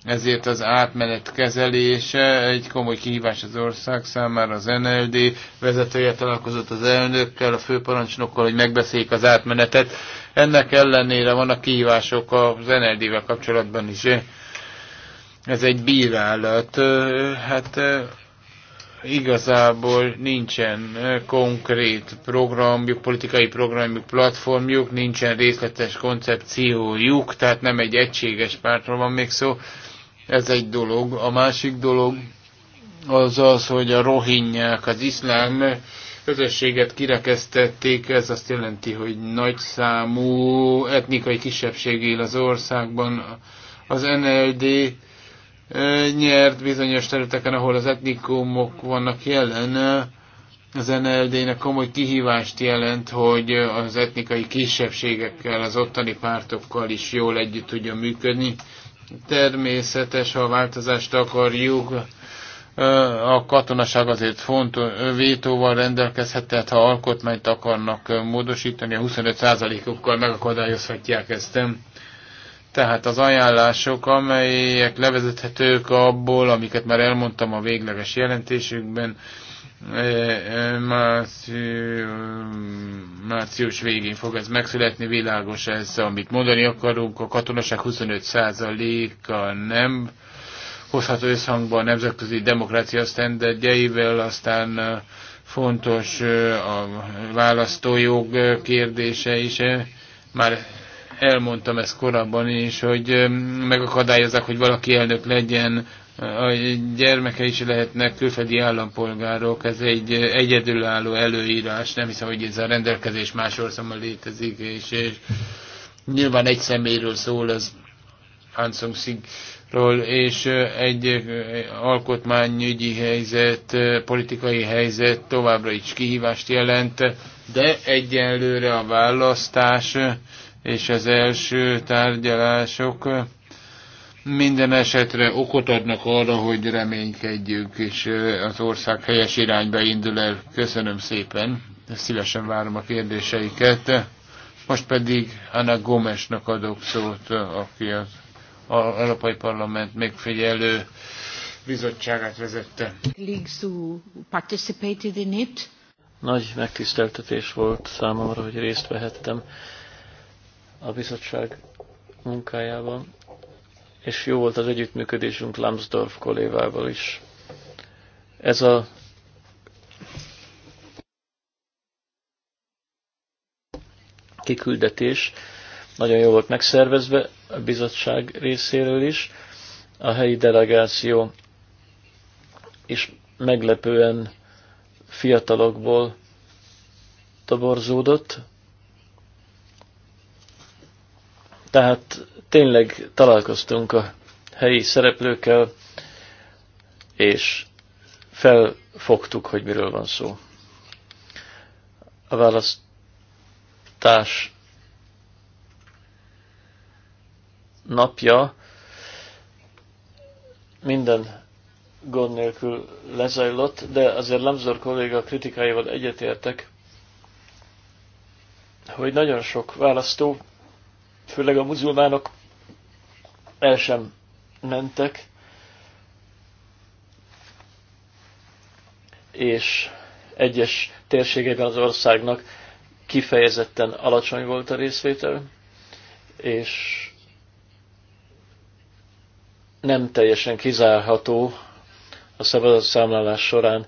ezért az átmenet kezelése egy komoly kihívás az ország számára. Az NLD vezetője találkozott az elnökkel, a főparancsnokkal, hogy megbeszéljék az átmenetet. Ennek ellenére vannak kihívások az NLD-vel kapcsolatban is. Ez egy bírálat. Hát igazából nincsen konkrét programjuk, politikai programjuk, platformjuk, nincsen részletes koncepciójuk, tehát nem egy egységes pártról van még szó. Ez egy dolog. A másik dolog az az, hogy a rohinják az iszlám közösséget kirekesztették, ez azt jelenti, hogy nagy számú etnikai kisebbség él az országban. Az NLD e, nyert bizonyos területeken, ahol az etnikumok vannak jelen, az NLD-nek komoly kihívást jelent, hogy az etnikai kisebbségekkel, az ottani pártokkal is jól együtt tudjon működni. Természetes, ha a változást akarjuk, a katonaság azért fontos, vétóval rendelkezhet, tehát ha alkotmányt akarnak módosítani, a 25%-okkal megakadályozhatják ezt. Tehát az ajánlások, amelyek levezethetők abból, amiket már elmondtam a végleges jelentésükben, március végén fog ez megszületni, világos ez, amit mondani akarunk. A katonaság 25%-a nem hozható összhangba a nemzetközi demokrácia sztenderdjeivel, aztán fontos a választójog kérdése is. Már elmondtam ezt korábban is, hogy megakadályozzák, hogy valaki elnök legyen, a gyermekei is lehetnek külföldi állampolgárok, ez egy egyedülálló előírás, nem hiszem, hogy ez a rendelkezés más országban létezik, és, és nyilván egy személyről szól az Hansung Szigról, és egy alkotmányügyi helyzet, politikai helyzet továbbra is kihívást jelent, de egyenlőre a választás és az első tárgyalások minden esetre okot adnak arra, hogy reménykedjünk, és az ország helyes irányba indul el. Köszönöm szépen, szívesen várom a kérdéseiket. Most pedig Anna Gomesnak adok szót, aki az Európai Parlament megfigyelő bizottságát vezette. Nagy megtiszteltetés volt számomra, hogy részt vehettem a bizottság munkájában és jó volt az együttműködésünk Lambsdorff kollégával is. Ez a kiküldetés nagyon jó volt megszervezve a bizottság részéről is. A helyi delegáció is meglepően fiatalokból toborzódott. Tehát tényleg találkoztunk a helyi szereplőkkel, és felfogtuk, hogy miről van szó. A választás napja minden gond nélkül lezajlott, de azért Lamzor kolléga kritikáival egyetértek, hogy nagyon sok választó főleg a muzulmánok el sem mentek, és egyes térségekben az országnak kifejezetten alacsony volt a részvétel, és nem teljesen kizárható a szavazatszámlálás során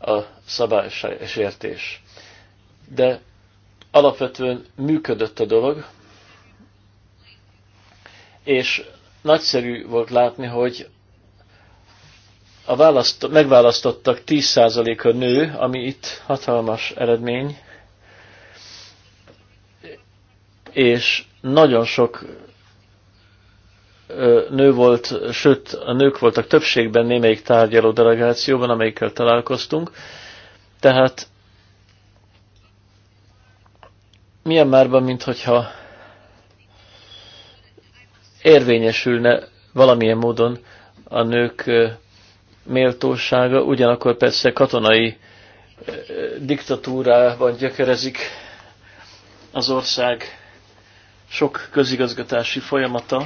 a szabálysértés. De alapvetően működött a dolog, és nagyszerű volt látni, hogy a választ, megválasztottak 10%-a nő, ami itt hatalmas eredmény, és nagyon sok nő volt, sőt, a nők voltak többségben némelyik tárgyaló delegációban, amelyikkel találkoztunk. Tehát milyen márban, mint érvényesülne valamilyen módon a nők méltósága, ugyanakkor persze katonai diktatúrában gyökerezik az ország sok közigazgatási folyamata.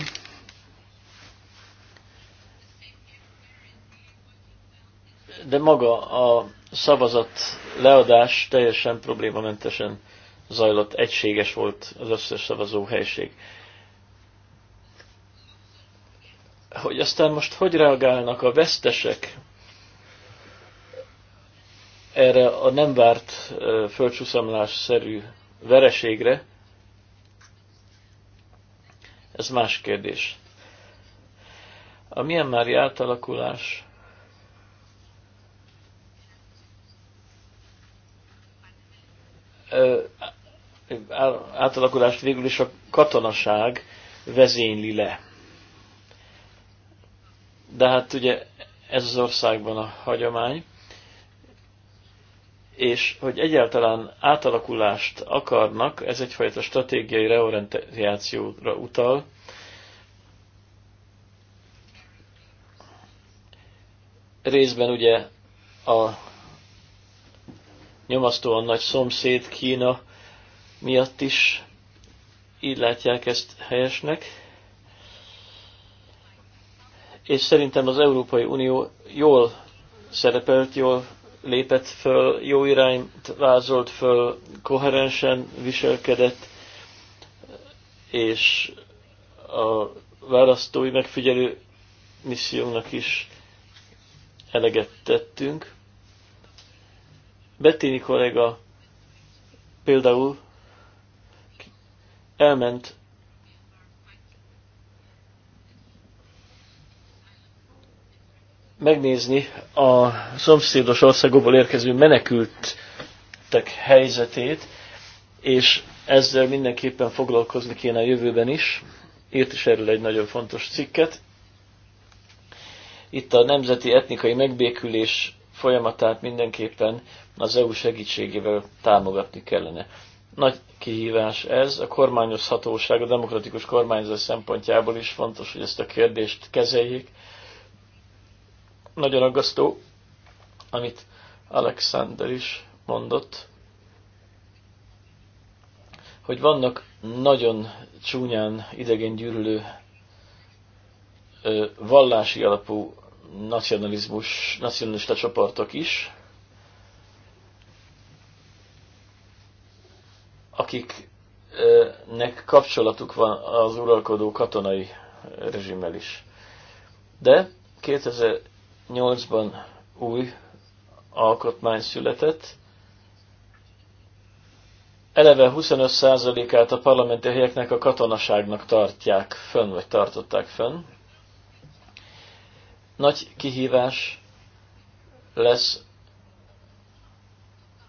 De maga a szavazat leadás teljesen problémamentesen zajlott, egységes volt az összes szavazó helység. hogy aztán most hogy reagálnak a vesztesek erre a nem várt földcsúszamlásszerű vereségre, ez más kérdés. A milyen már átalakulás átalakulást végül is a katonaság vezényli le de hát ugye ez az országban a hagyomány, és hogy egyáltalán átalakulást akarnak, ez egyfajta stratégiai reorientációra utal, részben ugye a nyomasztóan nagy szomszéd Kína miatt is így látják ezt helyesnek és szerintem az Európai Unió jól szerepelt, jól lépett föl, jó irányt vázolt föl, koherensen viselkedett, és a választói megfigyelő missziónak is eleget tettünk. Bettini kollega például elment megnézni a szomszédos országokból érkező menekültek helyzetét, és ezzel mindenképpen foglalkozni kéne a jövőben is. Írt is erről egy nagyon fontos cikket. Itt a nemzeti etnikai megbékülés folyamatát mindenképpen az EU segítségével támogatni kellene. Nagy kihívás ez, a kormányozhatóság, a demokratikus kormányzás szempontjából is fontos, hogy ezt a kérdést kezeljék nagyon aggasztó, amit Alexander is mondott, hogy vannak nagyon csúnyán idegen gyűrülő vallási alapú nacionalizmus, nacionalista csoportok is, akiknek kapcsolatuk van az uralkodó katonai rezsimmel is. De 2000 1948 ban új alkotmány született. Eleve 25%-át a parlamenti helyeknek a katonaságnak tartják fönn, vagy tartották fönn. Nagy kihívás lesz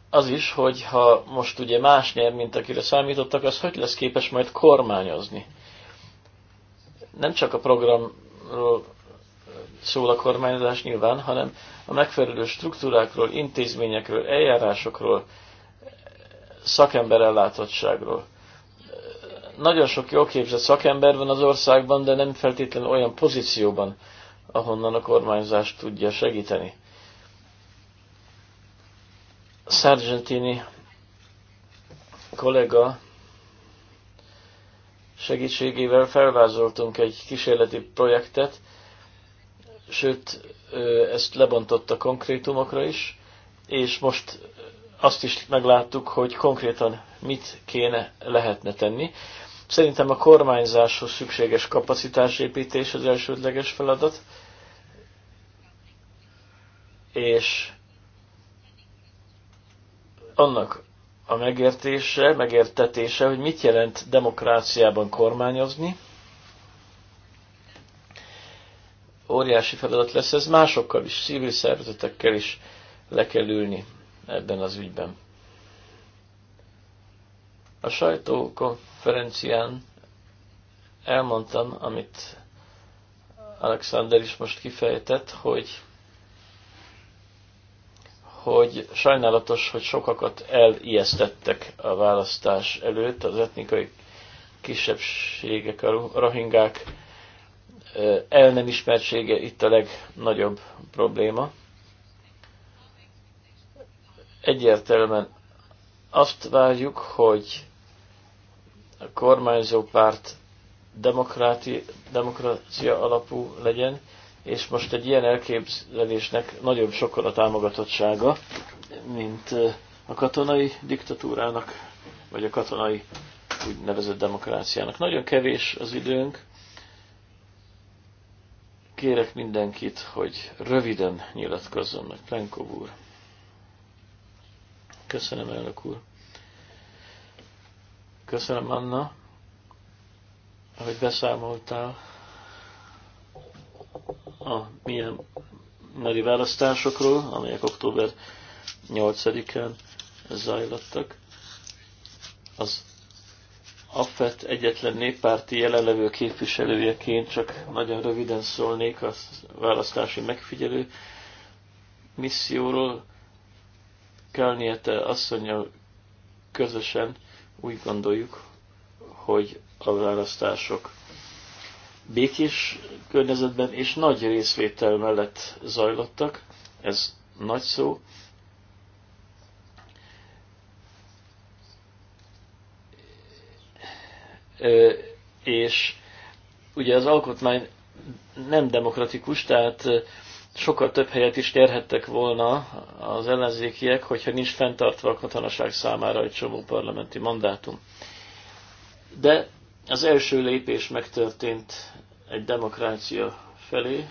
az is, hogy ha most ugye más nyer, mint akire számítottak, az hogy lesz képes majd kormányozni. Nem csak a programról szól a kormányzás nyilván, hanem a megfelelő struktúrákról, intézményekről, eljárásokról, szakemberellátottságról. Nagyon sok jó képzett szakember van az országban, de nem feltétlenül olyan pozícióban, ahonnan a kormányzást tudja segíteni. Sargentini kollega segítségével felvázoltunk egy kísérleti projektet, sőt, ezt lebontotta konkrétumokra is, és most azt is megláttuk, hogy konkrétan mit kéne, lehetne tenni. Szerintem a kormányzáshoz szükséges kapacitásépítés az elsődleges feladat, és annak a megértése, megértetése, hogy mit jelent demokráciában kormányozni, óriási feladat lesz ez másokkal is, civil szervezetekkel is le kell ülni ebben az ügyben. A sajtókonferencián elmondtam, amit Alexander is most kifejtett, hogy hogy sajnálatos, hogy sokakat elijesztettek a választás előtt, az etnikai kisebbségek, a rohingák el nem ismertsége itt a legnagyobb probléma. Egyértelműen azt várjuk, hogy a kormányzó párt demokrácia alapú legyen, és most egy ilyen elképzelésnek nagyobb sokkal a támogatottsága, mint a katonai diktatúrának, vagy a katonai úgynevezett demokráciának. Nagyon kevés az időnk, Kérek mindenkit, hogy röviden nyilatkozzon meg, Plenkov úr. Köszönöm, elnök úr. Köszönöm, Anna, hogy beszámoltál a milyen nagy választásokról, amelyek október 8-án zajlottak. Az AFET egyetlen néppárti jelenlevő képviselőjeként csak nagyon röviden szólnék a választási megfigyelő misszióról. Kelniete asszonyjal közösen úgy gondoljuk, hogy a választások békés környezetben és nagy részvétel mellett zajlottak, ez nagy szó, és ugye az alkotmány nem demokratikus, tehát sokkal több helyet is nyerhettek volna az ellenzékiek, hogyha nincs fenntartva a katonaság számára egy csomó parlamenti mandátum. De az első lépés megtörtént egy demokrácia felé,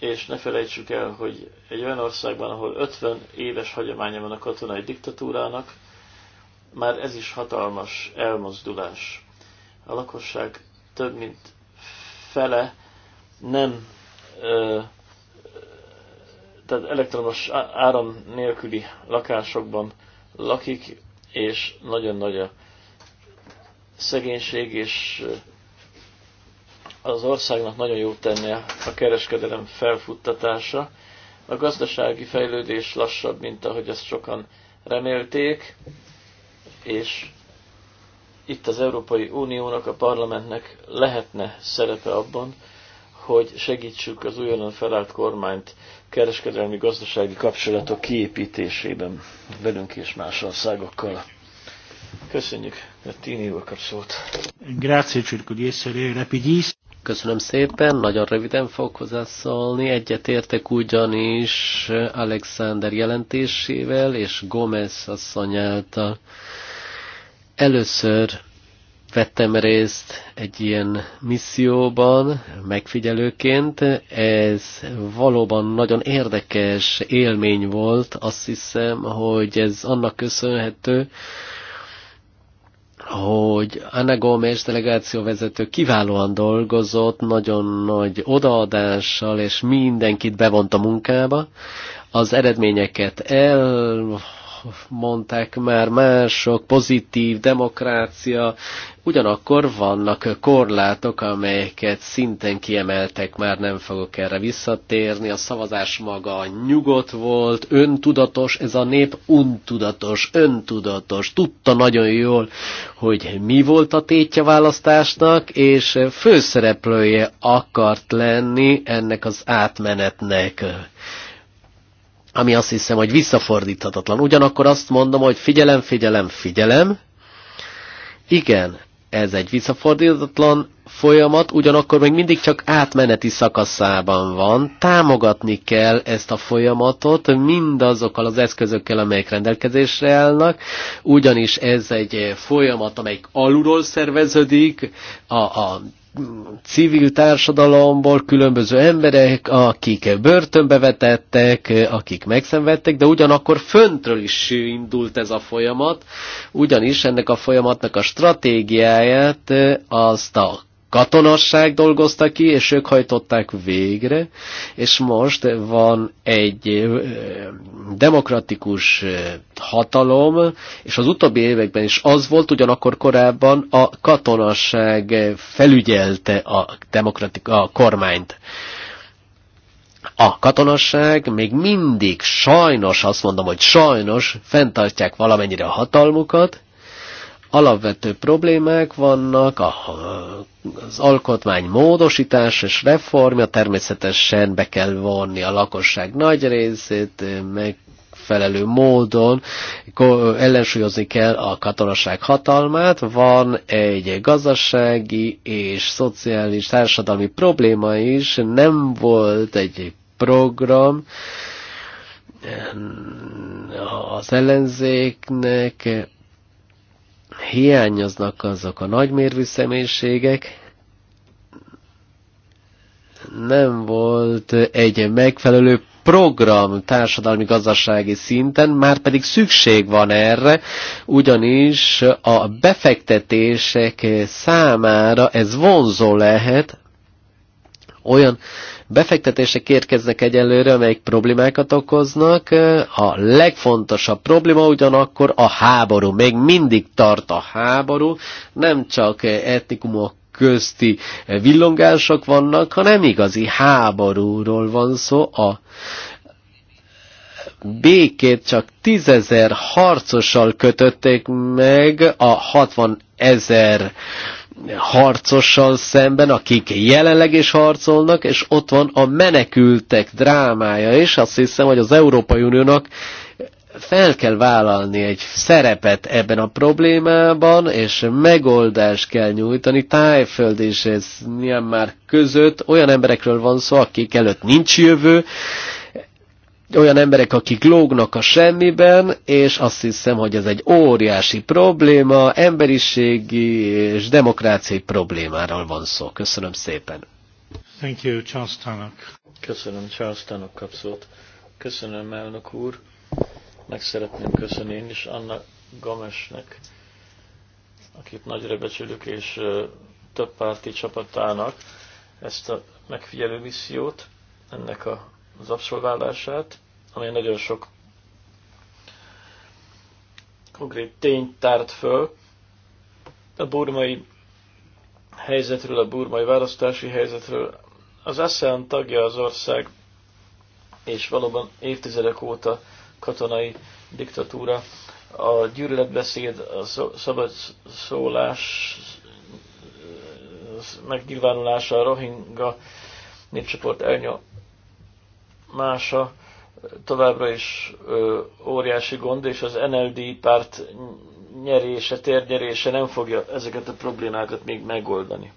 és ne felejtsük el, hogy egy olyan országban, ahol 50 éves hagyománya van a katonai diktatúrának, már ez is hatalmas elmozdulás. A lakosság több mint fele nem ö, tehát elektromos áram nélküli lakásokban lakik, és nagyon nagy a szegénység, és az országnak nagyon jó tenne a kereskedelem felfuttatása. A gazdasági fejlődés lassabb, mint ahogy ezt sokan remélték és itt az Európai Uniónak, a parlamentnek lehetne szerepe abban, hogy segítsük az újonnan felállt kormányt kereskedelmi gazdasági kapcsolatok kiépítésében velünk és más országokkal. Köszönjük, a Tini úr kap szót. Grazie, rapidis. Köszönöm szépen, nagyon röviden fogok hozzászólni. Egyetértek ugyanis Alexander jelentésével és Gomez asszony által Először vettem részt egy ilyen misszióban, megfigyelőként. Ez valóban nagyon érdekes élmény volt, azt hiszem, hogy ez annak köszönhető, hogy Anna delegáció vezető kiválóan dolgozott, nagyon nagy odaadással, és mindenkit bevont a munkába. Az eredményeket el mondták már mások, pozitív demokrácia, ugyanakkor vannak korlátok, amelyeket szinten kiemeltek, már nem fogok erre visszatérni. A szavazás maga nyugodt volt, öntudatos, ez a nép untudatos, öntudatos, tudta nagyon jól, hogy mi volt a tétje választásnak, és főszereplője akart lenni ennek az átmenetnek ami azt hiszem, hogy visszafordíthatatlan. Ugyanakkor azt mondom, hogy figyelem, figyelem, figyelem. Igen, ez egy visszafordíthatatlan folyamat, ugyanakkor még mindig csak átmeneti szakaszában van. Támogatni kell ezt a folyamatot mindazokkal az eszközökkel, amelyek rendelkezésre állnak, ugyanis ez egy folyamat, amelyik alulról szerveződik, a, a civil társadalomból különböző emberek, akik börtönbe vetettek, akik megszenvedtek, de ugyanakkor föntről is indult ez a folyamat, ugyanis ennek a folyamatnak a stratégiáját eh, azt a katonasság dolgozta ki, és ők hajtották végre, és most van egy demokratikus hatalom, és az utóbbi években is az volt, ugyanakkor korábban a katonasság felügyelte a, demokratik, a kormányt. A katonasság még mindig sajnos, azt mondom, hogy sajnos fenntartják valamennyire a hatalmukat, alapvető problémák vannak, az alkotmány módosítás és reformja, természetesen be kell vonni a lakosság nagy részét, meg eh, megfelelő módon ellensúlyozni kell a katonaság hatalmát. Van egy gazdasági és szociális társadalmi probléma is, nem volt egy program eh, az ellenzéknek, hiányoznak azok a nagymérvű személyiségek, nem volt egy megfelelő program társadalmi-gazdasági szinten, már pedig szükség van erre, ugyanis a befektetések számára ez vonzó lehet olyan befektetések érkeznek egyelőre, amelyik problémákat okoznak. A legfontosabb probléma ugyanakkor a háború. Még mindig tart a háború, nem csak etnikumok közti villongások vannak, hanem igazi háborúról van szó. A békét csak tízezer harcossal kötötték meg a 60 ezer harcossal szemben, akik jelenleg is harcolnak, és ott van a menekültek drámája is. Azt hiszem, hogy az Európai Uniónak fel kell vállalni egy szerepet ebben a problémában, és megoldást kell nyújtani Tájföld és ez nyilván már között. Olyan emberekről van szó, akik előtt nincs jövő, olyan emberek, akik lógnak a semmiben, és azt hiszem, hogy ez egy óriási probléma, emberiségi és demokráciai problémáról van szó. Köszönöm szépen. Thank you, Charles Tannock. Köszönöm, Charles Tannock kapszót. Köszönöm, elnök úr. Meg szeretném köszönni én is Anna Gamesnek, akit nagyra becsülök, és több párti csapatának ezt a megfigyelő missziót, ennek a az abszolválását, amely nagyon sok konkrét tényt tárt föl. A burmai helyzetről, a burmai választási helyzetről. Az ASEAN tagja az ország, és valóban évtizedek óta katonai diktatúra. A gyűlöletbeszéd, a szabad szólás megnyilvánulása a rohingya népcsoport elnyom, mása továbbra is ö, óriási gond, és az NLD párt nyerése, térnyerése nem fogja ezeket a problémákat még megoldani.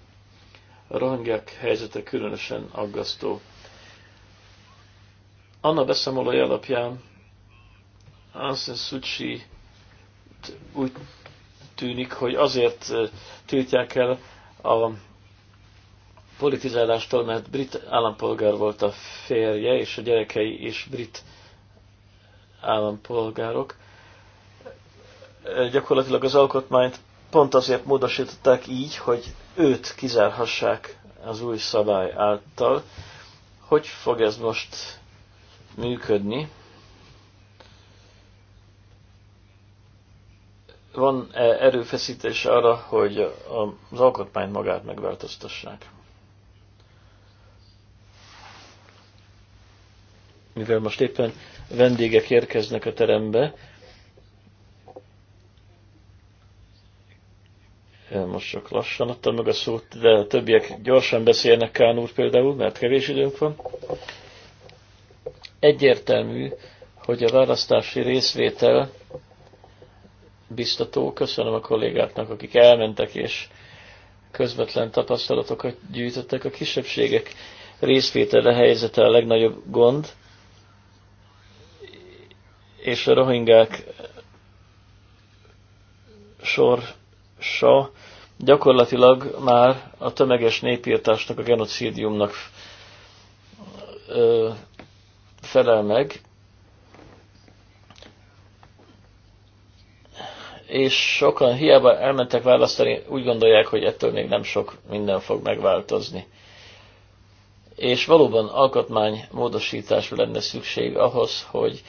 A rohangyák helyzete különösen aggasztó. Anna beszámolója alapján Ansen Sucsi úgy tűnik, hogy azért tiltják el a politizálástól, mert brit állampolgár volt a férje, és a gyerekei is brit állampolgárok. Gyakorlatilag az alkotmányt pont azért módosították így, hogy őt kizárhassák az új szabály által. Hogy fog ez most működni? Van -e erőfeszítés arra, hogy az alkotmányt magát megváltoztassák? mivel most éppen vendégek érkeznek a terembe, most csak lassan adtam meg a szót, de a többiek gyorsan beszélnek, Kán úr például, mert kevés időnk van. Egyértelmű, hogy a választási részvétel biztató. Köszönöm a kollégáknak, akik elmentek és közvetlen tapasztalatokat gyűjtöttek. A kisebbségek részvétele helyzete a legnagyobb gond, és a rohingák sorsa gyakorlatilag már a tömeges népírtásnak, a genocidiumnak ö, felel meg, és sokan hiába elmentek választani, úgy gondolják, hogy ettől még nem sok minden fog megváltozni. És valóban alkotmánymódosításra lenne szükség ahhoz, hogy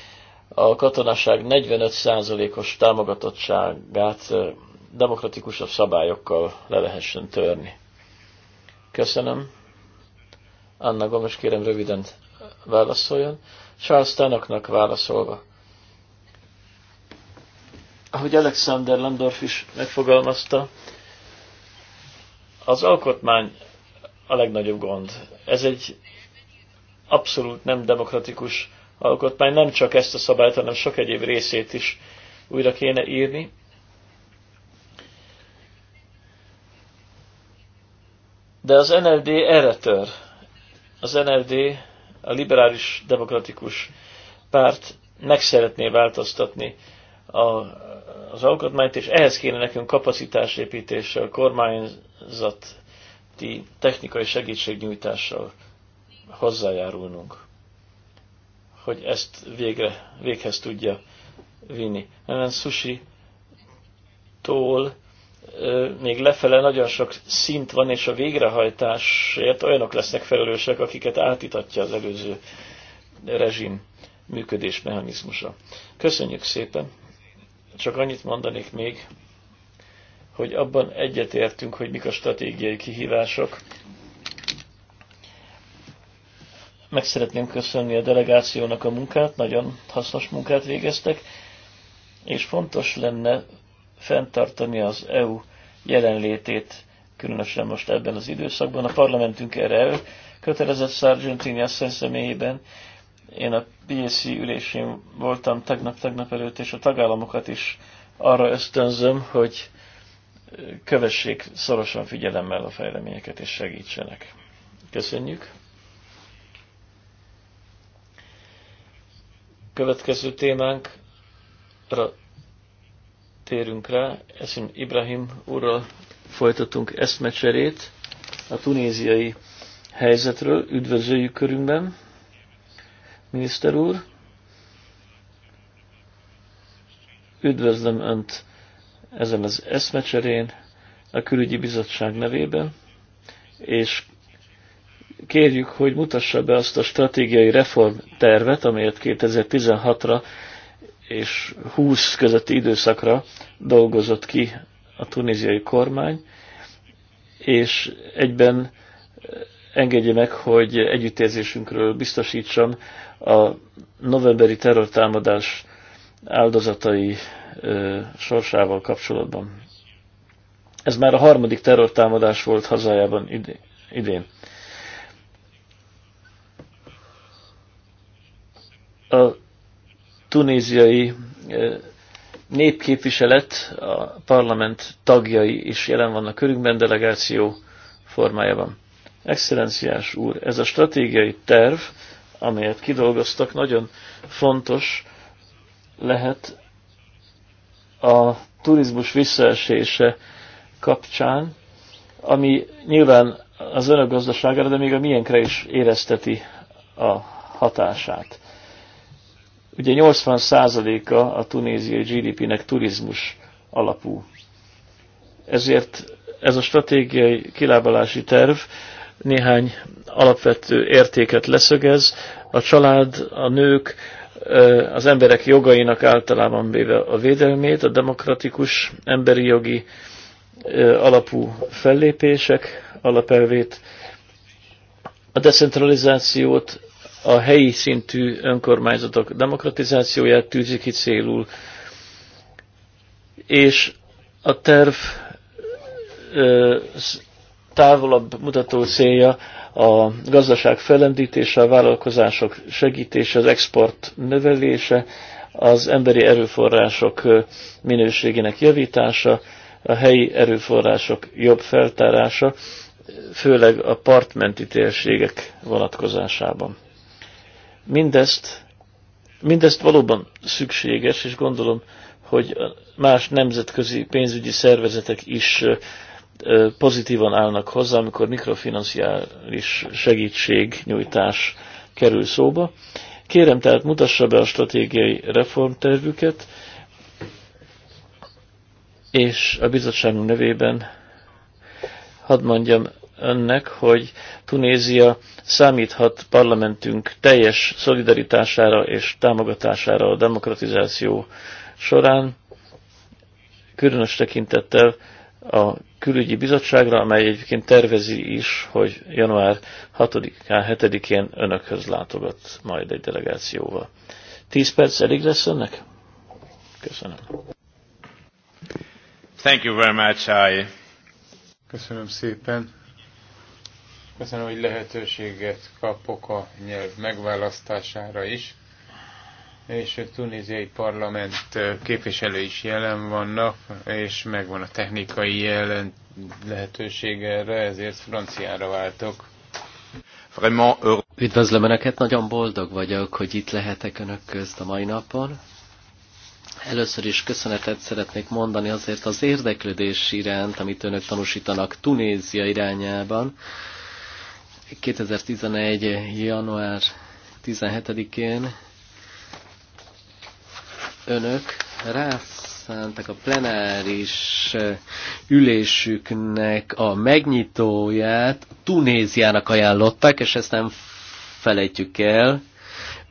a katonaság 45%-os támogatottságát demokratikusabb szabályokkal le lehessen törni. Köszönöm. Anna Gomes, kérem röviden válaszoljon. Charles Tanoknak válaszolva. Ahogy Alexander Landorf is megfogalmazta, az alkotmány a legnagyobb gond. Ez egy abszolút nem demokratikus alkotmány nem csak ezt a szabályt, hanem sok egyéb részét is újra kéne írni. De az NLD erre tör. Az NLD, a liberális demokratikus párt meg szeretné változtatni a, az alkotmányt, és ehhez kéne nekünk kapacitásépítéssel, kormányzati technikai segítségnyújtással hozzájárulnunk hogy ezt végre, véghez tudja vinni. Ellen Sushi tól még lefele nagyon sok szint van, és a végrehajtásért olyanok lesznek felelősek, akiket átitatja az előző rezsim működés mechanizmusa. Köszönjük szépen! Csak annyit mondanék még, hogy abban egyetértünk, hogy mik a stratégiai kihívások, meg szeretném köszönni a delegációnak a munkát, nagyon hasznos munkát végeztek, és fontos lenne fenntartani az EU jelenlétét, különösen most ebben az időszakban. A parlamentünk erre el, kötelezett Sargentini asszony személyében. Én a PSC ülésén voltam tegnap-tegnap előtt, és a tagállamokat is arra ösztönzöm, hogy kövessék szorosan figyelemmel a fejleményeket, és segítsenek. Köszönjük! Következő témánkra térünk rá. Eszim Ibrahim úrral folytatunk eszmecserét a tunéziai helyzetről. Üdvözöljük körünkben, miniszter úr. Üdvözlöm Önt ezen az eszmecserén a külügyi bizottság nevében, és kérjük, hogy mutassa be azt a stratégiai reformtervet, amelyet 2016-ra és 20 közötti időszakra dolgozott ki a tunéziai kormány, és egyben eh, engedje meg, hogy együttérzésünkről biztosítsam a novemberi terrortámadás áldozatai ö, eh, sorsával kapcsolatban. Ez már a harmadik terrortámadás volt hazájában idén. a tunéziai e, népképviselet, a parlament tagjai is jelen vannak körünkben, delegáció formájában. Excellenciás úr, ez a stratégiai terv, amelyet kidolgoztak, nagyon fontos lehet a turizmus visszaesése kapcsán, ami nyilván az önök gazdaságára, de még a miénkre is érezteti a hatását. Ugye 80%-a a tunéziai GDP-nek turizmus alapú. Ezért ez a stratégiai kilábalási terv néhány alapvető értéket leszögez. A család, a nők, az emberek jogainak általában véve a védelmét, a demokratikus emberi jogi alapú fellépések alapelvét, a decentralizációt, a helyi szintű önkormányzatok demokratizációját tűzi ki célul, és a terv távolabb mutató célja a gazdaság felendítése, a vállalkozások segítése, az export növelése, az emberi erőforrások minőségének javítása, a helyi erőforrások jobb feltárása, főleg a partmenti térségek vonatkozásában. Mindezt, mindezt valóban szükséges, és gondolom, hogy más nemzetközi pénzügyi szervezetek is pozitívan állnak hozzá, amikor mikrofinanciális segítségnyújtás kerül szóba. Kérem tehát mutassa be a stratégiai reformtervüket, és a bizottságunk nevében hadd mondjam önnek, hogy Tunézia számíthat parlamentünk teljes szolidaritására és támogatására a demokratizáció során, különös tekintettel a külügyi bizottságra, amely egyébként tervezi is, hogy január 6-án, 7-én önökhöz látogat majd egy delegációval. 10 perc elég lesz önnek? Köszönöm. Thank you very much. I... Köszönöm szépen. Köszönöm, hogy lehetőséget kapok a nyelv megválasztására is. És a tunéziai parlament képviselő is jelen vannak, és megvan a technikai jelen lehetőség erre, ezért franciára váltok. Vraiment Üdvözlöm Önöket, nagyon boldog vagyok, hogy itt lehetek Önök közt a mai napon. Először is köszönetet szeretnék mondani azért az érdeklődés iránt, amit Önök tanúsítanak Tunézia irányában. 2011. január 17-én önök rászántak a plenáris ülésüknek a megnyitóját Tunéziának ajánlották, és ezt nem felejtjük el.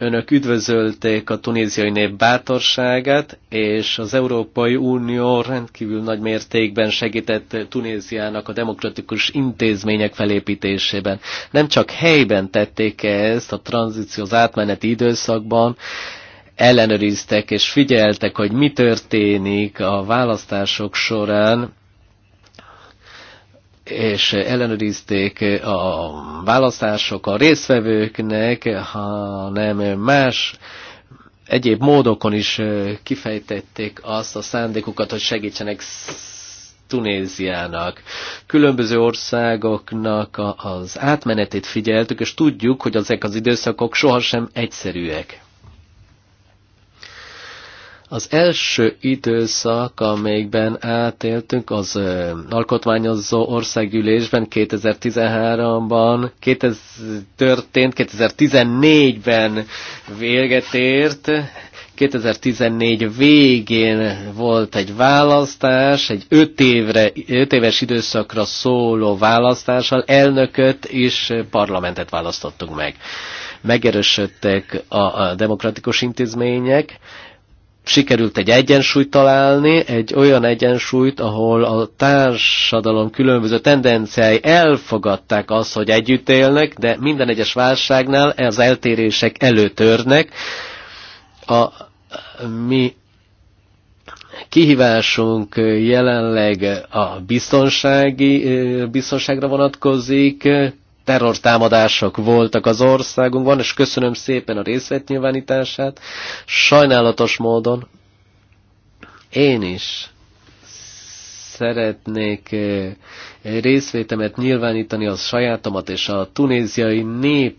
Önök üdvözölték a tunéziai nép bátorságát, és az Európai Unió rendkívül nagy mértékben segített Tunéziának a demokratikus intézmények felépítésében. Nem csak helyben tették -e ezt a az átmeneti időszakban, ellenőriztek és figyeltek, hogy mi történik a választások során, és ellenőrizték a választások a résztvevőknek, hanem más egyéb módokon is kifejtették azt a szándékukat, hogy segítsenek Tunéziának, különböző országoknak az átmenetét figyeltük, és tudjuk, hogy ezek az időszakok sohasem egyszerűek. Az első időszak, amelyikben átéltünk, az ö, alkotmányozó országgyűlésben 2013 ban történt, 2014-ben véget ért, 2014 végén volt egy választás, egy 5, évre, 5 éves időszakra szóló választással elnököt és parlamentet választottunk meg. Megerősödtek a, a demokratikus intézmények, sikerült egy egyensúlyt találni, egy olyan egyensúlyt, ahol a társadalom különböző tendenciái elfogadták azt, hogy együtt élnek, de minden egyes válságnál az eltérések előtörnek. A mi kihívásunk jelenleg a biztonsági, eh, biztonságra vonatkozik, terrortámadások voltak az országunkban, és köszönöm szépen a részletnyilvánítását. Sajnálatos módon én is szeretnék eh, részvétemet nyilvánítani az sajátomat és a tunéziai nép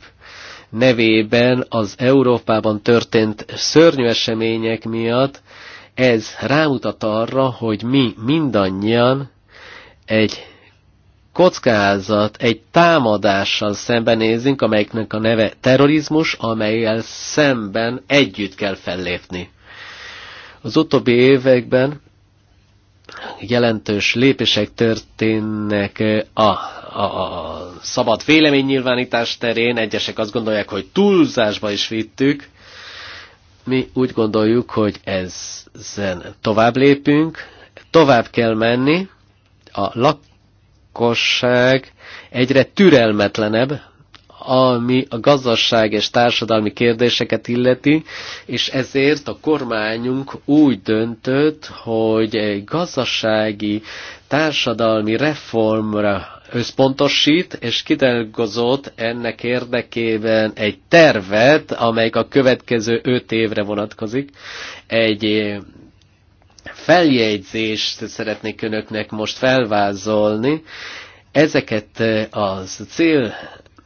nevében az Európában történt szörnyű események miatt, ez rámutat arra, hogy mi mindannyian egy kockázat, egy támadással szembenézünk, amelyiknek a neve terrorizmus, amelyel szemben együtt kell fellépni. Az utóbbi években jelentős lépések történnek a, a, a szabad véleménynyilvánítás terén. Egyesek azt gondolják, hogy túlzásba is vittük. Mi úgy gondoljuk, hogy ezen tovább lépünk, tovább kell menni, a lak lakosság egyre türelmetlenebb, ami a gazdaság és társadalmi kérdéseket illeti, és ezért a kormányunk úgy döntött, hogy egy gazdasági, társadalmi reformra összpontosít, és kidolgozott ennek érdekében egy tervet, amelyik a következő öt évre vonatkozik, egy feljegyzést szeretnék önöknek most felvázolni. Ezeket eh, az cél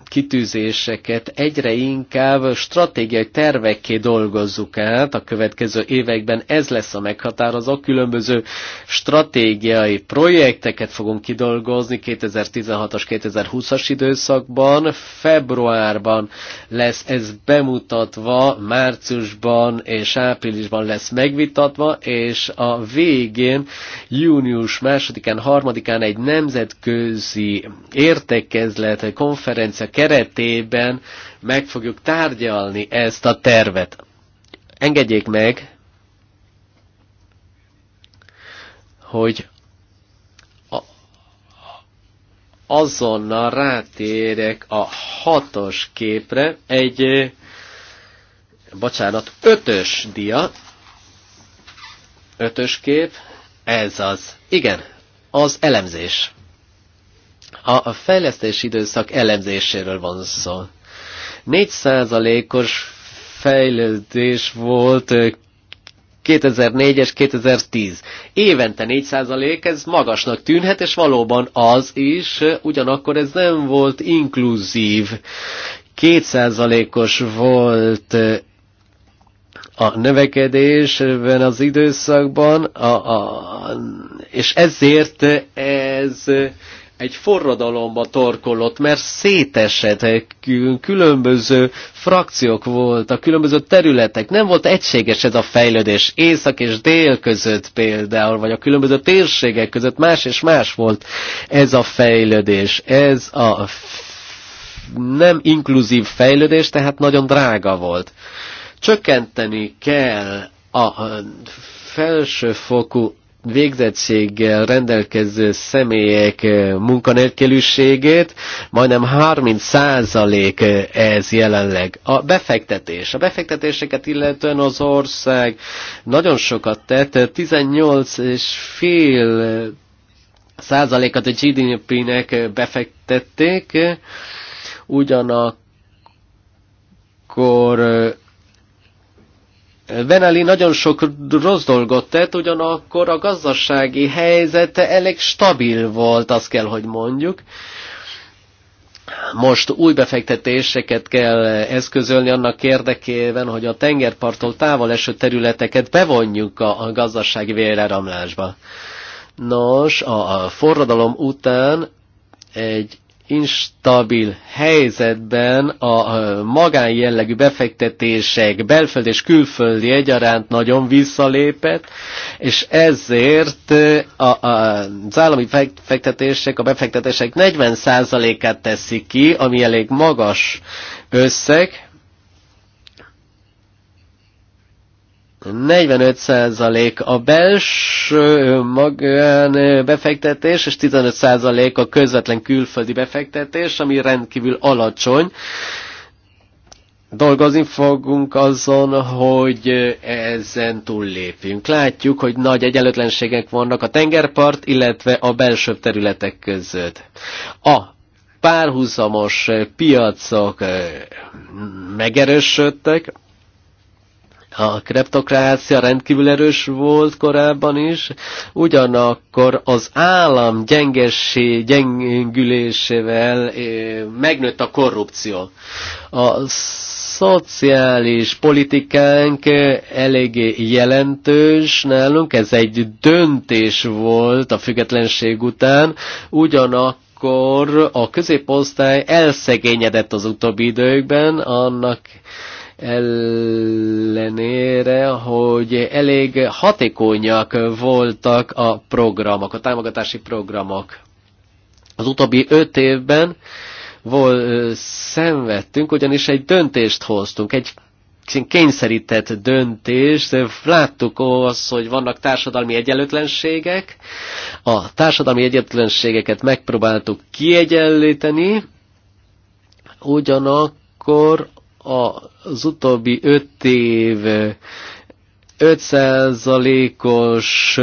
kitűzéseket egyre inkább stratégiai tervekké dolgozzuk át a következő években. Ez lesz a meghatározó. Különböző stratégiai projekteket fogunk kidolgozni 2016-as, 2020-as időszakban. Februárban lesz ez bemutatva, márciusban és áprilisban lesz megvitatva, és a végén június másodikán, harmadikán egy nemzetközi értekezlet, konferencia keretében meg fogjuk tárgyalni ezt a tervet. Engedjék meg, hogy azonnal rátérek a hatos képre, egy, bocsánat, ötös dia, ötös kép, ez az, igen, az elemzés. A fejlesztési időszak elemzéséről van szó. 4%-os fejlődés volt 2004 és 2010. Évente 4% ez magasnak tűnhet, és valóban az is, ugyanakkor ez nem volt inkluzív. 2%-os volt a növekedés ebben az időszakban, a, a, és ezért ez egy forradalomba torkolott, mert szétesett, különböző frakciók voltak, különböző területek, nem volt egységes ez a fejlődés, észak és dél között például, vagy a különböző térségek között más és más volt ez a fejlődés, ez a nem inkluzív fejlődés, tehát nagyon drága volt. Csökkenteni kell a felsőfokú végzettséggel rendelkező személyek eh, munkanélküliségét, majdnem 30 százalék eh, ez jelenleg. A befektetés. A befektetéseket illetően az ország nagyon sokat tett, 18 eh, és fél százalékat a GDP-nek befektették, ugyanakkor Ben Ali nagyon sok rossz dolgot tett, ugyanakkor a gazdasági helyzete elég stabil volt, azt kell, hogy mondjuk. Most új befektetéseket kell eszközölni annak érdekében, hogy a tengerparttól távol eső területeket bevonjuk a gazdasági véleramlásba. Nos, a forradalom után egy instabil helyzetben a magánjellegű befektetések belföld és külföldi egyaránt nagyon visszalépett, és ezért a, a, az állami befektetések, a befektetések 40%-át teszik ki, ami elég magas összeg, 45% a belső magán befektetés, és 15% a közvetlen külföldi befektetés, ami rendkívül alacsony. Dolgozni fogunk azon, hogy ezen túllépjünk. Látjuk, hogy nagy egyenlőtlenségek vannak a tengerpart, illetve a belső területek között. A párhuzamos piacok megerősödtek, a kreptokrácia rendkívül erős volt korábban is, ugyanakkor az állam gyengessé, gyengülésével eh, megnőtt a korrupció. A szociális politikánk eh, eléggé jelentős nálunk, ez egy döntés volt a függetlenség után, ugyanakkor akkor a középosztály elszegényedett az utóbbi időkben, annak ellenére, hogy elég hatékonyak voltak a programok, a támogatási programok. Az utóbbi öt évben vol, szenvedtünk, ugyanis egy döntést hoztunk, egy kényszerített döntést. Láttuk azt, hogy vannak társadalmi egyenlőtlenségek. A társadalmi egyenlőtlenségeket megpróbáltuk kiegyenlíteni, ugyanakkor az utóbbi öt év 5%-os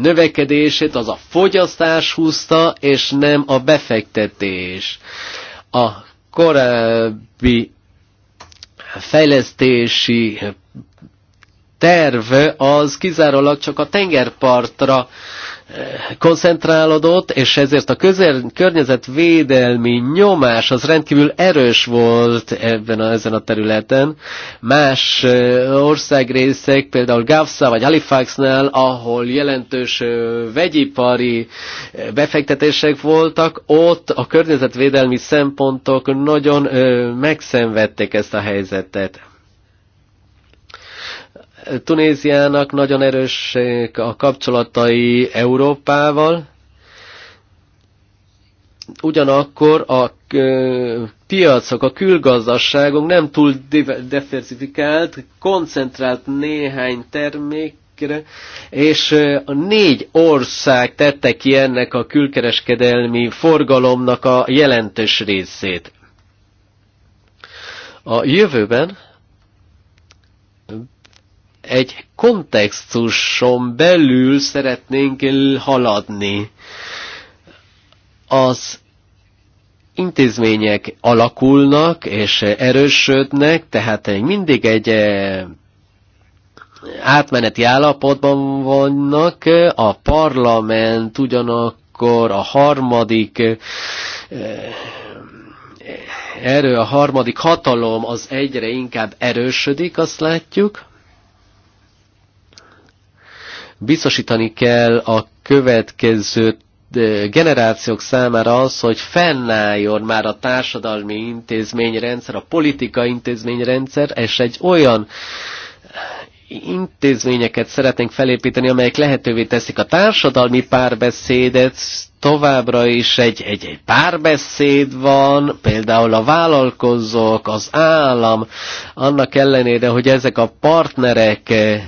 növekedését az a fogyasztás húzta, és nem a befektetés. A korábbi fejlesztési terv az kizárólag csak a tengerpartra koncentrálódott, és ezért a közel, környezetvédelmi nyomás az rendkívül erős volt ebben a, ezen a területen. Más országrészek, például Gavsa vagy Halifaxnál, ahol jelentős vegyipari befektetések voltak, ott a környezetvédelmi szempontok nagyon megszenvedték ezt a helyzetet Tunéziának nagyon erős a kapcsolatai Európával, ugyanakkor a piacok, a külgazdaságunk nem túl diversifikált, koncentrált néhány termékre, és a négy ország tette ki ennek a külkereskedelmi forgalomnak a jelentős részét. A jövőben egy kontextuson belül szeretnénk haladni. Az intézmények alakulnak és erősödnek, tehát mindig egy eh, átmeneti állapotban vannak, a parlament ugyanakkor a harmadik eh, erő, a harmadik hatalom az egyre inkább erősödik, azt látjuk biztosítani kell a következő eh, generációk számára az, hogy fennálljon már a társadalmi intézményrendszer, a politika intézményrendszer, és egy olyan intézményeket szeretnénk felépíteni, amelyek lehetővé teszik a társadalmi párbeszédet, továbbra is egy, egy, egy párbeszéd van, például a vállalkozók, az állam, annak ellenére, hogy ezek a partnerek eh,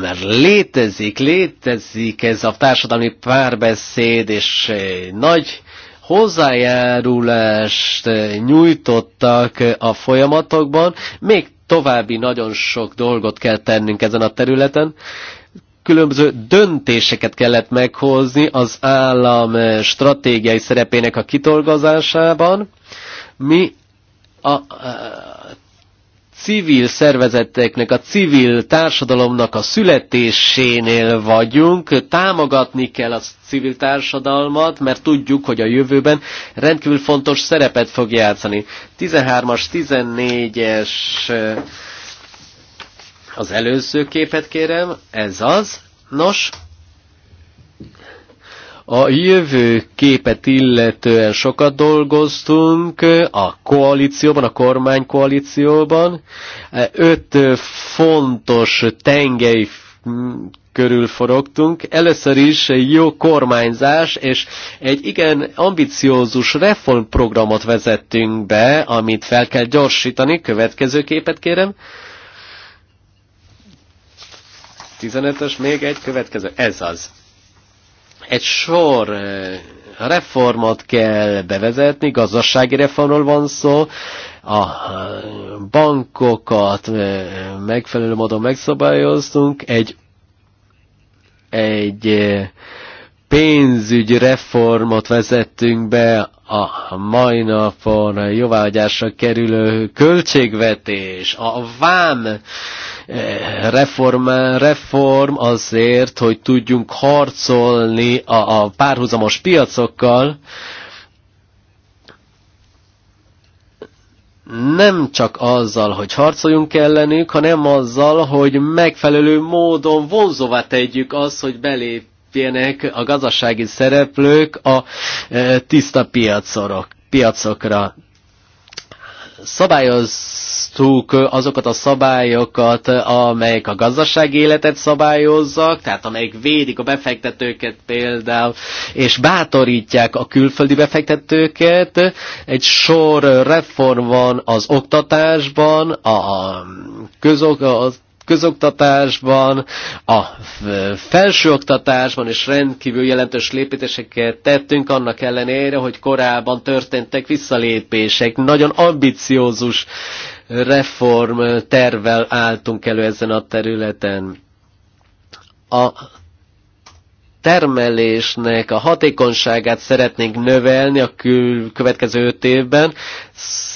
Mert létezik, létezik ez a társadalmi párbeszéd, és nagy hozzájárulást nyújtottak a folyamatokban, még további nagyon sok dolgot kell tennünk ezen a területen, különböző döntéseket kellett meghozni az állam stratégiai szerepének a kitolgozásában. Mi a, civil szervezeteknek, a civil társadalomnak a születésénél vagyunk, támogatni kell a civil társadalmat, mert tudjuk, hogy a jövőben rendkívül fontos szerepet fog játszani. 13-as, 14-es eh, az előző képet kérem, ez az. Nos, a jövő képet illetően sokat dolgoztunk a koalícióban, a kormánykoalícióban. Öt fontos tengely körül forogtunk. Először is egy jó kormányzás, és egy igen ambiciózus reformprogramot vezettünk be, amit fel kell gyorsítani. Következő képet kérem. 15-ös, még egy következő. Ez az egy sor eh, reformot kell bevezetni, gazdasági reformról van szó, a eh, bankokat eh, megfelelő módon megszabályoztunk, egy, egy pénzügyi reformot vezettünk be a mai napon jóváhagyásra kerülő költségvetés, a vám eh, reform, reform azért, hogy tudjunk harcolni a, a párhuzamos piacokkal, nem csak azzal, hogy harcoljunk ellenük, hanem azzal, hogy megfelelő módon vonzóvá tegyük azt, hogy belép lépjenek a gazdasági szereplők a e, tiszta piacorok, piacokra. Szabályoztuk azokat a szabályokat, amelyek a gazdasági életet szabályozzak, tehát amelyek védik a befektetőket például, és bátorítják a külföldi befektetőket. Egy sor reform van az oktatásban, a közok, az közoktatásban, a felsőoktatásban is rendkívül jelentős lépéseket tettünk, annak ellenére, hogy korábban történtek visszalépések. Nagyon ambiciózus reform álltunk elő ezen a területen. A termelésnek a hatékonyságát szeretnénk növelni a következő öt évben,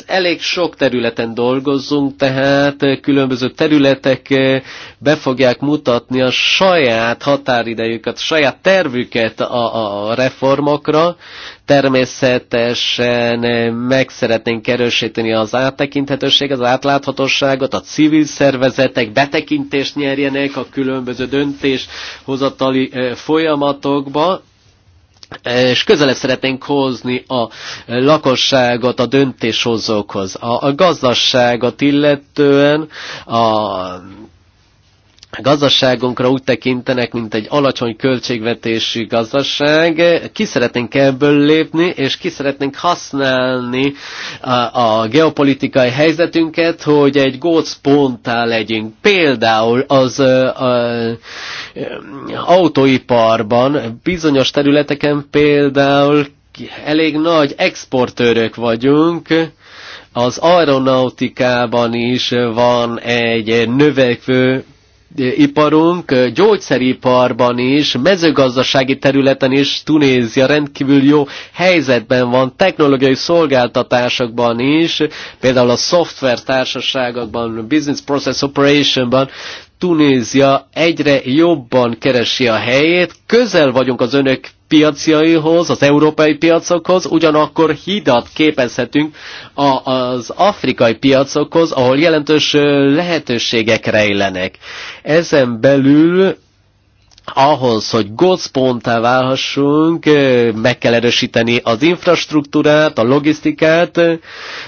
elég sok területen dolgozzunk, tehát különböző területek eh, be fogják mutatni a saját határidejüket, saját tervüket a, a reformokra. Természetesen eh, meg szeretnénk erősíteni az áttekinthetőség, az átláthatóságot, a civil szervezetek betekintést nyerjenek a különböző döntéshozatali eh, folyamatokba, és közelebb szeretnénk hozni a lakosságot a döntéshozókhoz. A, gazdaságot illetően a gazdaságunkra úgy tekintenek, mint egy alacsony költségvetésű gazdaság. Ki szeretnénk ebből lépni, és ki szeretnénk használni a, a geopolitikai helyzetünket, hogy egy gócponttá legyünk. Például az a, a, autóiparban, bizonyos területeken például elég nagy exportőrök vagyunk, az aeronautikában is van egy növekvő iparunk gyógyszeriparban is, mezőgazdasági területen is Tunézia rendkívül jó helyzetben van, technológiai szolgáltatásokban is, például a szoftver társaságokban, business process operationban Tunézia egyre jobban keresi a helyét, közel vagyunk az önök piacjaihoz, az európai piacokhoz, ugyanakkor hidat képezhetünk az afrikai piacokhoz, ahol jelentős lehetőségek rejlenek. Ezen belül ahhoz, hogy gócponttá válhassunk, meg kell erősíteni az infrastruktúrát, a logisztikát,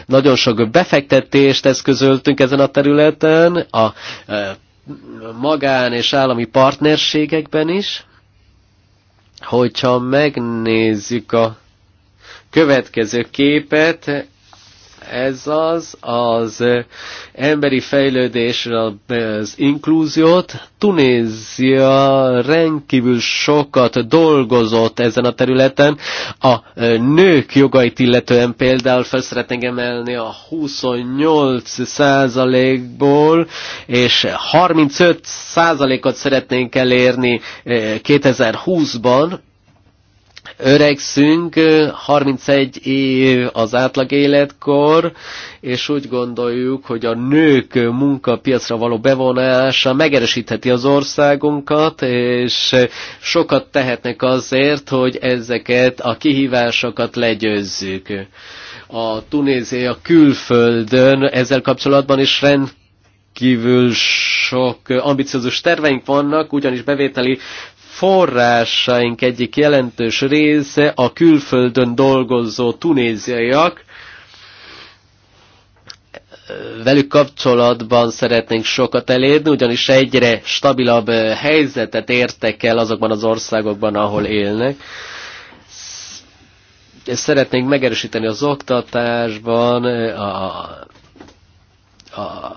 nagyon sok befektetést eszközöltünk ezen a területen, a magán és állami partnerségekben is, hogyha megnézzük a következő képet, ez az az emberi fejlődés, az inkluziót. Tunézia rendkívül sokat dolgozott ezen a területen. A nők jogait illetően például fel szeretnénk emelni a 28 százalékból, és 35 százalékot szeretnénk elérni 2020-ban, öregszünk, 31 év az átlag életkor, és úgy gondoljuk, hogy a nők munkapiacra való bevonása megerősítheti az országunkat, és sokat tehetnek azért, hogy ezeket a kihívásokat legyőzzük. A Tunézia külföldön ezzel kapcsolatban is rend kívül sok ambiciózus terveink vannak, ugyanis bevételi forrásaink egyik jelentős része a külföldön dolgozó tunéziaiak, velük kapcsolatban szeretnénk sokat elérni, ugyanis egyre stabilabb helyzetet értek el azokban az országokban, ahol élnek. Ezt szeretnénk megerősíteni az oktatásban, a, a,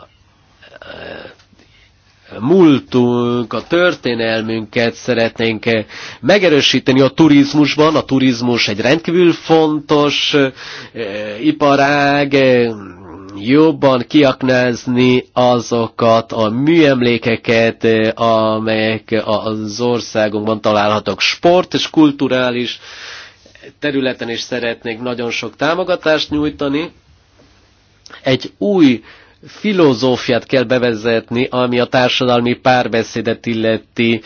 múltunk, a történelmünket szeretnénk megerősíteni a turizmusban. A turizmus egy rendkívül fontos eh, iparág, jobban kiaknázni azokat a műemlékeket, eh, amelyek az országunkban találhatók. Sport és kulturális területen is szeretnék nagyon sok támogatást nyújtani. Egy új filozófiát kell bevezetni, ami a társadalmi párbeszédet illeti.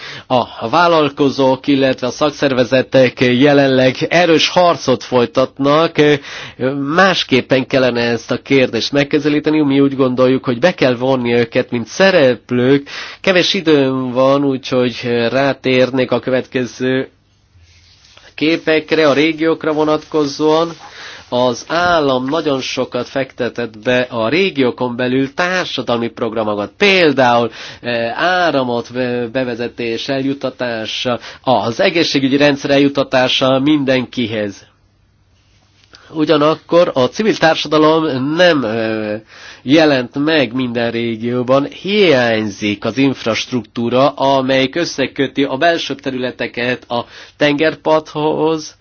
A vállalkozók, illetve a szakszervezetek jelenleg erős harcot folytatnak. Másképpen kellene ezt a kérdést megközelíteni. Mi úgy gondoljuk, hogy be kell vonni őket, mint szereplők. Keves időm van, úgyhogy rátérnék a következő képekre, a régiókra vonatkozóan az állam nagyon sokat fektetett be a régiókon belül társadalmi programokat, például eh, áramot eh, bevezetés, eljutatása, az egészségügyi rendszer eljutatása mindenkihez. Ugyanakkor a civil társadalom nem eh, jelent meg minden régióban, hiányzik az infrastruktúra, amelyik összeköti a belső területeket a tengerparthoz,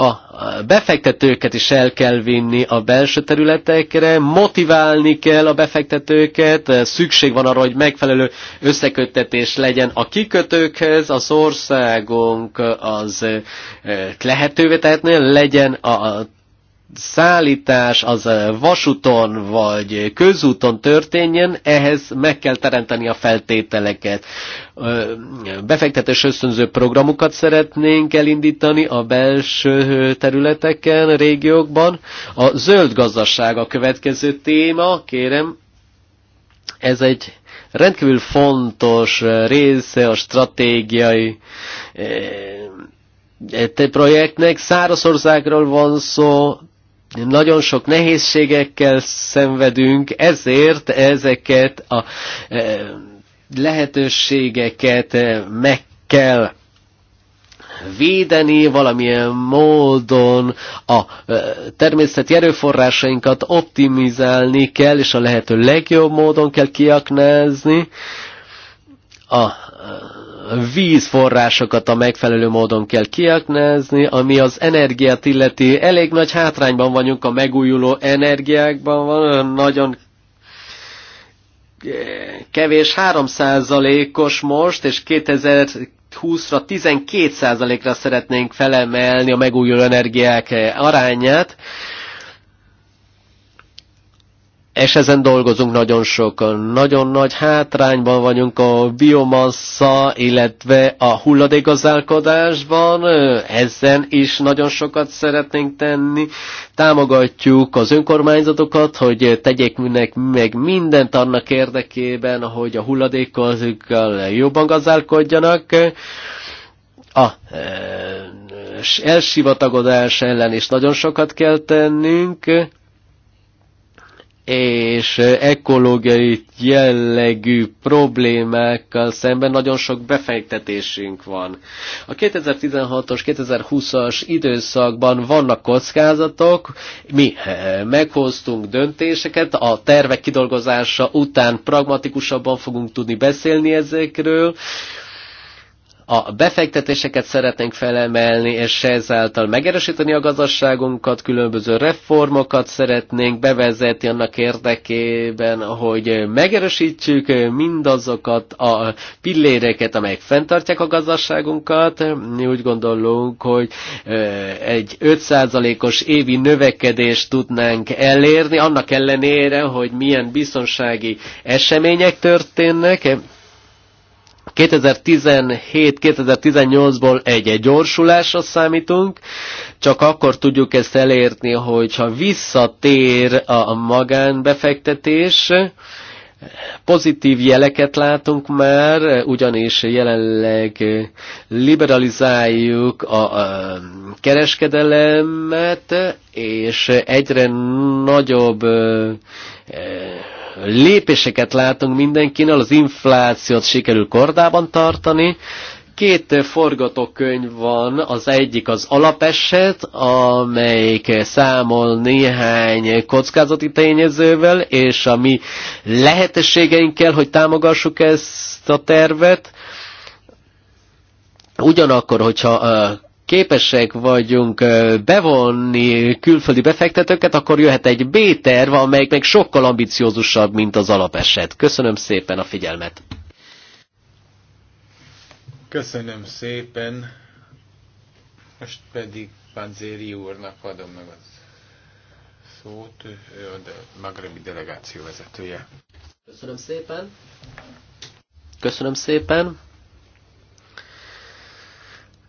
a befektetőket is el kell vinni a belső területekre, motiválni kell a befektetőket, szükség van arra, hogy megfelelő összeköttetés legyen a kikötőkhez, az országunk az eh, lehetővé tehetné, legyen a szállítás az eh, vasúton vagy közúton történjen, ehhez meg kell teremteni a feltételeket. Eh, befektetés ösztönző programokat szeretnénk elindítani a belső eh, területeken, régiókban. A zöld gazdaság a következő téma, kérem. Ez egy rendkívül fontos része a stratégiai projektnek. Szárazországról van szó, nagyon sok nehézségekkel szenvedünk, ezért ezeket a e, lehetőségeket e, meg kell védeni valamilyen módon a e, természeti erőforrásainkat optimizálni kell, és a lehető legjobb módon kell kiaknázni a vízforrásokat a megfelelő módon kell kiaknázni, ami az energiát illeti. Elég nagy hátrányban vagyunk a megújuló energiákban, van nagyon eh, kevés 3%-os most, és 2000 20-ra 12%-ra szeretnénk felemelni a megújuló energiák eh, arányát és ezen dolgozunk nagyon sok, Nagyon nagy hátrányban vagyunk a biomassa, illetve a hulladékgazdálkodásban, ezen is nagyon sokat szeretnénk tenni. Támogatjuk az önkormányzatokat, hogy tegyék minek meg mindent annak érdekében, hogy a hulladékkal jobban gazdálkodjanak. A elsivatagodás ellen is nagyon sokat kell tennünk és ekológiai jellegű problémákkal szemben nagyon sok befektetésünk van. A 2016-os, 2020-as időszakban vannak kockázatok, mi meghoztunk döntéseket, a tervek kidolgozása után pragmatikusabban fogunk tudni beszélni ezekről, a befektetéseket szeretnénk felemelni, és ezáltal megerősíteni a gazdaságunkat, különböző reformokat szeretnénk bevezetni annak érdekében, hogy megerősítsük mindazokat a pilléreket, amelyek fenntartják a gazdaságunkat. Mi úgy gondolunk, hogy egy 5%-os évi növekedést tudnánk elérni, annak ellenére, hogy milyen biztonsági események történnek, 2017-2018-ból egy egy gyorsulásra számítunk, csak akkor tudjuk ezt elérni, hogyha visszatér a magánbefektetés, Pozitív jeleket látunk már, ugyanis jelenleg liberalizáljuk a kereskedelemet, és egyre nagyobb lépéseket látunk mindenkinél, az inflációt sikerül kordában tartani, két forgatókönyv van, az egyik az alapeset, amelyik számol néhány kockázati tényezővel, és a mi lehetőségeinkkel, hogy támogassuk ezt a tervet. Ugyanakkor, hogyha képesek vagyunk bevonni külföldi befektetőket, akkor jöhet egy B-terv, amelyik még sokkal ambiciózusabb, mint az alapeset. Köszönöm szépen a figyelmet! Köszönöm szépen! Most pedig Panzéri úrnak adom meg az szót, ő a Magrebi delegáció vezetője. Köszönöm szépen! Köszönöm szépen!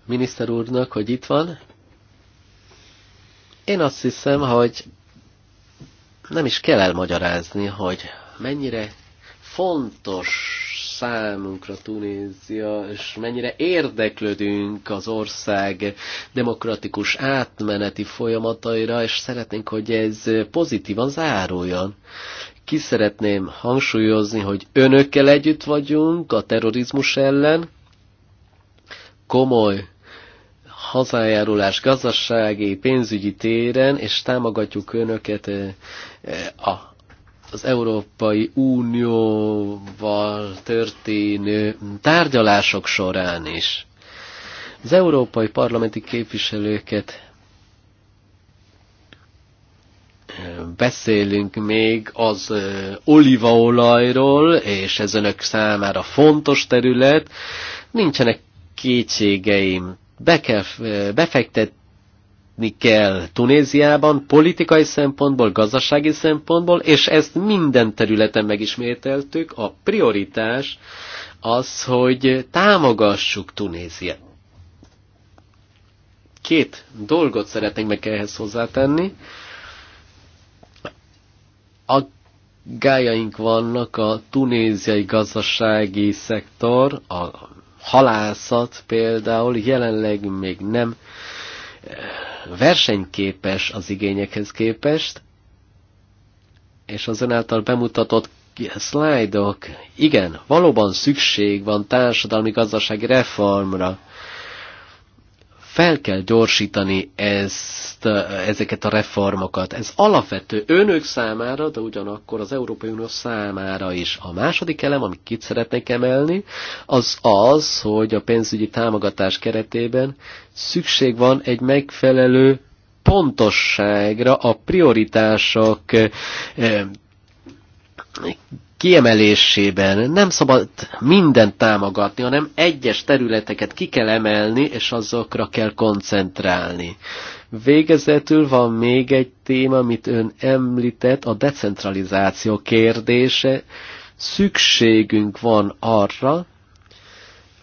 miniszter úrnak, hogy itt van. Én azt hiszem, hogy nem is kell elmagyarázni, hogy mennyire fontos számunkra Tunézia, és mennyire érdeklődünk az ország demokratikus átmeneti folyamataira, és szeretnénk, hogy ez pozitívan záruljon. Ki szeretném hangsúlyozni, hogy önökkel együtt vagyunk a terrorizmus ellen, komoly hazájárulás gazdasági, pénzügyi téren, és támogatjuk önöket eh, a az Európai Unióval történő tárgyalások során is. Az európai parlamenti képviselőket eh, beszélünk még az eh, olívaolajról, és ez önök számára fontos terület. Nincsenek kétségeim be kell, befektetni kell Tunéziában politikai szempontból, gazdasági szempontból, és ezt minden területen megismételtük. A prioritás az, hogy támogassuk Tunéziát. Két dolgot szeretnénk meg ehhez hozzátenni. A gájaink vannak a tunéziai gazdasági szektor, a halászat például jelenleg még nem eh, versenyképes az igényekhez képest, és az önáltal bemutatott szlájdok, igen, valóban szükség van társadalmi gazdasági reformra, fel kell gyorsítani ezt, ezeket a reformokat. Ez alapvető önök számára, de ugyanakkor az Európai Unió számára is. A második elem, amit kit szeretnék emelni, az az, hogy a pénzügyi támogatás keretében szükség van egy megfelelő pontosságra a prioritások eh, kiemelésében nem szabad mindent támogatni, hanem egyes területeket ki kell emelni, és azokra kell koncentrálni. Végezetül van még egy téma, amit ön említett, a decentralizáció kérdése. Szükségünk van arra,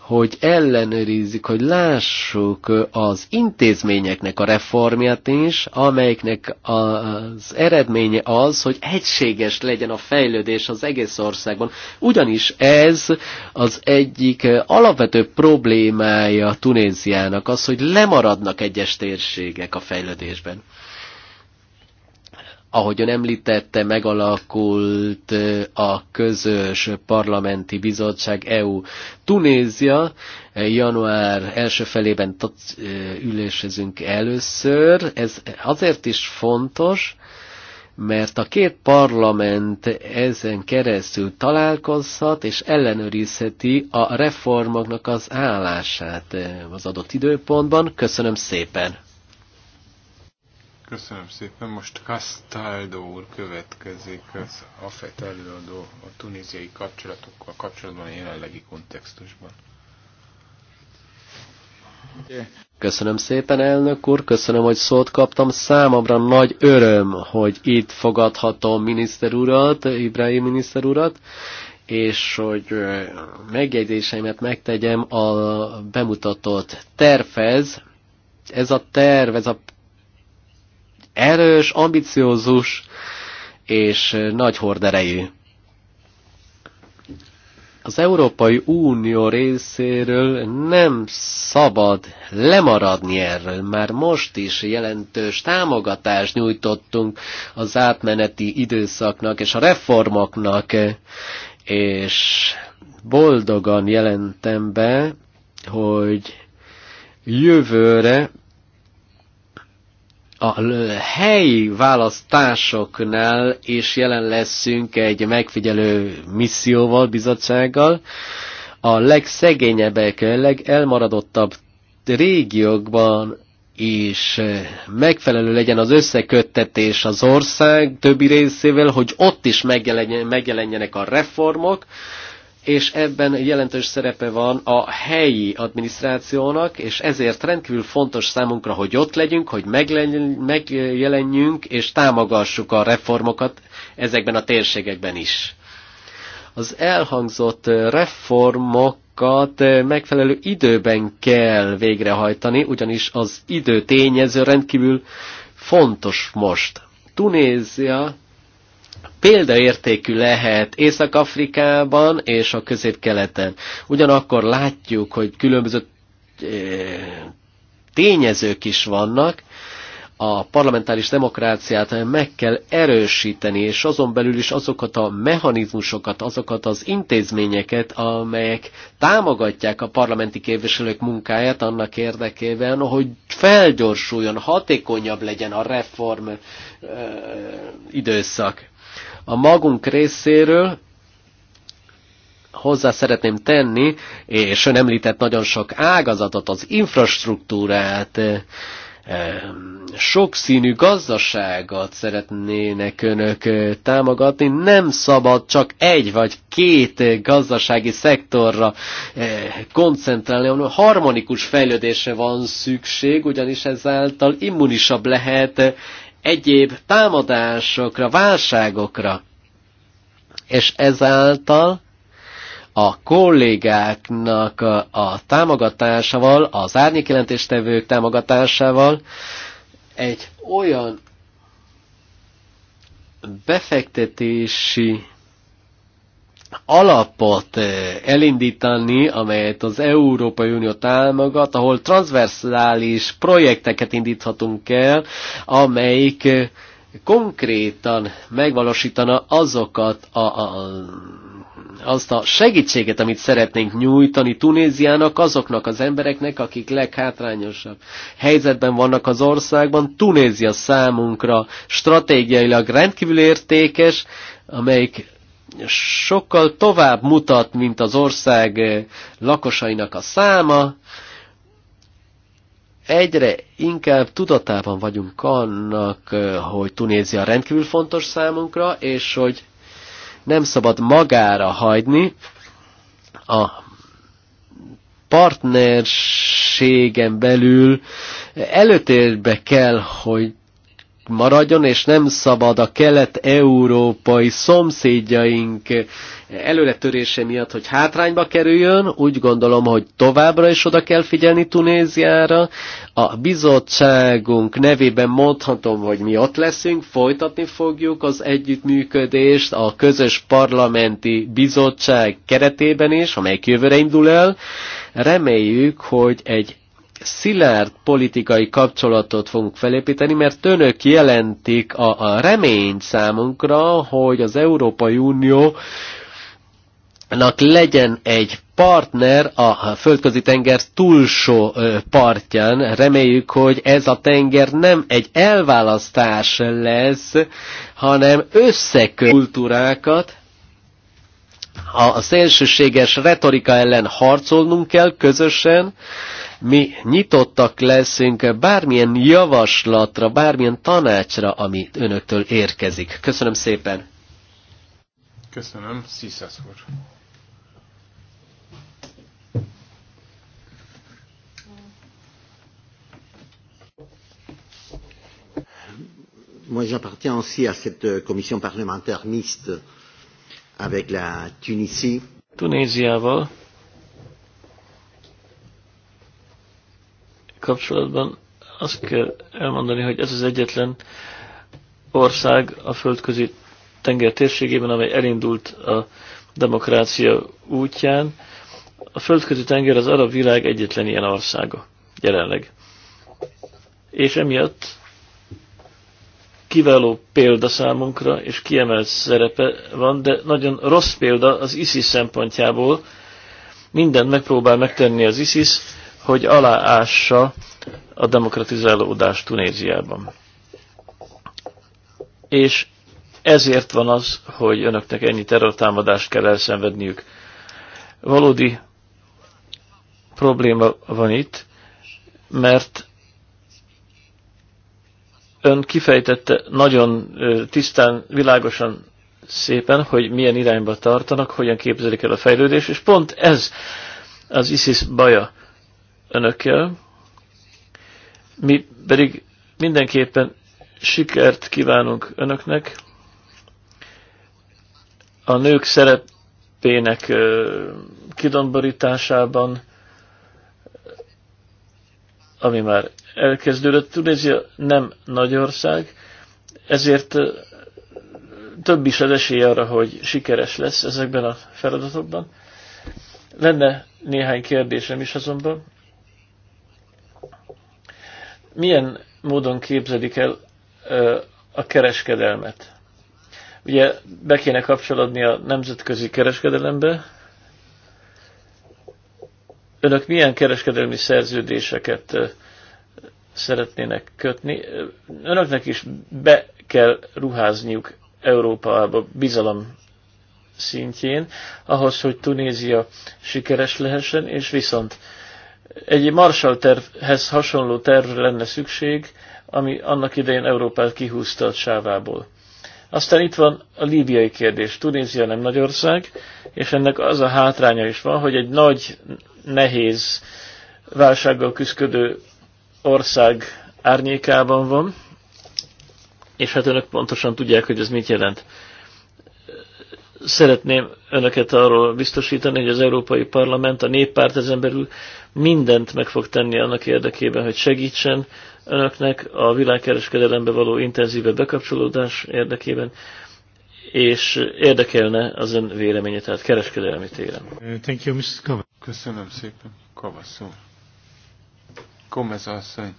hogy ellenőrizzük, hogy lássuk az intézményeknek a reformját is, amelyiknek az eredménye az, hogy egységes legyen a fejlődés az egész országban. Ugyanis ez az egyik alapvető problémája Tunéziának az, hogy lemaradnak egyes térségek a fejlődésben ahogyan említette, megalakult a közös parlamenti bizottság EU. Tunézia január első felében ülésezünk először. Ez azért is fontos, mert a két parlament ezen keresztül találkozhat és ellenőrizheti a reformoknak az állását az adott időpontban. Köszönöm szépen! Köszönöm szépen. Most Castaldo úr következik, az AFET előadó a tunéziai kapcsolatokkal kapcsolatban a jelenlegi kontextusban. Köszönöm szépen, elnök úr, köszönöm, hogy szót kaptam. Számomra nagy öröm, hogy itt fogadhatom miniszter urat, Ibrahim miniszter urat, és hogy megjegyzéseimet megtegyem a bemutatott tervez. Ez a terv, ez a erős, ambiciózus és nagy horderejű. Az Európai Unió részéről nem szabad lemaradni erről. Már most is jelentős támogatást nyújtottunk az átmeneti időszaknak és a reformoknak, és boldogan jelentem be, hogy jövőre a helyi választásoknál is jelen leszünk egy megfigyelő misszióval, bizottsággal. A legszegényebbek, legelmaradottabb régiókban és megfelelő legyen az összeköttetés az ország többi részével, hogy ott is megjelenjenek a reformok, és ebben jelentős szerepe van a helyi adminisztrációnak, és ezért rendkívül fontos számunkra, hogy ott legyünk, hogy megjelenjünk, és támogassuk a reformokat ezekben a térségekben is. Az elhangzott reformokat megfelelő időben kell végrehajtani, ugyanis az idő tényező rendkívül fontos most. Tunézia példaértékű lehet Észak-Afrikában és a közép-keleten. Ugyanakkor látjuk, hogy különböző eh, tényezők is vannak, a parlamentáris demokráciát meg kell erősíteni, és azon belül is azokat a mechanizmusokat, azokat az intézményeket, amelyek támogatják a parlamenti képviselők munkáját annak érdekében, hogy felgyorsuljon, hatékonyabb legyen a reform ö, eh, időszak. A magunk részéről hozzá szeretném tenni, és ön említett nagyon sok ágazatot, az infrastruktúrát, sokszínű gazdaságot szeretnének önök támogatni. Nem szabad csak egy vagy két gazdasági szektorra eh, koncentrálni, hanem harmonikus fejlődésre van szükség, ugyanis ezáltal immunisabb lehet egyéb támadásokra, válságokra. És ezáltal a kollégáknak a, a támogatásával, az árnyékjelentéstevők támogatásával egy olyan befektetési alapot eh, elindítani, amelyet az Európai Unió támogat, ahol transversális projekteket indíthatunk el, amelyik eh, konkrétan megvalósítana azokat a, a, azt a segítséget, amit szeretnénk nyújtani Tunéziának, azoknak az embereknek, akik leghátrányosabb helyzetben vannak az országban. Tunézia számunkra stratégiailag rendkívül értékes, amelyik sokkal tovább mutat, mint az ország lakosainak a száma. Egyre inkább tudatában vagyunk annak, hogy Tunézia rendkívül fontos számunkra, és hogy nem szabad magára hagyni a partnerségen belül előtérbe kell, hogy maradjon, és nem szabad a kelet-európai szomszédjaink előletörése miatt, hogy hátrányba kerüljön. Úgy gondolom, hogy továbbra is oda kell figyelni Tunéziára. A bizottságunk nevében mondhatom, hogy mi ott leszünk, folytatni fogjuk az együttműködést a közös parlamenti bizottság keretében is, amely jövőre indul el. Reméljük, hogy egy szilárd politikai kapcsolatot fogunk felépíteni, mert önök jelentik a, a reményt számunkra, hogy az Európai Unió legyen egy partner a földközi tenger túlsó partján. Reméljük, hogy ez a tenger nem egy elválasztás lesz, hanem összekö kultúrákat, a szélsőséges retorika ellen harcolnunk kell közösen, mi nyitottak leszünk bármilyen javaslatra, bármilyen tanácsra, ami önöktől érkezik. Köszönöm szépen! Köszönöm, Sziszesz úr! Moi, j'appartiens aussi à cette commission parlementaire mixte avec la Tunisie. Tunéziával kapcsolatban azt kell elmondani, hogy ez az egyetlen ország a földközi tenger térségében, amely elindult a demokrácia útján. A földközi tenger az arab világ egyetlen ilyen országa jelenleg. És emiatt kiváló példa számunkra, és kiemelt szerepe van, de nagyon rossz példa az ISIS szempontjából. Mindent megpróbál megtenni az ISIS, hogy aláássa a demokratizálódást Tunéziában. És ezért van az, hogy önöknek ennyi terrortámadást kell elszenvedniük. Valódi probléma van itt, mert ön kifejtette nagyon tisztán, világosan, szépen, hogy milyen irányba tartanak, hogyan képzelik el a fejlődés, és pont ez az ISIS baja önökkel. Mi pedig mindenképpen sikert kívánunk önöknek. A nők szerepének kidomborításában, ami már elkezdődött, Tunézia nem nagy ország, ezért több is az esély arra, hogy sikeres lesz ezekben a feladatokban. Lenne néhány kérdésem is azonban milyen módon képzelik el a kereskedelmet? Ugye be kéne kapcsolódni a nemzetközi kereskedelembe. Önök milyen kereskedelmi szerződéseket szeretnének kötni? Önöknek is be kell ruházniuk Európába bizalom szintjén, ahhoz, hogy Tunézia sikeres lehessen, és viszont egy Marshall tervhez hasonló terv lenne szükség, ami annak idején Európát kihúzta a sávából. Aztán itt van a líbiai kérdés. Tunézia nem nagy ország, és ennek az a hátránya is van, hogy egy nagy, nehéz válsággal küzdködő ország árnyékában van, és hát önök pontosan tudják, hogy ez mit jelent. Szeretném önöket arról biztosítani, hogy az Európai Parlament, a néppárt ezen belül mindent meg fog tenni annak érdekében, hogy segítsen önöknek a világkereskedelembe való intenzíve bekapcsolódás érdekében, és érdekelne az ön véleménye, tehát kereskedelmi téren. Uh, thank you, Mrs. Kavasz. Köszönöm szépen, Kavasz úr. Gomez asszony.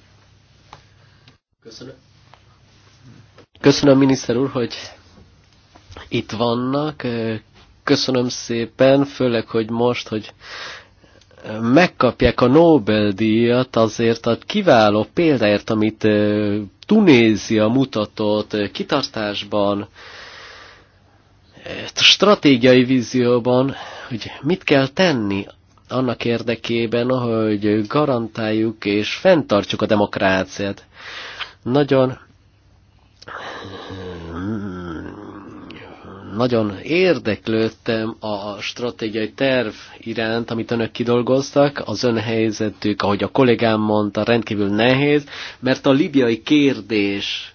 Köszönöm. Köszönöm, miniszter úr, hogy itt vannak. Uh, köszönöm szépen, főleg, hogy most, hogy megkapják a Nobel-díjat azért a kiváló példáért, amit Tunézia mutatott kitartásban, stratégiai vízióban, hogy mit kell tenni annak érdekében, hogy garantáljuk és fenntartsuk a demokráciát. Nagyon nagyon érdeklődtem a stratégiai terv iránt, amit önök kidolgoztak. Az ön helyzetük, ahogy a kollégám mondta, rendkívül nehéz, mert a libiai kérdés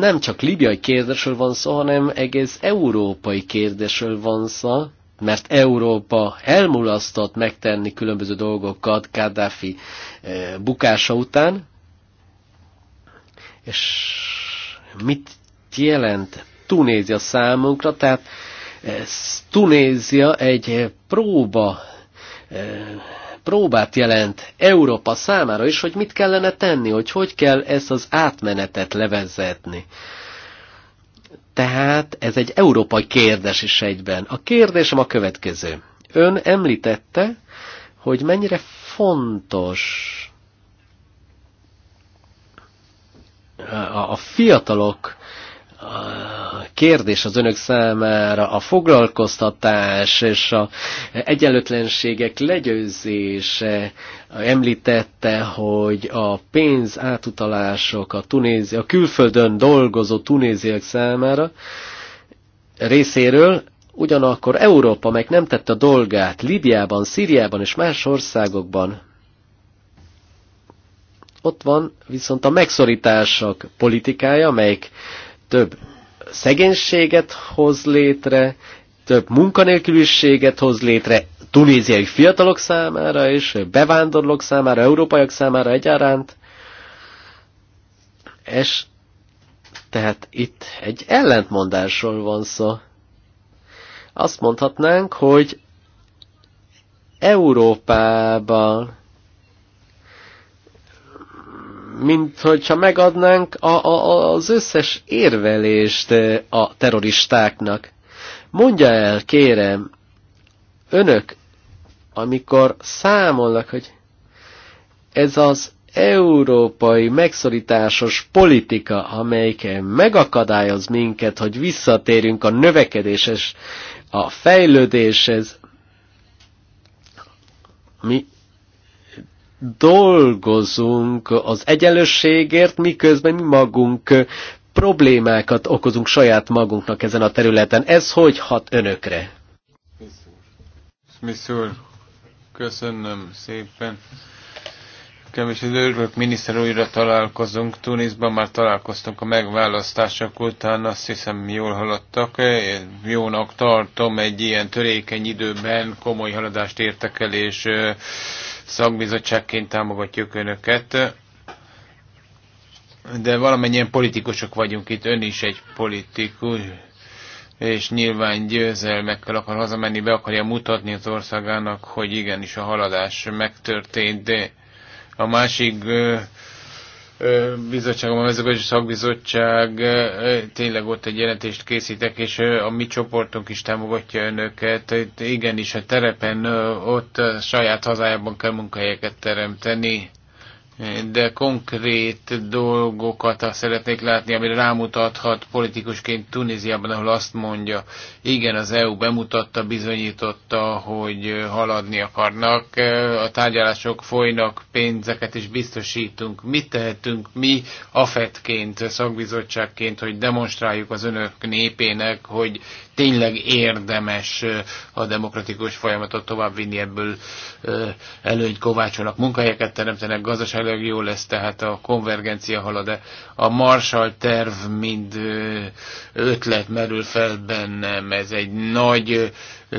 nem csak libiai kérdésről van szó, hanem egész európai kérdésről van szó, mert Európa elmulasztott megtenni különböző dolgokat Gaddafi eh, bukása után, és mit jelent Tunézia számunkra, tehát eh, Tunézia egy eh, próba eh, próbát jelent Európa számára is, hogy mit kellene tenni, hogy hogy kell ezt az átmenetet levezetni. Tehát ez egy európai kérdés is egyben. A kérdésem a következő. Ön említette, hogy mennyire fontos a fiatalok a kérdés az önök számára a foglalkoztatás és a egyenlőtlenségek legyőzése említette, hogy a pénz átutalások a, tunézi, a külföldön dolgozó tunéziak számára részéről Ugyanakkor Európa meg nem tette a dolgát Libiában, Szíriában és más országokban. Ott van viszont a megszorítások politikája, amelyik több szegénységet hoz létre, több munkanélküliséget hoz létre tunéziai fiatalok számára és bevándorlók számára, európaiak számára egyaránt. És tehát itt egy ellentmondásról van szó. Azt mondhatnánk, hogy Európában mint hogyha megadnánk a, a, az összes érvelést eh, a terroristáknak. Mondja el, kérem, önök, amikor számolnak, hogy ez az európai megszorításos politika, amelyik megakadályoz minket, hogy visszatérjünk a növekedéses, a fejlődéshez, mi dolgozunk az egyenlőségért, miközben mi magunk problémákat okozunk saját magunknak ezen a területen. Ez hogy hat önökre? Smith úr, köszönöm szépen. az örülök, miniszter újra találkozunk. Tunisban már találkoztunk a megválasztások után, azt hiszem jól haladtak. Én jónak tartom, egy ilyen törékeny időben komoly haladást értek el, és szakbizottságként támogatjuk önöket, de valamennyien politikusok vagyunk itt, ön is egy politikus, és nyilván győzelmekkel akar hazamenni, be akarja mutatni az országának, hogy igenis a haladás megtörtént, de a másik bizottságom, a mezőgazdasági szakbizottság, tényleg ott egy jelentést készítek, és a mi csoportunk is támogatja önöket. Itt igenis a terepen, ott a saját hazájában kell munkahelyeket teremteni de konkrét dolgokat szeretnék látni, amire rámutathat politikusként Tunéziában, ahol azt mondja, igen, az EU bemutatta, bizonyította, hogy haladni akarnak, a tárgyalások folynak, pénzeket is biztosítunk. Mit tehetünk mi afetként, szakbizottságként, hogy demonstráljuk az önök népének, hogy tényleg érdemes a demokratikus folyamatot továbbvinni, ebből előnyt kovácsolnak, munkahelyeket teremtenek, gazdaságilag jó lesz, tehát a konvergencia halad, de a Marshall terv mind ötlet merül fel bennem, ez egy nagy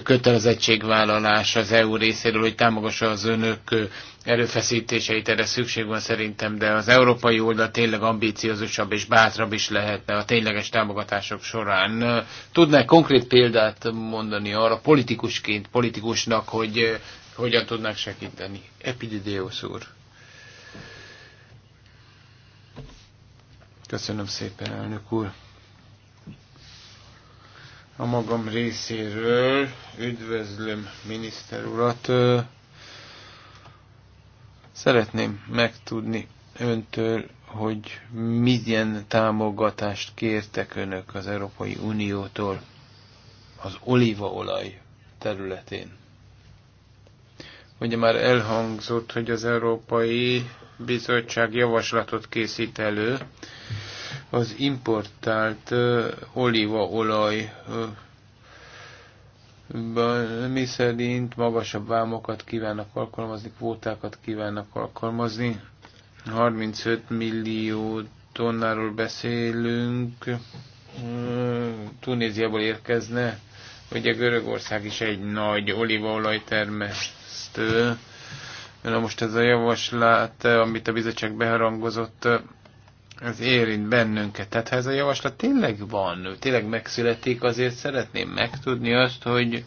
kötelezettségvállalás az EU részéről, hogy támogassa az önök erőfeszítéseit erre szükség van szerintem, de az európai oldal tényleg ambíciózusabb és bátrabb is lehetne a tényleges támogatások során. Tudnál konkrét példát mondani arra politikusként, politikusnak, hogy eh, hogyan tudnák segíteni? Epididéusz úr. Köszönöm szépen, elnök úr. A magam részéről üdvözlöm miniszter urat. Eh, Szeretném megtudni öntől, hogy milyen támogatást kértek önök az Európai Uniótól az olívaolaj területén. Ugye már elhangzott, hogy az Európai Bizottság javaslatot készít elő az importált olívaolaj mi szerint magasabb vámokat kívánnak alkalmazni, kvótákat kívánnak alkalmazni. 35 millió tonnáról beszélünk, Tunéziából érkezne, ugye Görögország is egy nagy olívaolaj termesztő. Na most ez a javaslat, amit a bizottság beharangozott, ez érint bennünket. Tehát ha ez a javaslat tényleg van, tényleg megszületik, azért szeretném megtudni azt, hogy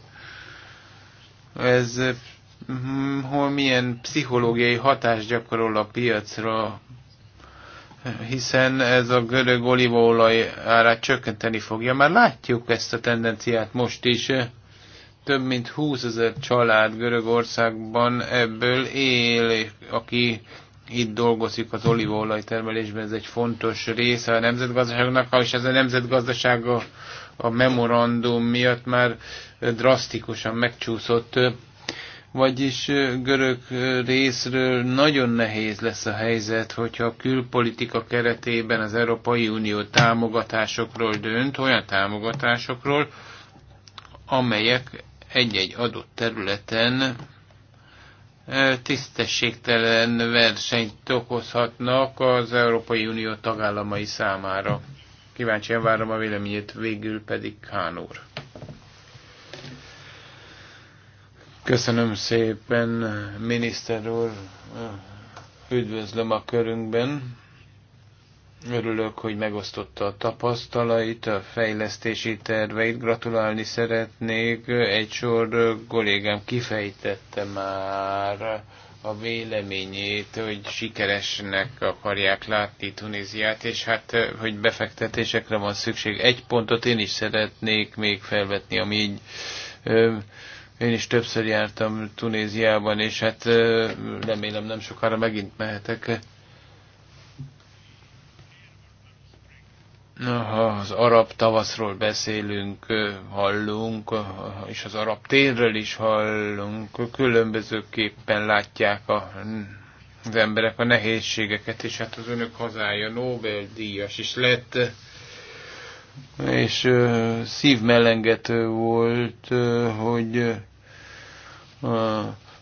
ez hm, hol milyen pszichológiai hatást gyakorol a piacra, hiszen ez a görög olívaolaj árát csökkenteni fogja. Már látjuk ezt a tendenciát most is. Több mint 20 ezer család Görögországban ebből él, aki itt dolgozik az olívaolaj termelésben, ez egy fontos része a nemzetgazdaságnak, és ez a nemzetgazdaság a, a memorandum miatt már drasztikusan megcsúszott, vagyis görög részről nagyon nehéz lesz a helyzet, hogyha a külpolitika keretében az Európai Unió támogatásokról dönt, olyan támogatásokról, amelyek egy-egy adott területen tisztességtelen versenyt okozhatnak az Európai Unió tagállamai számára. Kíváncsian várom a véleményét, végül pedig Kán úr. Köszönöm szépen, miniszter úr, üdvözlöm a körünkben. Örülök, hogy megosztotta a tapasztalait, a fejlesztési terveit. Gratulálni szeretnék. Egy sor kollégám kifejtette már a véleményét, hogy sikeresnek akarják látni Tunéziát, és hát, hogy befektetésekre van szükség. Egy pontot én is szeretnék még felvetni, ami így én is többször jártam Tunéziában, és hát remélem nem sokára megint mehetek ha az arab tavaszról beszélünk, hallunk, és az arab térről is hallunk, különbözőképpen látják a, az emberek a nehézségeket, és hát az önök hazája Nobel-díjas is lett, és szívmelengető volt, hogy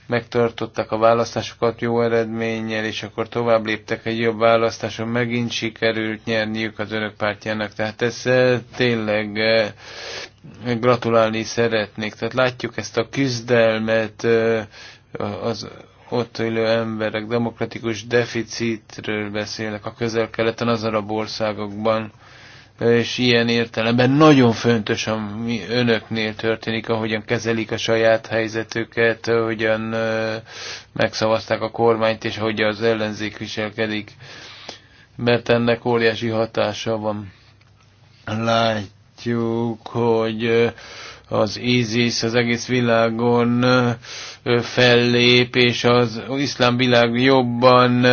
megtartották a választásokat jó eredménnyel, és akkor tovább léptek egy jobb választáson, megint sikerült nyerniük az önök pártjának. Tehát ezt tényleg eh, gratulálni szeretnék. Tehát látjuk ezt a küzdelmet eh, az ott élő emberek demokratikus deficitről beszélnek a közel-keleten, az arab országokban és ilyen értelemben nagyon fontos, ami önöknél történik, ahogyan kezelik a saját helyzetüket, ahogyan megszavazták a kormányt, és ahogy az ellenzék viselkedik, mert ennek óriási hatása van. Látjuk, hogy az ISIS az egész világon fellép, és az iszlám világ jobban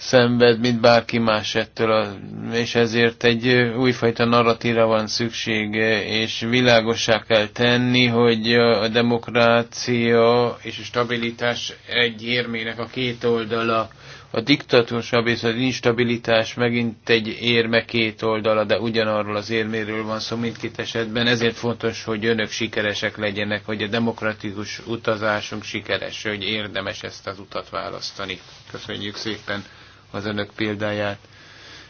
szenved, mint bárki más ettől, és ezért egy újfajta narratíra van szükség, és világossá kell tenni, hogy a demokrácia és a stabilitás egy érmének a két oldala. A diktatúrsabb és az instabilitás megint egy érme két oldala, de ugyanarról az érméről van szó mindkét esetben, ezért fontos, hogy önök sikeresek legyenek, hogy a demokratikus utazásunk sikeres, hogy érdemes ezt az utat választani. Köszönjük szépen! az önök példáját.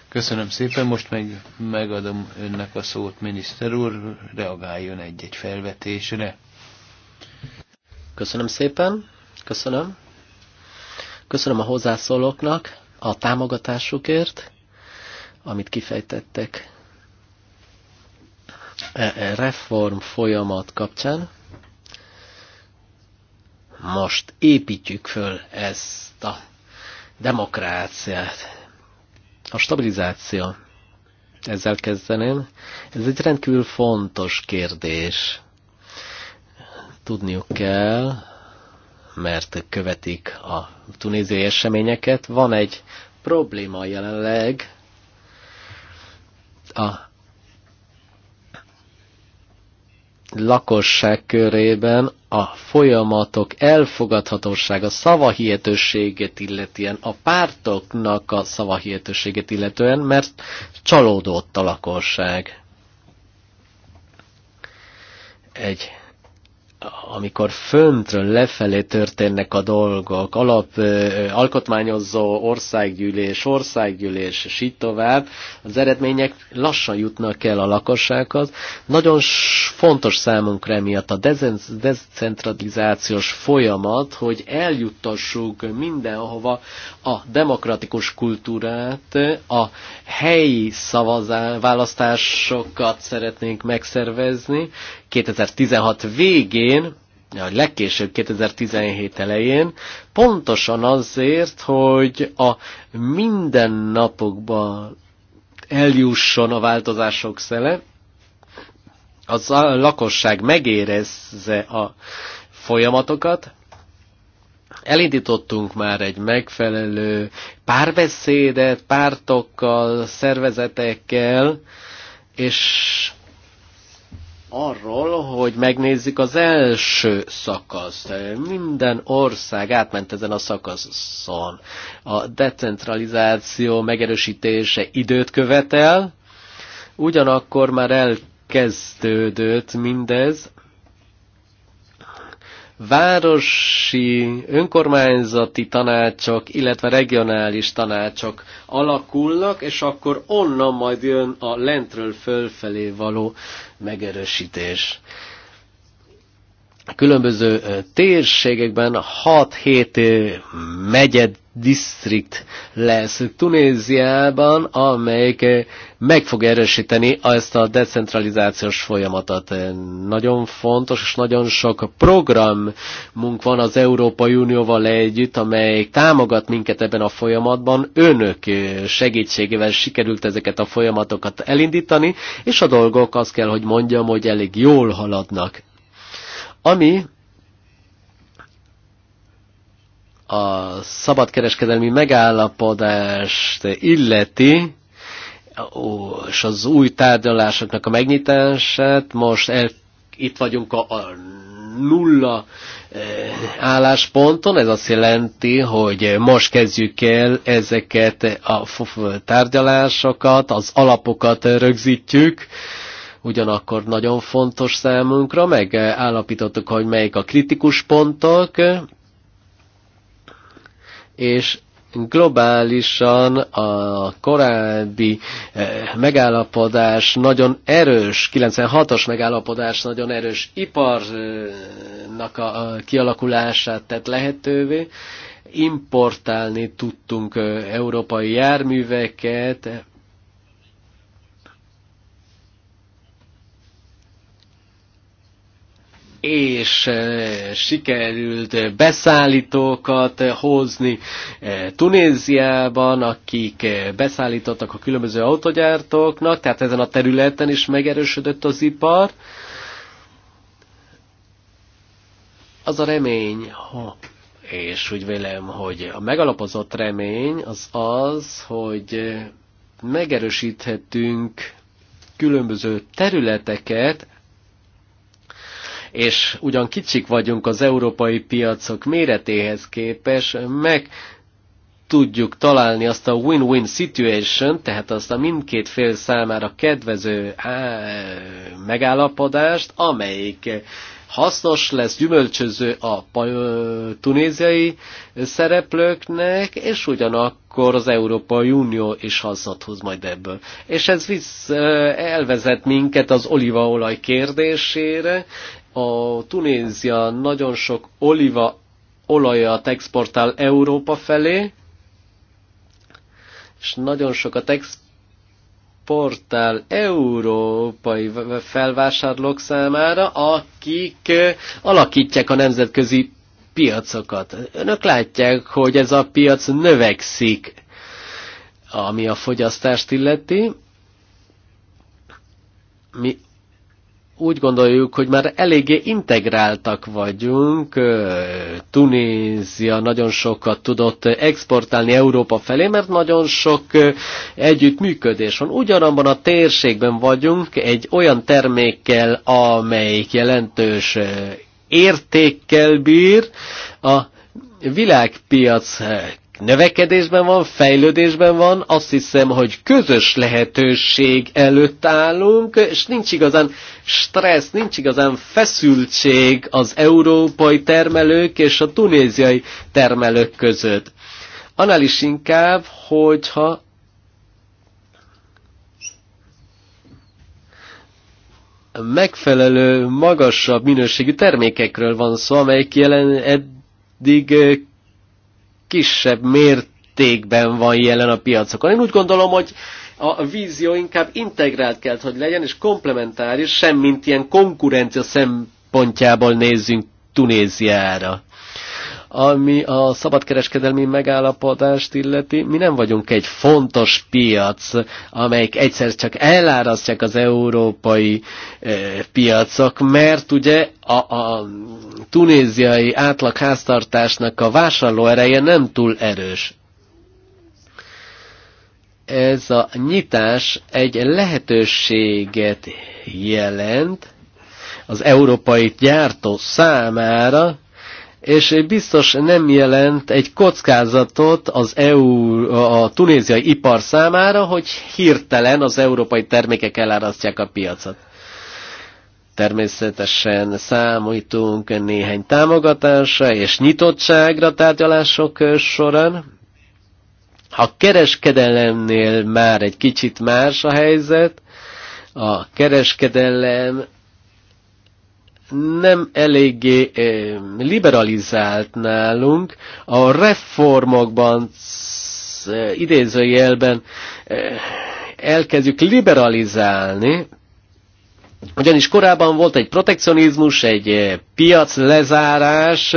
Köszönöm szépen, most meg megadom önnek a szót, miniszter úr, reagáljon egy-egy felvetésre. Köszönöm szépen, köszönöm. Köszönöm a hozzászólóknak a támogatásukért, amit kifejtettek e, e reform folyamat kapcsán. Most építjük föl ezt a demokráciát. A stabilizáció. Ezzel kezdeném. Ez egy rendkívül fontos kérdés. Tudniuk kell, mert követik a tunéziai eseményeket. Van egy probléma jelenleg a lakosság körében a folyamatok elfogadhatósága, szavahihetőséget illetően, a pártoknak a szavahihetőséget illetően, mert csalódott a lakosság. Egy amikor föntről lefelé történnek a dolgok, alap, alkotmányozó országgyűlés, országgyűlés, és így tovább, az eredmények lassan jutnak el a lakossághoz. Nagyon fontos számunkra emiatt a decentralizációs folyamat, hogy eljuttassuk mindenhova a demokratikus kultúrát, a helyi szavazás, választásokat szeretnénk megszervezni. 2016 végén elején, a legkésőbb 2017 elején, pontosan azért, hogy a mindennapokban eljusson a változások szele, az a lakosság megérezze a folyamatokat. Elindítottunk már egy megfelelő párbeszédet pártokkal, szervezetekkel, és arról, hogy megnézzük az első szakaszt. Minden ország átment ezen a szakaszon. A decentralizáció megerősítése időt követel, ugyanakkor már elkezdődött mindez, városi önkormányzati tanácsok, illetve regionális tanácsok alakulnak, és akkor onnan majd jön a lentről fölfelé való megerősítés különböző térségekben 6-7 megyed disztrikt lesz Tunéziában, amelyik meg fog erősíteni ezt a decentralizációs folyamatot. Nagyon fontos, és nagyon sok programunk van az Európai Unióval együtt, amely támogat minket ebben a folyamatban. Önök segítségével sikerült ezeket a folyamatokat elindítani, és a dolgok azt kell, hogy mondjam, hogy elég jól haladnak ami a szabadkereskedelmi megállapodást illeti, és az új tárgyalásoknak a megnyitását, most el, itt vagyunk a, a nulla eh, állásponton, ez azt jelenti, hogy most kezdjük el ezeket a tárgyalásokat, az alapokat rögzítjük, ugyanakkor nagyon fontos számunkra, meg állapítottuk, hogy melyik a kritikus pontok, és globálisan a korábbi eh, megállapodás nagyon erős, 96-os megállapodás nagyon erős iparnak a kialakulását tett lehetővé. Importálni tudtunk eh, európai járműveket, és eh, sikerült beszállítókat eh, hozni eh, Tunéziában, akik beszállítottak a különböző autogyártóknak, tehát ezen a területen is megerősödött az ipar. Az a remény, ha és úgy vélem, hogy a megalapozott remény az az, hogy megerősíthetünk különböző területeket, és ugyan kicsik vagyunk az európai piacok méretéhez képes, meg tudjuk találni azt a win-win situation, tehát azt a mindkét fél számára kedvező megállapodást, amelyik hasznos lesz, gyümölcsöző a tunéziai szereplőknek, és ugyanakkor az Európai Unió is hasznot hoz majd ebből. És ez visz, elvezet minket az olívaolaj kérdésére a Tunézia nagyon sok oliva olajat exportál Európa felé, és nagyon sokat exportál európai felvásárlók számára, akik alakítják a nemzetközi piacokat. Önök látják, hogy ez a piac növekszik, ami a fogyasztást illeti. Mi úgy gondoljuk, hogy már eléggé integráltak vagyunk. Tunézia nagyon sokat tudott exportálni Európa felé, mert nagyon sok együttműködés van. Ugyanabban a térségben vagyunk egy olyan termékkel, amelyik jelentős értékkel bír a világpiac növekedésben van, fejlődésben van, azt hiszem, hogy közös lehetőség előtt állunk, és nincs igazán stressz, nincs igazán feszültség az európai termelők és a tunéziai termelők között. Annál is inkább, hogyha megfelelő, magasabb minőségű termékekről van szó, amelyek jelen eddig kisebb mértékben van jelen a piacokon. Én úgy gondolom, hogy a vízió inkább integrált kell, hogy legyen, és komplementáris, semmint ilyen konkurencia szempontjából nézzünk Tunéziára. Ami a szabadkereskedelmi megállapodást illeti, mi nem vagyunk egy fontos piac, amelyik egyszer csak elárasztják az európai e, piacok, mert ugye a, a tunéziai átlagháztartásnak a vásárlóereje nem túl erős ez a nyitás egy lehetőséget jelent az európai gyártó számára, és biztos nem jelent egy kockázatot az EU, a tunéziai ipar számára, hogy hirtelen az európai termékek elárasztják a piacot. Természetesen számítunk néhány támogatásra és nyitottságra tárgyalások során. A kereskedelemnél már egy kicsit más a helyzet. A kereskedelem nem eléggé eh, liberalizált nálunk. A reformokban, eh, idézőjelben eh, elkezdjük liberalizálni, ugyanis korábban volt egy protekcionizmus, egy piac lezárás,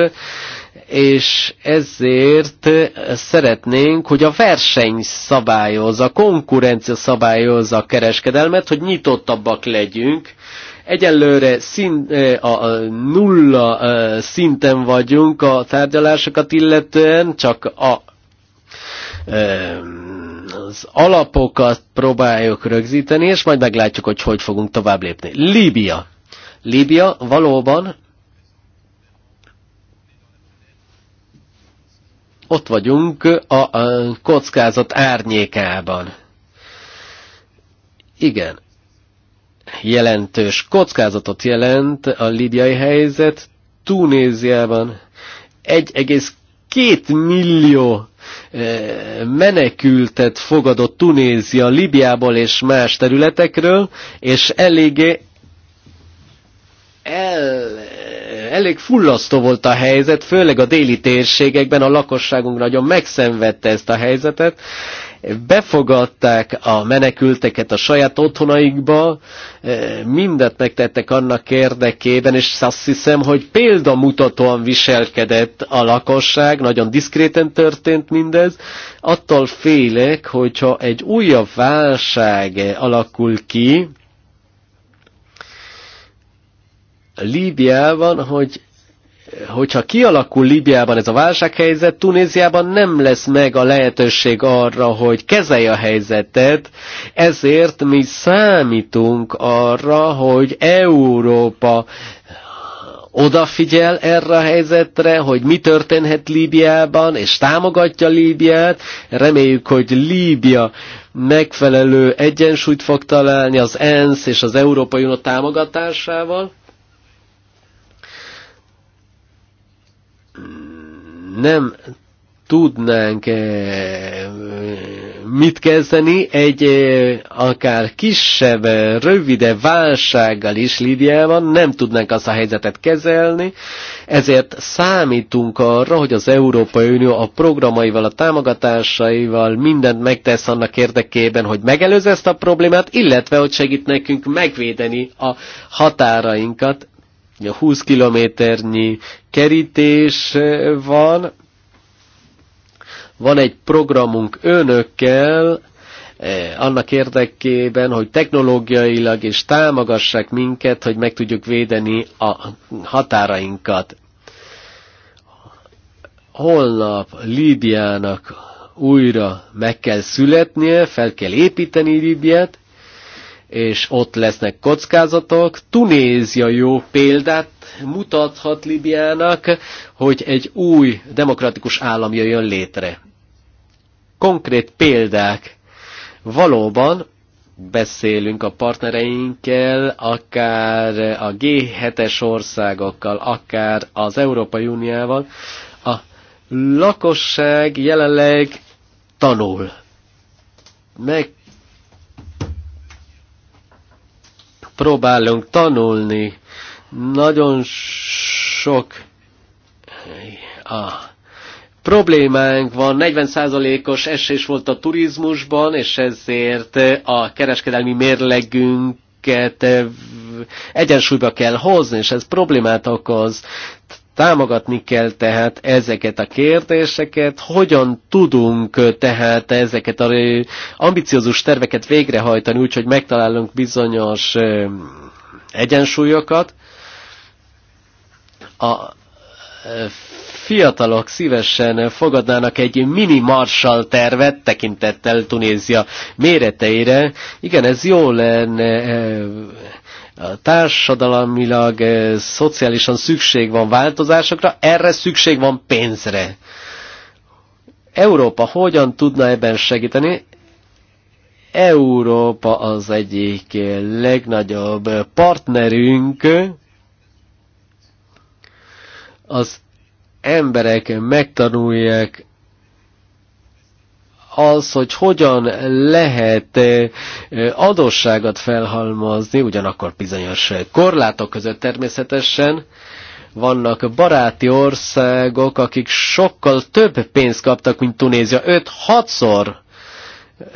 és ezért szeretnénk, hogy a verseny szabályozza, a konkurencia szabályozza a kereskedelmet, hogy nyitottabbak legyünk, Egyelőre szín, eh, a, nulla eh, szinten vagyunk a tárgyalásokat illetően, csak a eh, az alapokat próbáljuk rögzíteni, és majd meglátjuk, hogy hogy fogunk tovább lépni. Líbia. Líbia valóban ott vagyunk a, a kockázat árnyékában. Igen jelentős kockázatot jelent a lidiai helyzet. Tunéziában 1,2 millió eh, menekültet fogadott Tunézia Libiából és más területekről, és eléggé el elég fullasztó volt a helyzet, főleg a déli térségekben a lakosságunk nagyon megszenvedte ezt a helyzetet. Befogadták a menekülteket a saját otthonaikba, e, mindent megtettek annak érdekében, és azt hiszem, hogy példamutatóan viselkedett a lakosság, nagyon diszkréten történt mindez. Attól félek, hogyha egy újabb válság alakul ki, Líbiában, hogy hogyha kialakul Líbiában ez a válsághelyzet, Tunéziában nem lesz meg a lehetőség arra, hogy kezelje a helyzetet, ezért mi számítunk arra, hogy Európa odafigyel erre a helyzetre, hogy mi történhet Líbiában, és támogatja Líbiát. Reméljük, hogy Líbia megfelelő egyensúlyt fog találni az ENSZ és az Európai Unió támogatásával nem tudnánk eh, mit kezdeni egy eh, akár kisebb, eh, rövide válsággal is Lidiában, nem tudnánk azt a helyzetet kezelni, ezért számítunk arra, hogy az Európai Unió a programaival, a támogatásaival mindent megtesz annak érdekében, hogy megelőzze ezt a problémát, illetve hogy segít nekünk megvédeni a határainkat 20 kilométernyi kerítés eh, van, van egy programunk önökkel, eh, annak érdekében, hogy technológiailag is támogassák minket, hogy meg tudjuk védeni a határainkat. Holnap Líbiának újra meg kell születnie, fel kell építeni Líbiát, és ott lesznek kockázatok. Tunézia jó példát mutathat Libiának, hogy egy új demokratikus állam jöjjön létre. Konkrét példák. Valóban beszélünk a partnereinkkel, akár a G7-es országokkal, akár az Európai Uniával, a lakosság jelenleg tanul. Meg próbálunk tanulni. Nagyon sok a problémánk van, 40%-os esés volt a turizmusban, és ezért a kereskedelmi mérlegünket eh, egyensúlyba kell hozni, és ez problémát okoz. Támogatni kell tehát ezeket a kérdéseket, hogyan tudunk tehát ezeket a ambiciózus terveket végrehajtani, úgyhogy megtalálunk bizonyos egyensúlyokat. A fiatalok szívesen fogadnának egy mini Marshall tervet tekintettel Tunézia méreteire. Igen, ez jó lenne a társadalmilag, eh, szociálisan szükség van változásokra, erre szükség van pénzre. Európa hogyan tudna ebben segíteni? Európa az egyik legnagyobb partnerünk az emberek megtanulják az, hogy hogyan lehet eh, adósságot felhalmozni, ugyanakkor bizonyos korlátok között természetesen, vannak baráti országok, akik sokkal több pénzt kaptak, mint Tunézia. 5-6-szor eh,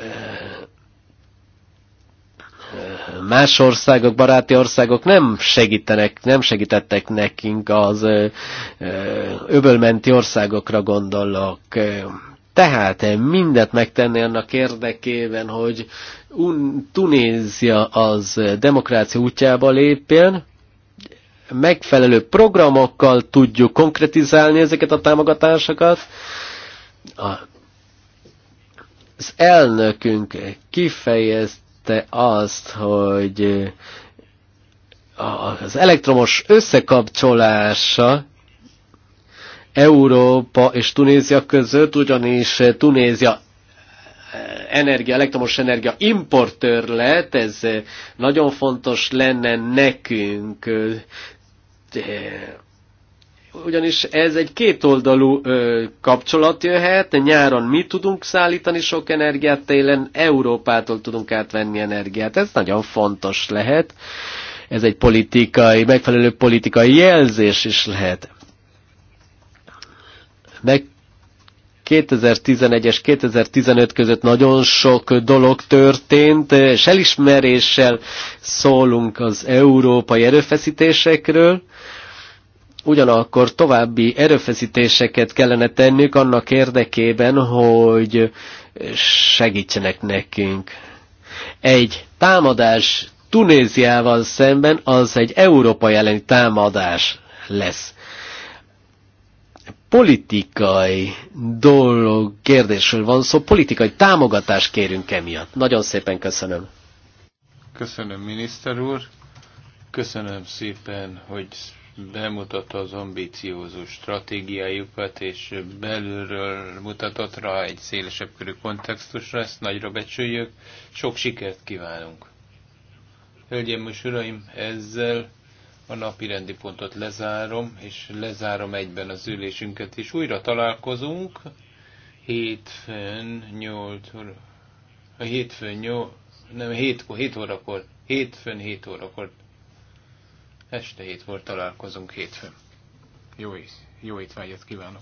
más országok, baráti országok nem segítenek, nem segítettek nekünk az eh, öbölmenti országokra gondolok. Tehát mindet megtenni annak érdekében, hogy Un Tunézia az demokrácia útjába lépjen, megfelelő programokkal tudjuk konkretizálni ezeket a támogatásokat. Az elnökünk kifejezte azt, hogy az elektromos összekapcsolása Európa és Tunézia között, ugyanis Tunézia energia, elektromos energia importőr lett, ez nagyon fontos lenne nekünk. Ugyanis ez egy kétoldalú kapcsolat jöhet, nyáron mi tudunk szállítani sok energiát, télen Európától tudunk átvenni energiát. Ez nagyon fontos lehet. Ez egy politikai, megfelelő politikai jelzés is lehet de 2011 és 2015 között nagyon sok dolog történt, és elismeréssel szólunk az európai erőfeszítésekről, ugyanakkor további erőfeszítéseket kellene tennünk annak érdekében, hogy segítsenek nekünk. Egy támadás Tunéziával szemben az egy európai elleni támadás lesz politikai dolog, kérdésről van szó, politikai támogatást kérünk emiatt. Nagyon szépen köszönöm. Köszönöm, miniszter úr. Köszönöm szépen, hogy bemutatta az ambíciózus stratégiájukat, és belülről mutatott rá egy szélesebb körű kontextusra, ezt nagyra becsüljük. Sok sikert kívánunk! Hölgyeim és Uraim, ezzel a napi rendi pontot lezárom, és lezárom egyben az ülésünket, és újra találkozunk hétfőn 8 óra, hétfőn 8, nem 7, 7 órakor, hétfőn 7 órakor, este 7 volt találkozunk hétfőn. Jó, jó étvágyat kívánok!